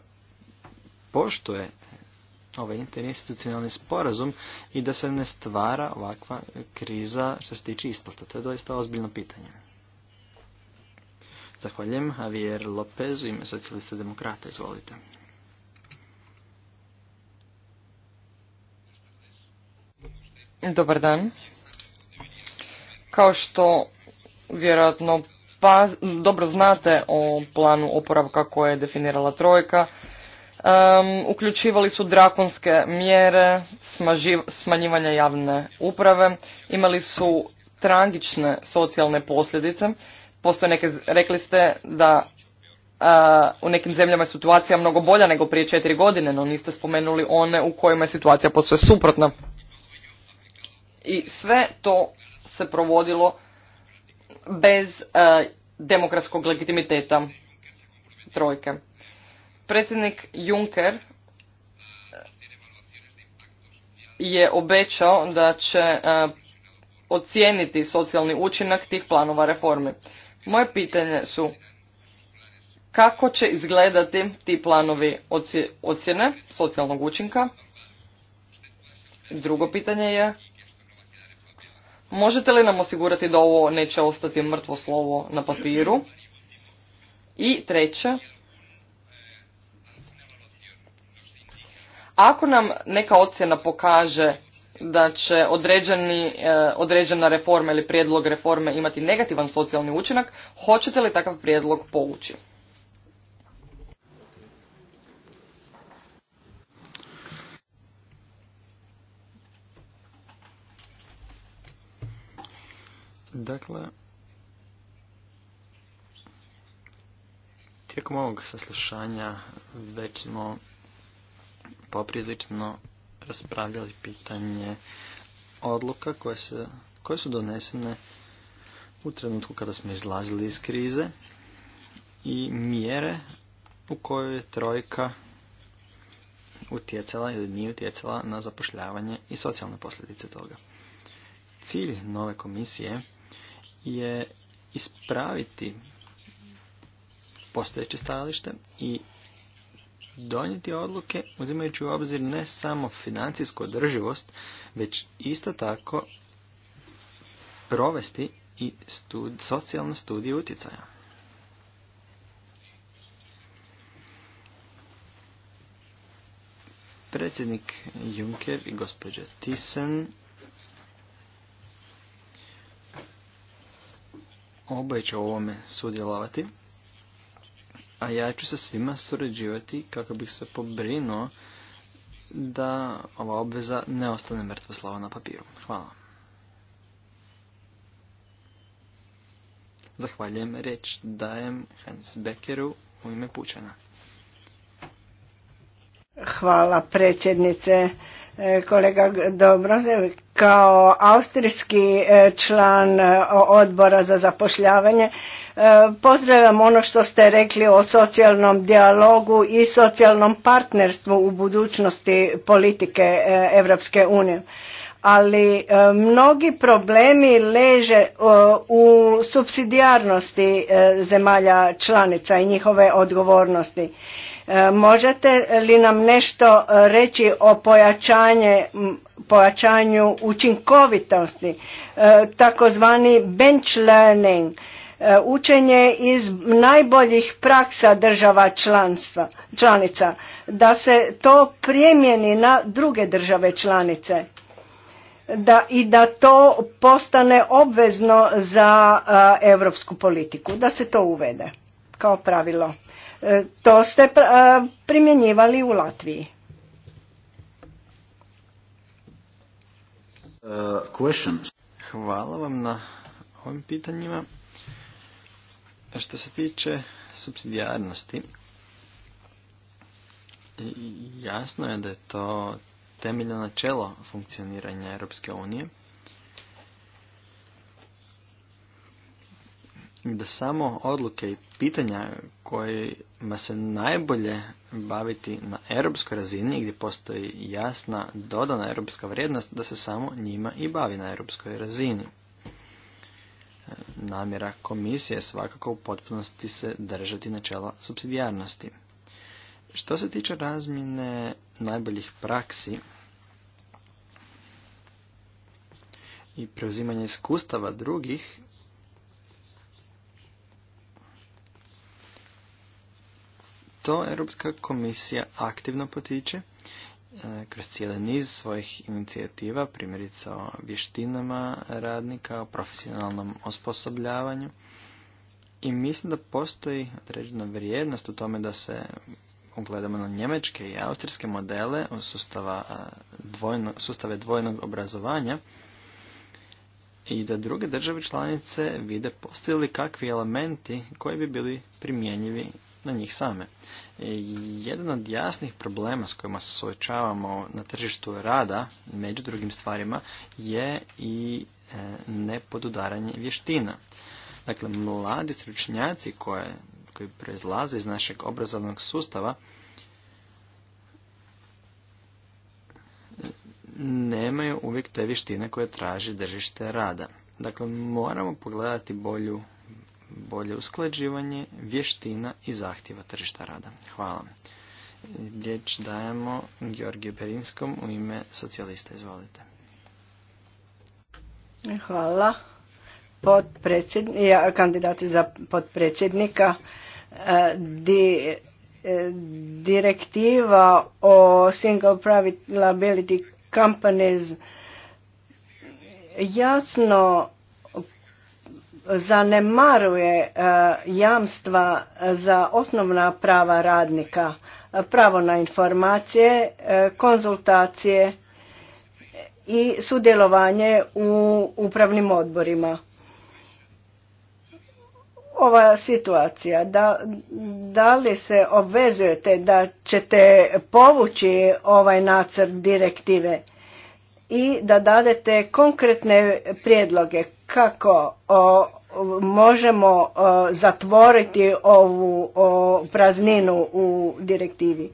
poštuje ovaj interinstitucionalni sporazum i da se ne stvara ovakva kriza što se tiče isplata. To je doista ozbiljno pitanje. Zahvaljujem Javier Lopez u ime socijalista demokrata. Izvolite. Dobar dan. Kao što vjerojatno pa, dobro znate o planu oporavka koje je definirala trojka, um, uključivali su drakonske mjere smanjivanja javne uprave, imali su tragične socijalne posljedice. Postoje neke, rekli ste da u nekim zemljama je situacija mnogo bolja nego prije četiri godine, no niste spomenuli one u kojima je situacija posve suprotna. I sve to se provodilo bez e, demokratskog legitimiteta trojke. Predsjednik Juncker je obećao da će e, ocijeniti socijalni učinak tih planova reformi. Moje pitanje su kako će izgledati ti planovi ocjene socijalnog učinka? Drugo pitanje je Možete li nam osigurati da ovo neće ostati mrtvo slovo na papiru? I treće, ako nam neka ocjena pokaže da će određeni, e, određena reforma ili prijedlog reforme imati negativan socijalni učinak, hoćete li takav prijedlog povući? Dakle, tijekom ovog saslušanja već smo poprilično raspravljali pitanje odluka koje, se, koje su donesene u trenutku kada smo izlazili iz krize i mjere u kojoj je trojka utjecala ili nije utjecala na zapošljavanje i socijalne posljedice toga. Cilj nove komisije je ispraviti postojeće stajalište i donijeti odluke uzimajući u obzir ne samo financijsku održivost, već isto tako provesti i stud, socijalne studije utjecaja. Predsjednik Juncker i gospođa Thyssen oboje će u ovome sudjelovati, a ja ću se svima surađivati kako bih se pobrinuo da ova obveza ne ostane mrtvo slava na papiru. Hvala. Zahvaljujem, reč dajem Hans Beckeru u ime Pučana. Hvala predsjednice. E, kolega Dobrozev, kao austrijski e, član e, odbora za zapošljavanje, pozdravljam ono što ste rekli o socijalnom dijalogu i socijalnom partnerstvu u budućnosti politike Europske unije. Ali mnogi problemi leže u subsidijarnosti zemalja članica i njihove odgovornosti E, možete li nam nešto e, reći o pojačanje, pojačanju učinkovitosti, e, takozvani bench learning, učenje iz najboljih praksa država članstva, članica, da se to primjeni na druge države članice da i da to postane obvezno za europsku politiku, da se to uvede kao pravilo. E, to ste e, primjenjivali u Latviji. Uh, Hvala vam na ovim pitanjima. Što se tiče subsidijarnosti, jasno je da je to temeljno načelo funkcioniranja Europske unije. da samo odluke i pitanja kojima se najbolje baviti na europskoj razini gdje postoji jasna dodana europska vrijednost da se samo njima i bavi na europskoj razini. Namjera komisije svakako u potpunosti se držati načela subsidijarnosti. Što se tiče razmjene najboljih praksi i preuzimanja iskustava drugih, to Europska komisija aktivno potiče e, kroz cijeli niz svojih inicijativa, primjerice o vještinama radnika, o profesionalnom osposobljavanju. I mislim da postoji određena vrijednost u tome da se ugledamo na njemačke i austrijske modele sustava e, sustave dvojnog obrazovanja i da druge države članice vide postoji li kakvi elementi koji bi bili primjenjivi na njih same. E, jedan od jasnih problema s kojima se suočavamo na tržištu rada, među drugim stvarima, je i e, nepodudaranje vještina. Dakle, mladi stručnjaci koji proizlaze iz našeg obrazovnog sustava nemaju uvijek te vještine koje traži držište rada. Dakle, moramo pogledati bolju bolje usklađivanje vještina i zahtjeva tržišta rada. Hvala. Riječ dajemo Georgiju Perinskom u ime socijalista. Izvolite. Hvala. Ja, kandidati za potpredsjednika e, di, e, direktiva o single private liability companies jasno zanemaruje e, jamstva za osnovna prava radnika, pravo na informacije, e, konzultacije i sudjelovanje u upravnim odborima. Ova situacija, da, da li se obvezujete da ćete povući ovaj nacrt direktive? i da dadete konkretne prijedloge kako možemo zatvoriti ovu o, prazninu u direktivi.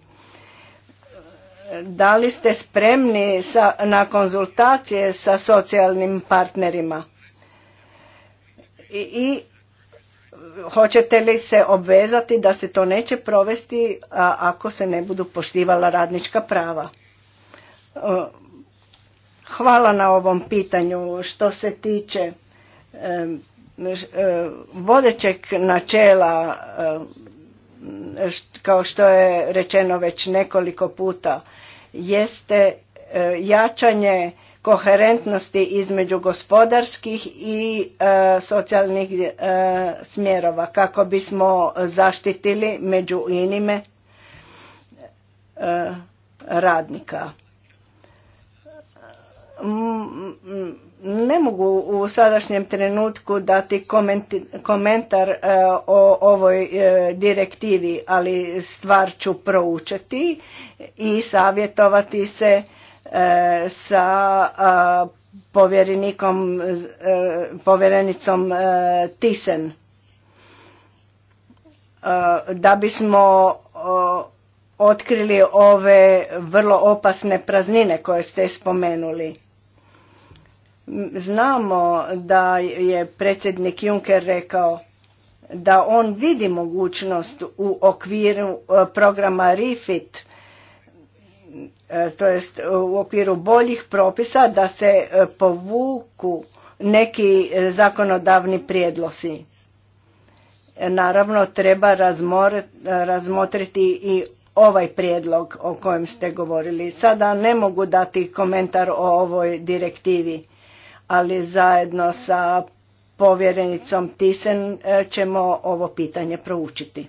Da li ste spremni sa, na konzultacije sa socijalnim partnerima? I, hoćete li se obvezati da se to neće provesti ako se ne budu poštivala radnička prava? Hvala na ovom pitanju. Što se tiče e, vodećeg načela, e, kao što je rečeno već nekoliko puta, jeste e, jačanje koherentnosti između gospodarskih i socijalnih smjerova kako bismo zaštitili među inime radnika ne mogu u sadašnjem trenutku dati komentar e, o ovoj e, direktivi, ali stvar ću proučiti i savjetovati se e, sa povjerenikom, povjerenicom Tisen da bismo otkrili ove vrlo opasne praznine koje ste spomenuli Znamo da je predsjednik Juncker rekao da on vidi mogućnost u okviru e, programa REFIT, e, to jest e, u okviru boljih propisa da se povuku neki zakonodavni prijedlosi. Naravno treba razmotriti i ovaj prijedlog o kojem ste govorili. Sada ne mogu dati komentar o ovoj direktivi ali zajedno sa povjerenicom Tisen e, ćemo ovo pitanje proučiti. E,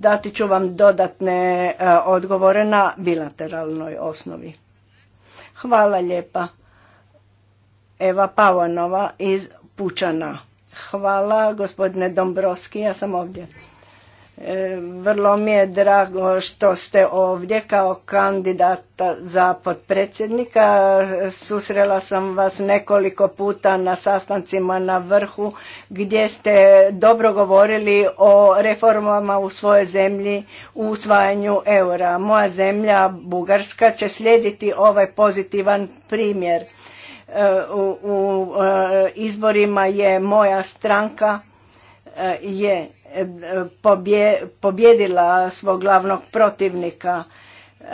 dati ću vam dodatne e, odgovore na bilateralnoj osnovi. Hvala lijepa. Eva Pavonova iz Pučana. Hvala gospodine Dombrovski, ja sam ovdje. E, vrlo mi je drago što ste ovdje kao kandidata za potpredsjednika. Susrela sam vas nekoliko puta na sastancima na vrhu gdje ste dobro govorili o reformama u svojoj zemlji u usvajanju eura. Moja zemlja, Bugarska, će slijediti ovaj pozitivan primjer. E, u e, izborima je moja stranka je e, pobjedila svog glavnog protivnika. E,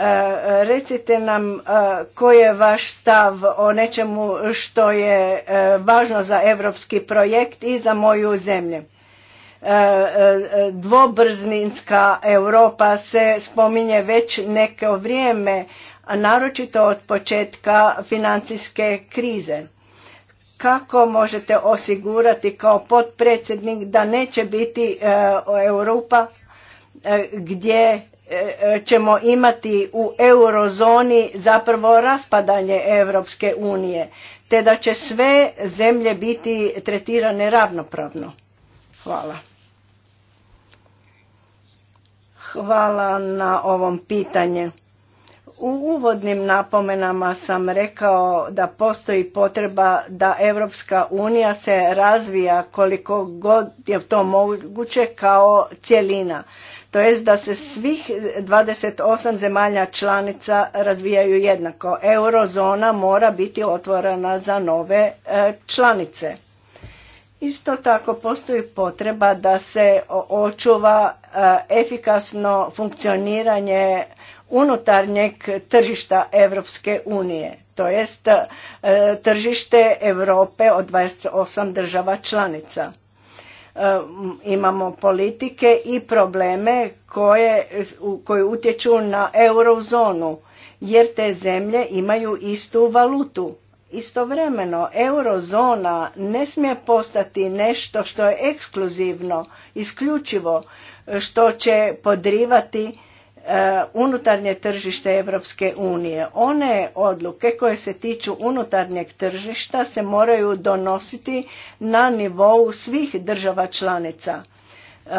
recite nam e, koji je vaš stav o nečemu što je važno za evropski projekt i za moju zemlju. Dvobrzninska Europa se spominje već neko vrijeme, naročito od početka financijske krize kako možete osigurati kao potpredsjednik da neće biti e, Europa e, gdje e, ćemo imati u eurozoni zapravo raspadanje Europske unije, te da će sve zemlje biti tretirane ravnopravno. Hvala. Hvala na ovom pitanju. U uvodnim napomenama sam rekao da postoji potreba da Europska unija se razvija koliko god je to moguće kao cjelina. To jest da se svih 28 zemalja članica razvijaju jednako. Eurozona mora biti otvorena za nove e, članice. Isto tako postoji potreba da se očuva e, efikasno funkcioniranje unutarnjeg tržišta Europske unije, to jest e, tržište Europe od 28 država članica. E, imamo politike i probleme koje, koji utječu na eurozonu, jer te zemlje imaju istu valutu. Istovremeno, eurozona ne smije postati nešto što je ekskluzivno, isključivo, e, što će podrivati E, unutarnje tržište Europske unije. One odluke koje se tiču unutarnjeg tržišta se moraju donositi na nivou svih država članica. E,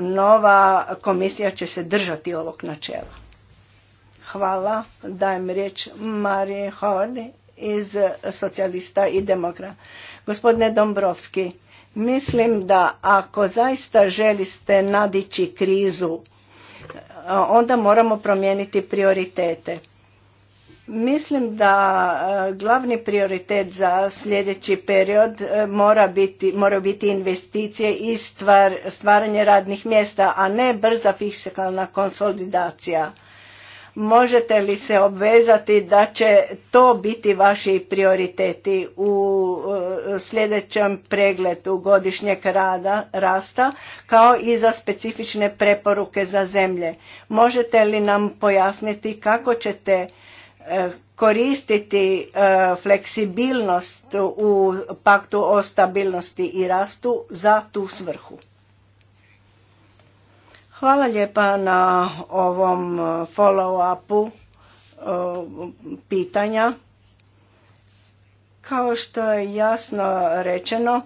nova komisija će se držati ovog načela. Hvala. Dajem riječ Marije Hordi iz socijalista i Demokra. Gospodine Dombrovski, mislim da ako zaista želite nadići krizu onda moramo promijeniti prioritete. Mislim da glavni prioritet za sljedeći period mora biti, moraju biti investicije i stvar, stvaranje radnih mjesta, a ne brza fiskalna konsolidacija. Možete li se obvezati da će to biti vaši prioriteti u e, sljedećem pregledu godišnjeg rada, rasta kao i za specifične preporuke za zemlje? Možete li nam pojasniti kako ćete e, koristiti e, fleksibilnost u paktu o stabilnosti i rastu za tu svrhu? Hvala lijepa na ovom e, follow-upu e, pitanja. Kao što je jasno rečeno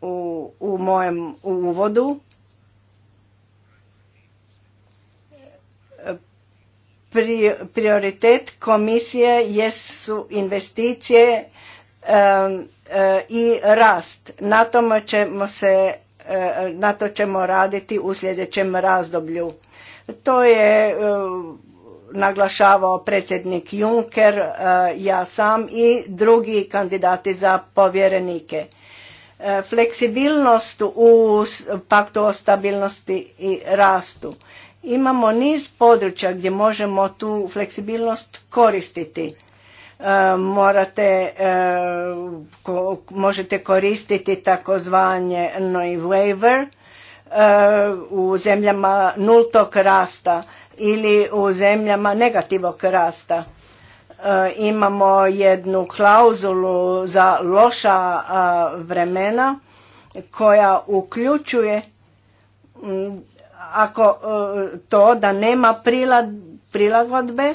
u, u mojem uvodu, e, prioritet komisije jesu investicije E, i rast. Na, tome ćemo se, e, na to ćemo raditi u sljedećem razdoblju. To je e, naglašavao predsjednik Juncker, ja sam i drugi kandidati za povjerenike. Fleksibilnost u paktu o stabilnosti i rastu. Imamo niz područja gdje možemo tu fleksibilnost koristiti morate, e, možete koristiti takozvanje no waiver e, u zemljama nultog rasta ili u zemljama negativnog rasta. E, imamo jednu klauzulu za loša vremena koja uključuje ako to da nema prilagodbe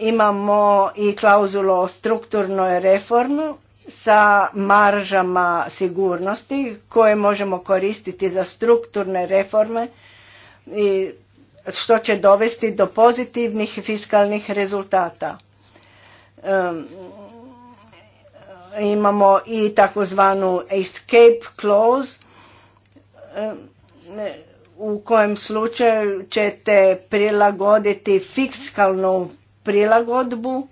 Imamo i klauzulu o strukturnoj reformu sa maržama sigurnosti koje možemo koristiti za strukturne reforme i što će dovesti do pozitivnih fiskalnih rezultata. Imamo i takozvanu escape clause u kojem slučaju ćete prilagoditi fiskalnu prilagodbu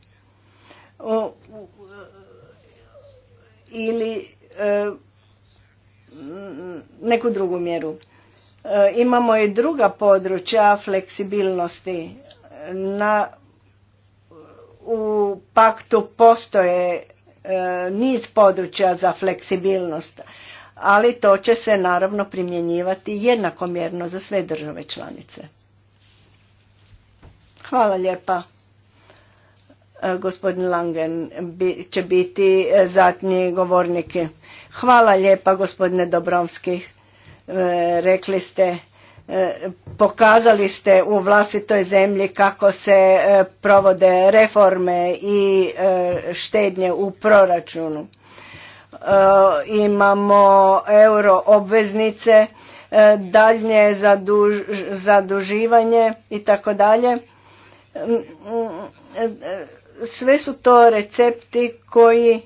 ili e, neku drugu mjeru. E, imamo i druga područja fleksibilnosti. Na, u paktu postoje e, niz područja za fleksibilnost, ali to će se naravno primjenjivati jednakomjerno za sve države članice. Hvala lijepa. E, gospodin Langen će biti e, zadnji govornik. Hvala lijepa gospodine Dobrovski. E, rekli ste pokazali ste u vlastitoj zemlji kako se provode reforme i štednje u proračunu. Imamo euro obveznice, daljnje zaduživanje i tako dalje sve su to recepti koji e,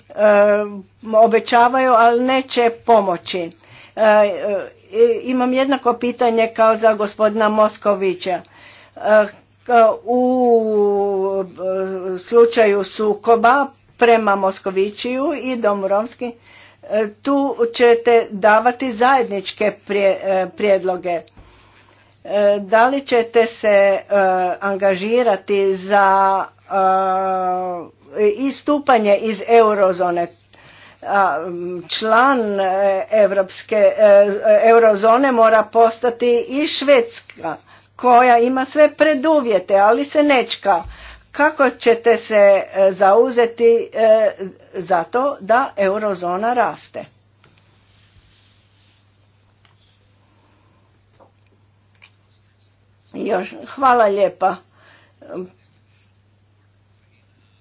obećavaju, ali neće pomoći. E, e, imam jednako pitanje kao za gospodina Moskovića. E, u slučaju sukoba prema Moskovićiju i Domrovski tu ćete davati zajedničke prijedloge. Da li ćete se angažirati za E, istupanje iz eurozone član e, evropske e, eurozone mora postati i Švedska koja ima sve preduvjete ali se nečka kako ćete se zauzeti za to da eurozona raste Još, hvala lijepa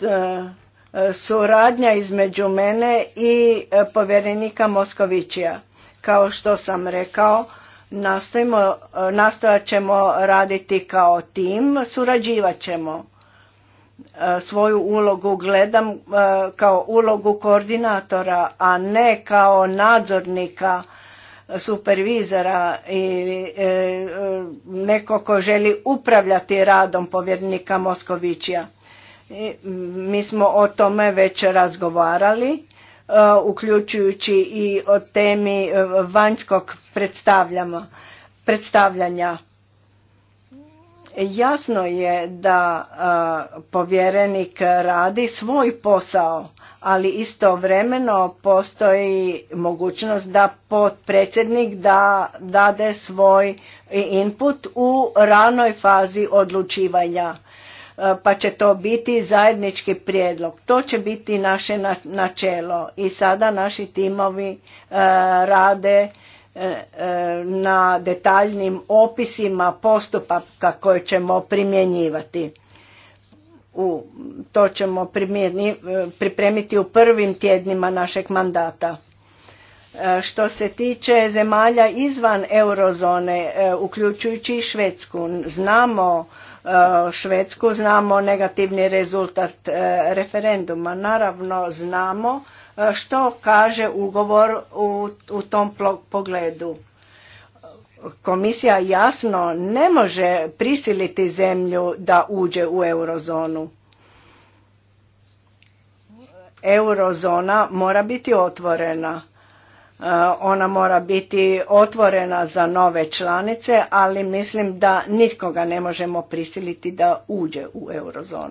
E, suradnja između mene i e, povjerenika Moskovićija. Kao što sam rekao, nastojimo, e, nastojat ćemo raditi kao tim, surađivat ćemo. Svoju ulogu gledam kao ulogu koordinatora, a ne kao nadzornika, supervizora i neko ko želi upravljati radom povjerenika Moskovićija mi smo o tome već razgovarali, e, uključujući i o temi e, vanjskog predstavljanja. Jasno je da e, povjerenik radi svoj posao, ali istovremeno postoji mogućnost da potpredsjednik da dade svoj input u ranoj fazi odlučivanja E, pa će to biti zajednički prijedlog. To će biti naše načelo i sada naši timovi e, rade e, na detaljnim opisima postupaka koje ćemo primjenjivati. U, to ćemo pripremiti u prvim tjednima našeg mandata. Što se tiče zemalja izvan eurozone, uključujući i Švedsku, znamo E, Švedsku, znamo negativni rezultat e, referenduma. Naravno znamo e, što kaže ugovor u, u tom pogledu. Komisija jasno ne može prisiliti zemlju da uđe u eurozonu. Eurozona mora biti otvorena ona mora biti otvorena za nove članice, ali mislim da nikoga ne možemo prisiliti da uđe u eurozonu.